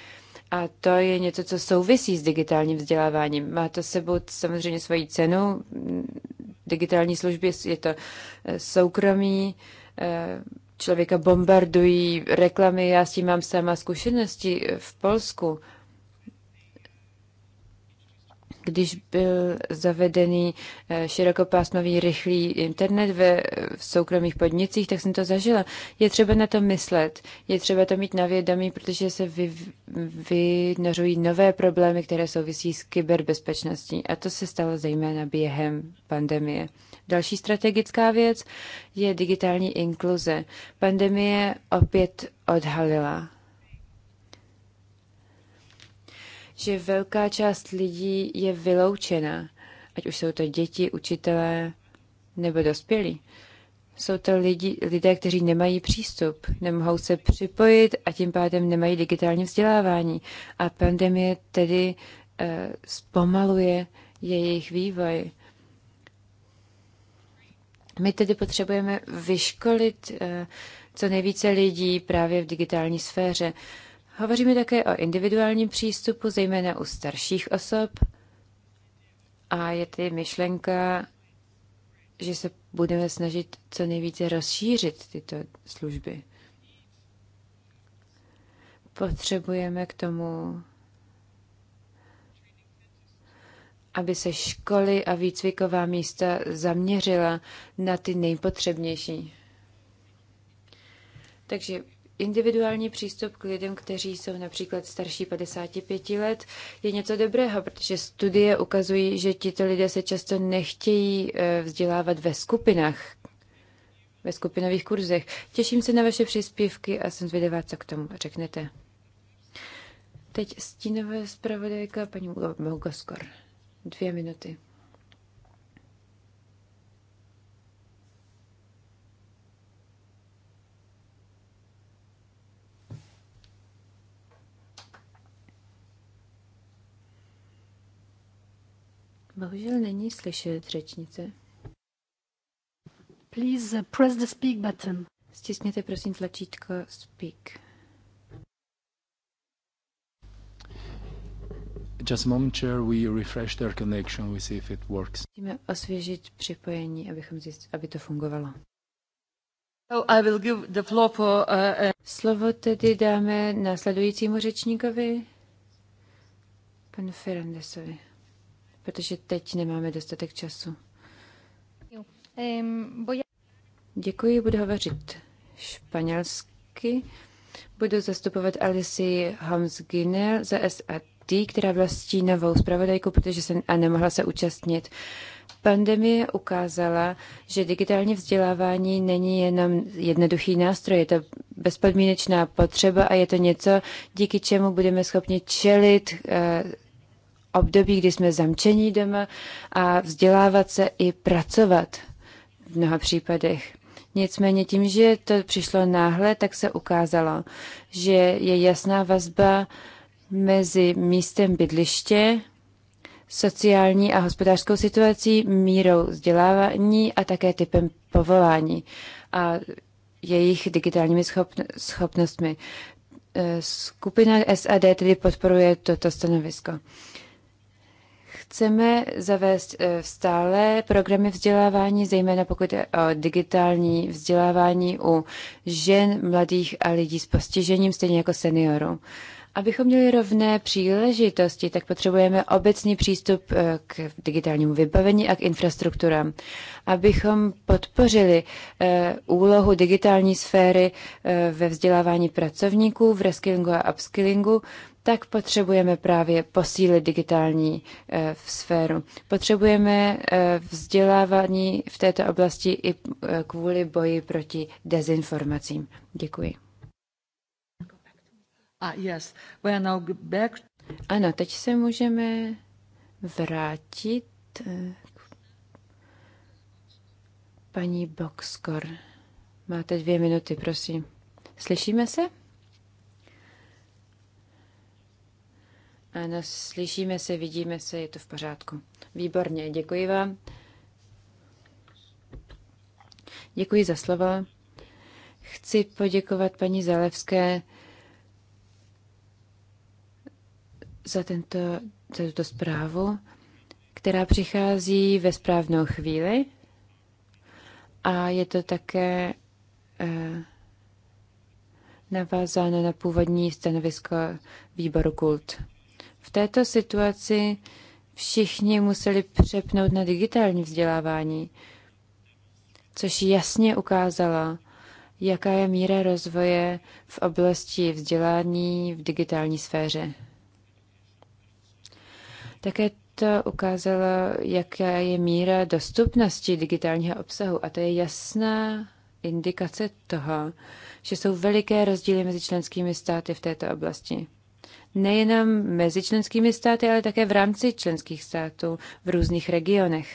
S1: a to je něco, co souvisí s digitálním vzděláváním. Má to sebou samozřejmě svoji cenu. Digitální služby je to eh, soukromí, eh, člověka bombardují reklamy. Já s tím mám sama zkušenosti eh, v Polsku když byl zavedený eh, širokopásmový rychlý internet ve soukromých podnicích, tak jsem to zažila. Je třeba na to myslet, je třeba to mít na vědomí, protože se vy, vynořují nové problémy, které souvisí s kyberbezpečností. A to se stalo zejména během pandemie. Další strategická věc je digitální inkluze. Pandemie opět odhalila že velká část lidí je vyloučena, ať už jsou to děti, učitelé nebo dospělí. Jsou to lidi, lidé, kteří nemají přístup, nemohou se připojit a tím pádem nemají digitální vzdělávání. A pandemie tedy e, zpomaluje jejich vývoj. My tedy potřebujeme vyškolit e, co nejvíce lidí právě v digitální sféře. E, Hovoříme také o individuálním přístupu, zejména u starších osob. A je tedy myšlenka, že se budeme snažit co nejvíce rozšířit tyto služby. Potřebujeme k tomu, aby se školy a výcviková místa zaměřila na ty nejpotřebnější. Takže individuální přístup k lidem, kteří jsou například starší 55 let, je něco dobrého, protože studie ukazují, že tito lidé se často nechtějí eh, vzdělávat ve skupinách, ve skupinových kurzech. Těším se na vaše příspěvky a jsem zvědavá, co k tomu řeknete. Teď stínové zpravodajka paní Mugoskor. Dvě minuty. Bohužel není slyšet řečnice. Please uh, press the speak button. Stisněte prosím tlačítko speak. Just a moment, Chair, we refresh their connection, we see if it works. Musíme osvěžit připojení, abychom zjist, aby to fungovalo. So I will give the floor for, uh, uh... Slovo tedy dáme následujícímu řečníkovi, panu Ferrandesovi protože teď nemáme dostatek času. Děkuji, budu hovořit španělsky. Budu zastupovat Alici Hamsginel za SAT, která byla stínovou zpravodajkou, protože jsem a nemohla se účastnit. Pandemie ukázala, že digitální vzdělávání není jenom jednoduchý nástroj, je to bezpodmínečná potřeba a je to něco, díky čemu budeme schopni čelit eh, období, kdy jsme zamčení doma a vzdělávat se i pracovat v mnoha případech. Nicméně tím, že to přišlo náhle, tak se ukázalo, že je jasná vazba mezi místem bydliště, sociální a hospodářskou situací, mírou vzdělávání a také typem povolání a jejich digitálními schopnostmi. E, skupina SAD tedy podporuje toto stanovisko. Chceme zavést eh, stále programy vzdělávání, zejména pokud je o digitální vzdělávání u žen, mladých a lidí s postižením, stejně jako seniorů. Abychom měli rovné příležitosti, tak potřebujeme obecný přístup eh, k digitálnímu vybavení a k infrastrukturám. Abychom podpořili eh, úlohu digitální sféry ve vzdělávání pracovníků, v reskillingu a upskillingu, tak potřebujeme právě posílit digitální e, sféru. Potřebujeme e, vzdělávání v této oblasti i e, kvůli boji proti dezinformacím. Děkuji. Ah, yes. now back. Ano, teď se můžeme vrátit k paní Boxkor. Máte dvě minuty, prosím. Slyšíme se? No, slyšíme se, vidíme se, je to v pořádku. Výborně, děkuji vám. Děkuji za slovo. Chci poděkovat paní Zalevské za, tento, za tuto zprávu, která přichází ve správnou chvíli. A je to také eh, navázáno na původní stanovisko výboru Kult. V této situaci všichni museli přepnout na digitální vzdělávání, což jasně ukázala, jaká je míra rozvoje v oblasti vzdělání v digitální sféře. Také to ukázalo, jaká je míra dostupnosti digitálního obsahu a to je jasná indikace toho, že jsou veliké rozdíly mezi členskými státy v této oblasti nejenom mezi členskými státy, ale také v rámci členských států v různých regionech.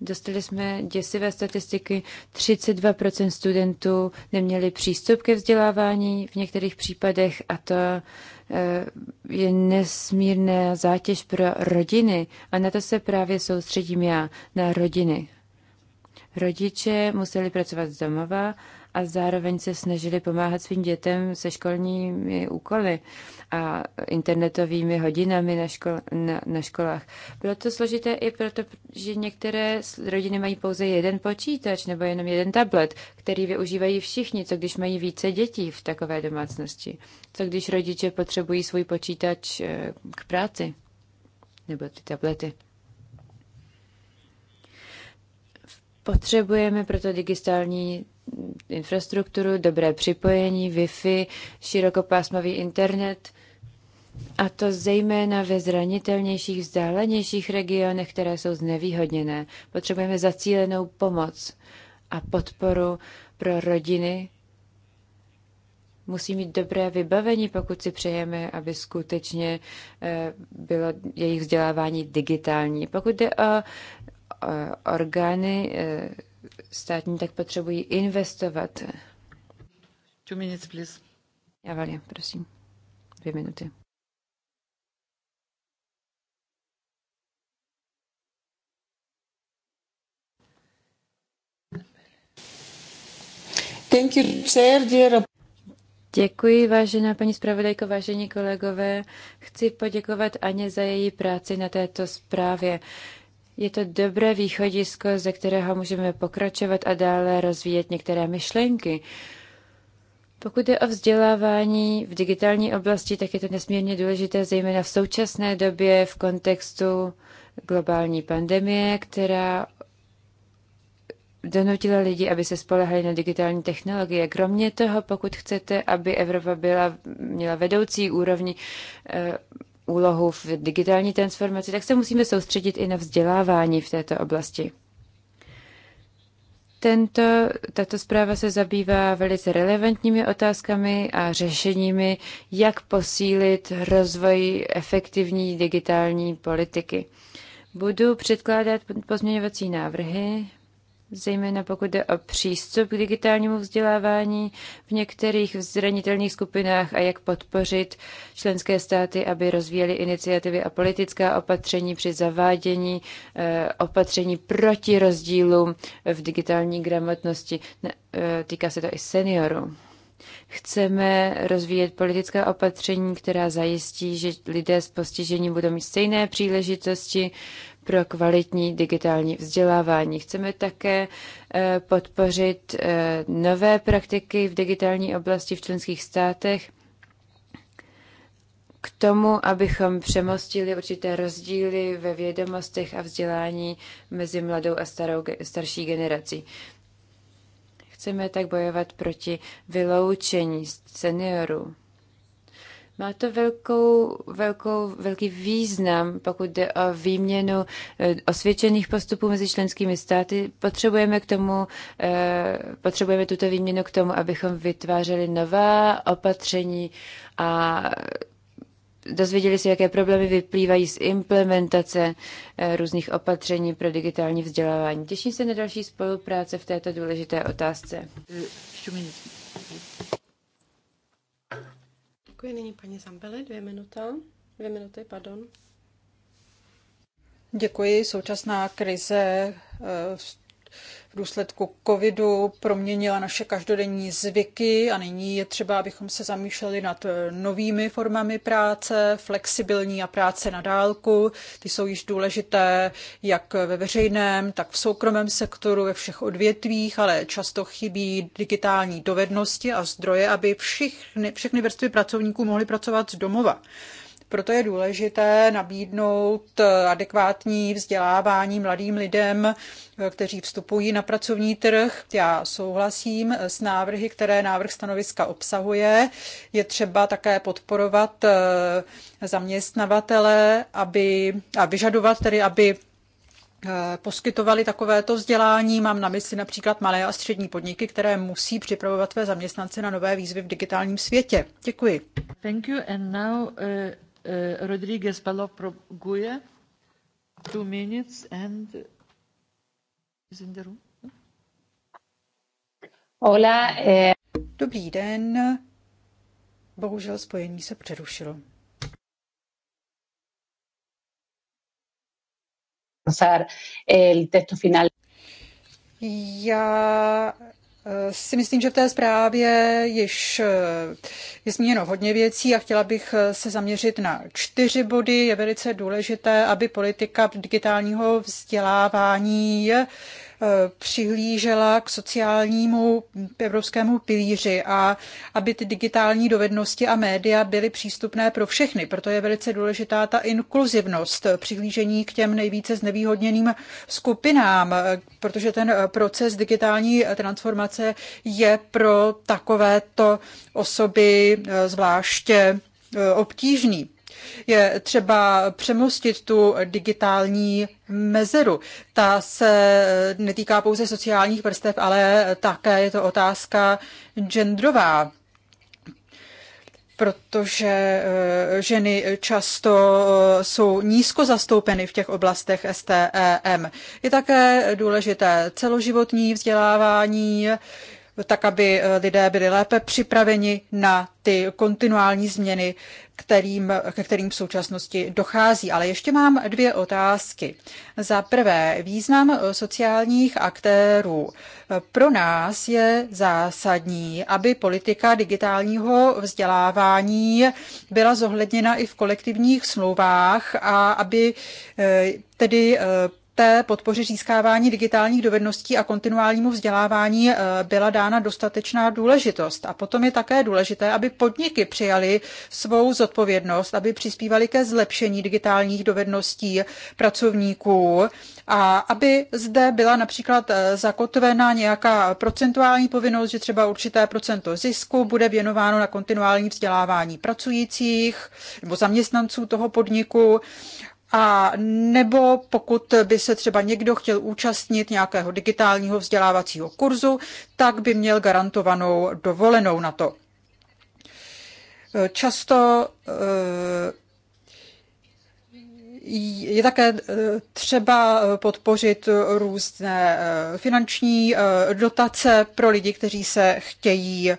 S1: Dostali jsme děsivé statistiky. 32% studentů neměli přístup ke vzdělávání v některých případech a to eh, je nesmírná zátěž pro rodiny. A na to se právě soustředím já, na rodiny. Rodiče museli pracovat z domova a zároveň se snažili pomáhat svým dětem se školními úkoly a internetovými hodinami na, škol, na, na školách. Bylo to složité i proto, že některé rodiny mají pouze jeden počítač nebo jenom jeden tablet, který využívají všichni, co když mají více dětí v takové domácnosti. Co když rodiče potřebují svůj počítač eh, k práci nebo ty tablety. Potřebujeme proto digitální infrastrukturu, dobré připojení, Wi-Fi, širokopásmový internet. A to zejména ve zranitelnějších, vzdálenějších regionech, které jsou znevýhodněné. Potřebujeme zacílenou pomoc a podporu pro rodiny. Musí mít dobré vybavení, pokud si přejeme, aby skutečně eh, bylo jejich vzdělávání digitální. Pokud jde o orgány eh, státní, tak potřebují investovat. Two minutes, please. valím, prosím. Dvě minuty. Thank you, chair, dear. Děkuji, vážená paní zpravodajko, vážení kolegové. Chci poděkovat Aně za její práci na této zprávě. Je to dobré východisko, ze kterého můžeme pokračovat a dále rozvíjet některé myšlenky. Pokud je o vzdělávání v digitální oblasti, tak je to nesmírně důležité, zejména v současné době v kontextu globální pandemie, která donutila lidi, aby se spolehali na digitální technologie. Kromě toho, pokud chcete, aby Evropa byla, měla vedoucí úrovni eh, úlohu v digitální transformaci, tak se musíme soustředit i na vzdělávání v této oblasti. Tento, tato zpráva se zabývá velice relevantními otázkami a řešeními, jak posílit rozvoj efektivní digitální politiky. Budu předkládat pozměňovací návrhy, zejména pokud jde o přístup k digitálnímu vzdělávání v některých zranitelných skupinách a jak podpořit členské státy, aby rozvíjely iniciativy a politická opatření při zavádění eh, opatření proti rozdílům v digitální gramotnosti. Eh, týká se to i seniorů. Chceme rozvíjet politická opatření, která zajistí, že lidé s postižením budou mít stejné příležitosti pro kvalitní digitální vzdělávání. Chceme také eh, podpořit eh, nové praktiky v digitální oblasti v členských státech k tomu, abychom přemostili určité rozdíly ve vědomostech a vzdělání mezi mladou a starou, starší generací. Chceme tak bojovat proti vyloučení seniorů. Má to velkou, velkou, velký význam, pokud jde o výměnu eh, osvědčených postupů mezi členskými státy. Potřebujeme k tomu, eh, potřebujeme tuto výměnu k tomu, abychom vytvářeli nová opatření a dozvěděli se, jaké problémy vyplývají z implementace eh, různých opatření pro digitální vzdělávání. Těším se na další spolupráce v této důležité otázce.
S3: Děkuji. Nyní paní Zambele, dvě minuta. Dvě minuty, pardon.
S2: Děkuji. Současná krize eh, v důsledku covidu proměnila naše každodenní zvyky a nyní je třeba, abychom se zamýšleli nad eh, novými formami práce, flexibilní a práce na dálku. Ty jsou již důležité jak ve veřejném, tak v soukromém sektoru, ve všech odvětvích, ale často chybí digitální dovednosti a zdroje, aby všichni, všechny vrstvy pracovníků mohly pracovat z domova. Proto je důležité nabídnout eh, adekvátní vzdělávání mladým lidem, eh, kteří vstupují na pracovní trh. Já souhlasím eh, s návrhy, které návrh stanoviska obsahuje. Je třeba také podporovat zaměstnavatele aby, a vyžadovat tedy, aby poskytovali takovéto vzdělání. Mám na mysli například malé a střední podniky, které musí připravovat své zaměstnance na nové výzvy v digitálním světě. Děkuji. Thank you and now, uh... Eh, Rodriguez palop two minutes and is in the room. No? Hola. Eh. Dobrý den. Bohužel spojení se přerušilo. El final. Já Eh, si myslím, že v té zprávě již eh, je zmíněno hodně věcí a chtěla bych eh, se zaměřit na čtyři body. Je velice důležité, aby politika digitálního vzdělávání přihlížela k sociálnímu evropskému pilíři a aby ty digitální dovednosti a média byly přístupné pro všechny. Proto je velice důležitá ta inkluzivnost, přihlížení k těm nejvíce znevýhodněným skupinám, protože ten proces digitální transformace je pro takovéto osoby eh, zvláště eh, obtížný. Je třeba přemostit tu digitální mezeru. Ta se netýká pouze sociálních vrstev, ale také je to otázka genderová protože eh, ženy často eh, jsou nízko zastoupeny v těch oblastech STEM. Je také důležité celoživotní vzdělávání, tak aby eh, lidé byli lépe připraveni na ty kontinuální změny, kterým, ke kterým v současnosti dochází. Ale ještě mám dvě otázky. Za prvé, význam eh, sociálních aktérů. Eh, pro nás je zásadní, aby politika digitálního vzdělávání byla zohledněna i v kolektivních smlouvách a aby tedy té podpoře získávání digitálních dovedností a kontinuálnímu vzdělávání eh, byla dána dostatečná důležitost. A potom je také důležité, aby podniky přijali svou zodpovědnost, aby přispívali ke zlepšení digitálních dovedností pracovníků a aby zde byla například eh, zakotvena nějaká procentuální povinnost, že třeba určité procento zisku bude věnováno na kontinuální vzdělávání pracujících nebo zaměstnanců toho podniku a nebo pokud by se třeba někdo chtěl účastnit nějakého digitálního vzdělávacího kurzu, tak by měl garantovanou dovolenou na to. Často eh, je také eh, třeba podpořit různé eh, finanční dotace pro lidi, kteří se chtějí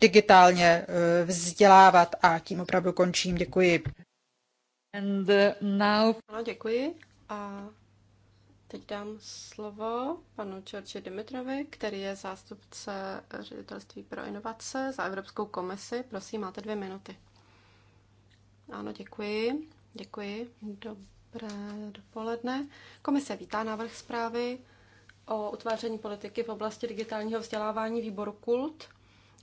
S2: digitálně vzdělávat a tím opravdu končím. Děkuji. And uh, now...
S3: Ano, děkuji. A teď dám slovo panu Georgi Dimitrovi, který je zástupce ředitelství pro inovace za Evropskou komisi. Prosím, máte dvě minuty. Ano, děkuji. Děkuji. Dobré dopoledne. Komise vítá návrh zprávy o utváření politiky v oblasti digitálního vzdělávání výboru KULT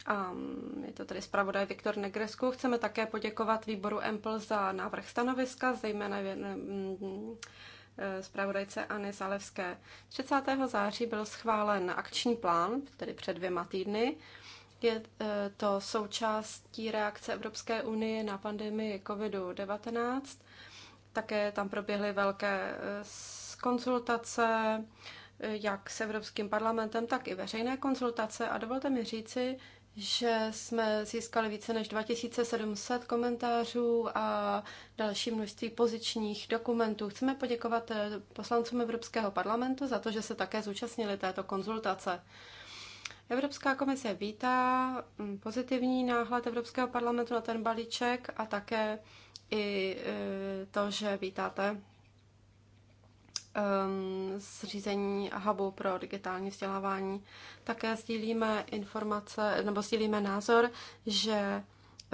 S3: a mm, je to tedy zpravodaj Viktor Negresku. Chceme také poděkovat výboru EMPL za návrh stanoviska, zejména mm, mm, zpravodajce Anny Zalevské. 30. září byl schválen akční plán, tedy před dvěma týdny. Je e, to součástí reakce Evropské unie na pandemii COVID-19. Také tam proběhly velké e, konzultace, e, jak s Evropským parlamentem, tak i veřejné konzultace. A dovolte mi říci, že jsme získali více než 2700 komentářů a další množství pozičních dokumentů. Chceme poděkovat eh, poslancům Evropského parlamentu za to, že se také zúčastnili této konzultace. Evropská komise vítá mm, pozitivní náhled Evropského parlamentu na ten balíček a také i eh, to, že vítáte Um, zřízení hubu pro digitální vzdělávání. Také sdílíme informace, nebo sdílíme názor, že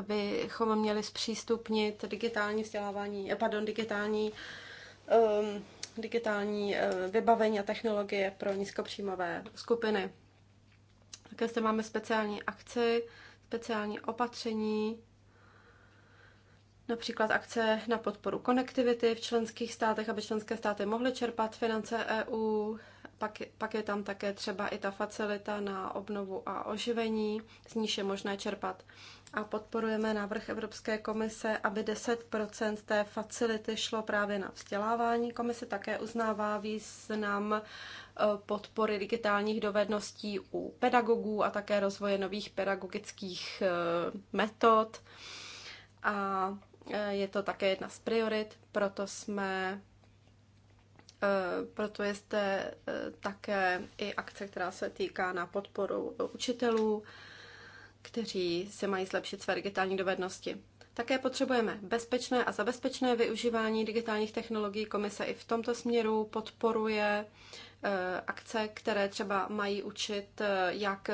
S3: bychom měli zpřístupnit digitální vzdělávání, pardon, digitální um, digitální uh, vybavení a technologie pro nízkopříjmové skupiny. Také zde máme speciální akci, speciální opatření, například akce na podporu konektivity v členských státech, aby členské státy mohly čerpat finance EU. Pak, pak je tam také třeba i ta facilita na obnovu a oživení, z níž je možné čerpat. A podporujeme návrh Evropské komise, aby 10 té facility šlo právě na vzdělávání. Komise také uznává význam e, podpory digitálních dovedností u pedagogů a také rozvoje nových pedagogických e, metod. A Eh, je to také jedna z priorit, proto jsme eh, proto je zde eh, také i akce, která se týká na podporu učitelů, kteří se mají zlepšit své digitální dovednosti. Také potřebujeme bezpečné a zabezpečné využívání digitálních technologií. Komise i v tomto směru podporuje akce, které třeba mají učit, jak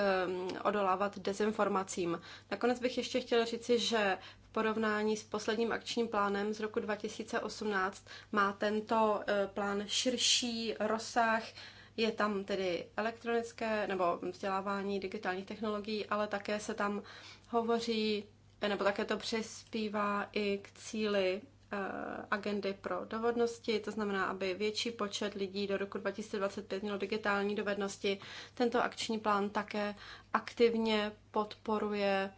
S3: odolávat dezinformacím. Nakonec bych ještě chtěla říci, že porovnání s posledním akčním plánem z roku 2018 má tento e, plán širší rozsah. Je tam tedy elektronické nebo vzdělávání digitálních technologií, ale také se tam hovoří, e, nebo také to přispívá i k cíli e, agendy pro dovednosti, to znamená, aby větší počet lidí do roku 2025 mělo digitální dovednosti. Tento akční plán také aktivně podporuje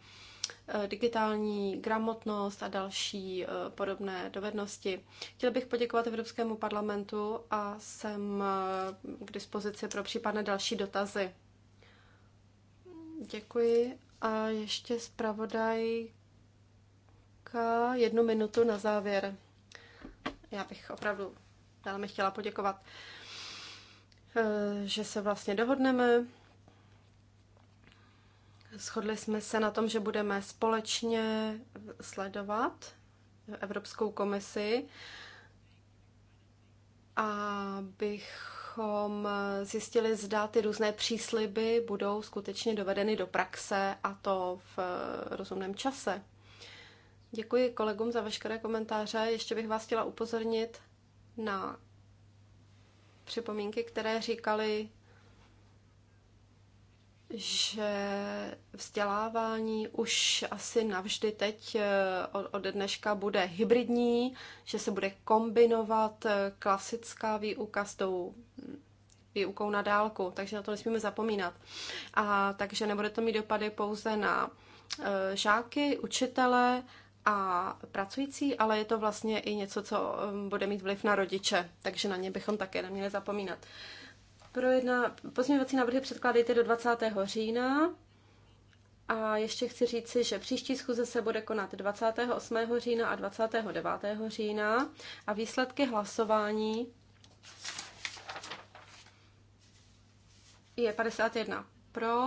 S3: Eh, digitální gramotnost a další eh, podobné dovednosti. Chtěl bych poděkovat Evropskému parlamentu a jsem eh, k dispozici pro případné další dotazy. Děkuji. A ještě zpravodajka jednu minutu na závěr. Já bych opravdu velmi chtěla poděkovat, že se vlastně dohodneme Shodli jsme se na tom, že budeme společně sledovat Evropskou komisi, abychom zjistili, zda ty různé přísliby budou skutečně dovedeny do praxe a to v rozumném čase. Děkuji kolegům za veškeré komentáře. Ještě bych vás chtěla upozornit na připomínky, které říkali že vzdělávání už asi navždy teď eh, od dneška bude hybridní, že se bude kombinovat eh, klasická výuka s tou výukou na dálku, takže na to nesmíme zapomínat. A takže nebude to mít dopady pouze na eh, žáky, učitele a pracující, ale je to vlastně i něco, co bude mít vliv na rodiče, takže na ně bychom také neměli zapomínat. Projedná... pozměňovací návrhy předkládejte do 20. října. A ještě chci říci, že příští schůze se bude konat 28. října a 29. října a výsledky hlasování je 51 pro,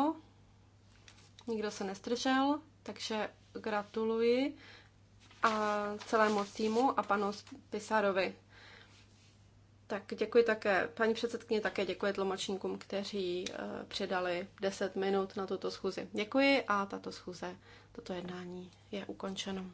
S3: nikdo se nestržel, takže gratuluji a celému týmu a panu Pisarovi. Tak děkuji také, paní předsedkyně, také děkuji tlumočníkům, kteří eh, přidali 10 minut na tuto schůzi. Děkuji a tato schůze, toto jednání je ukončeno.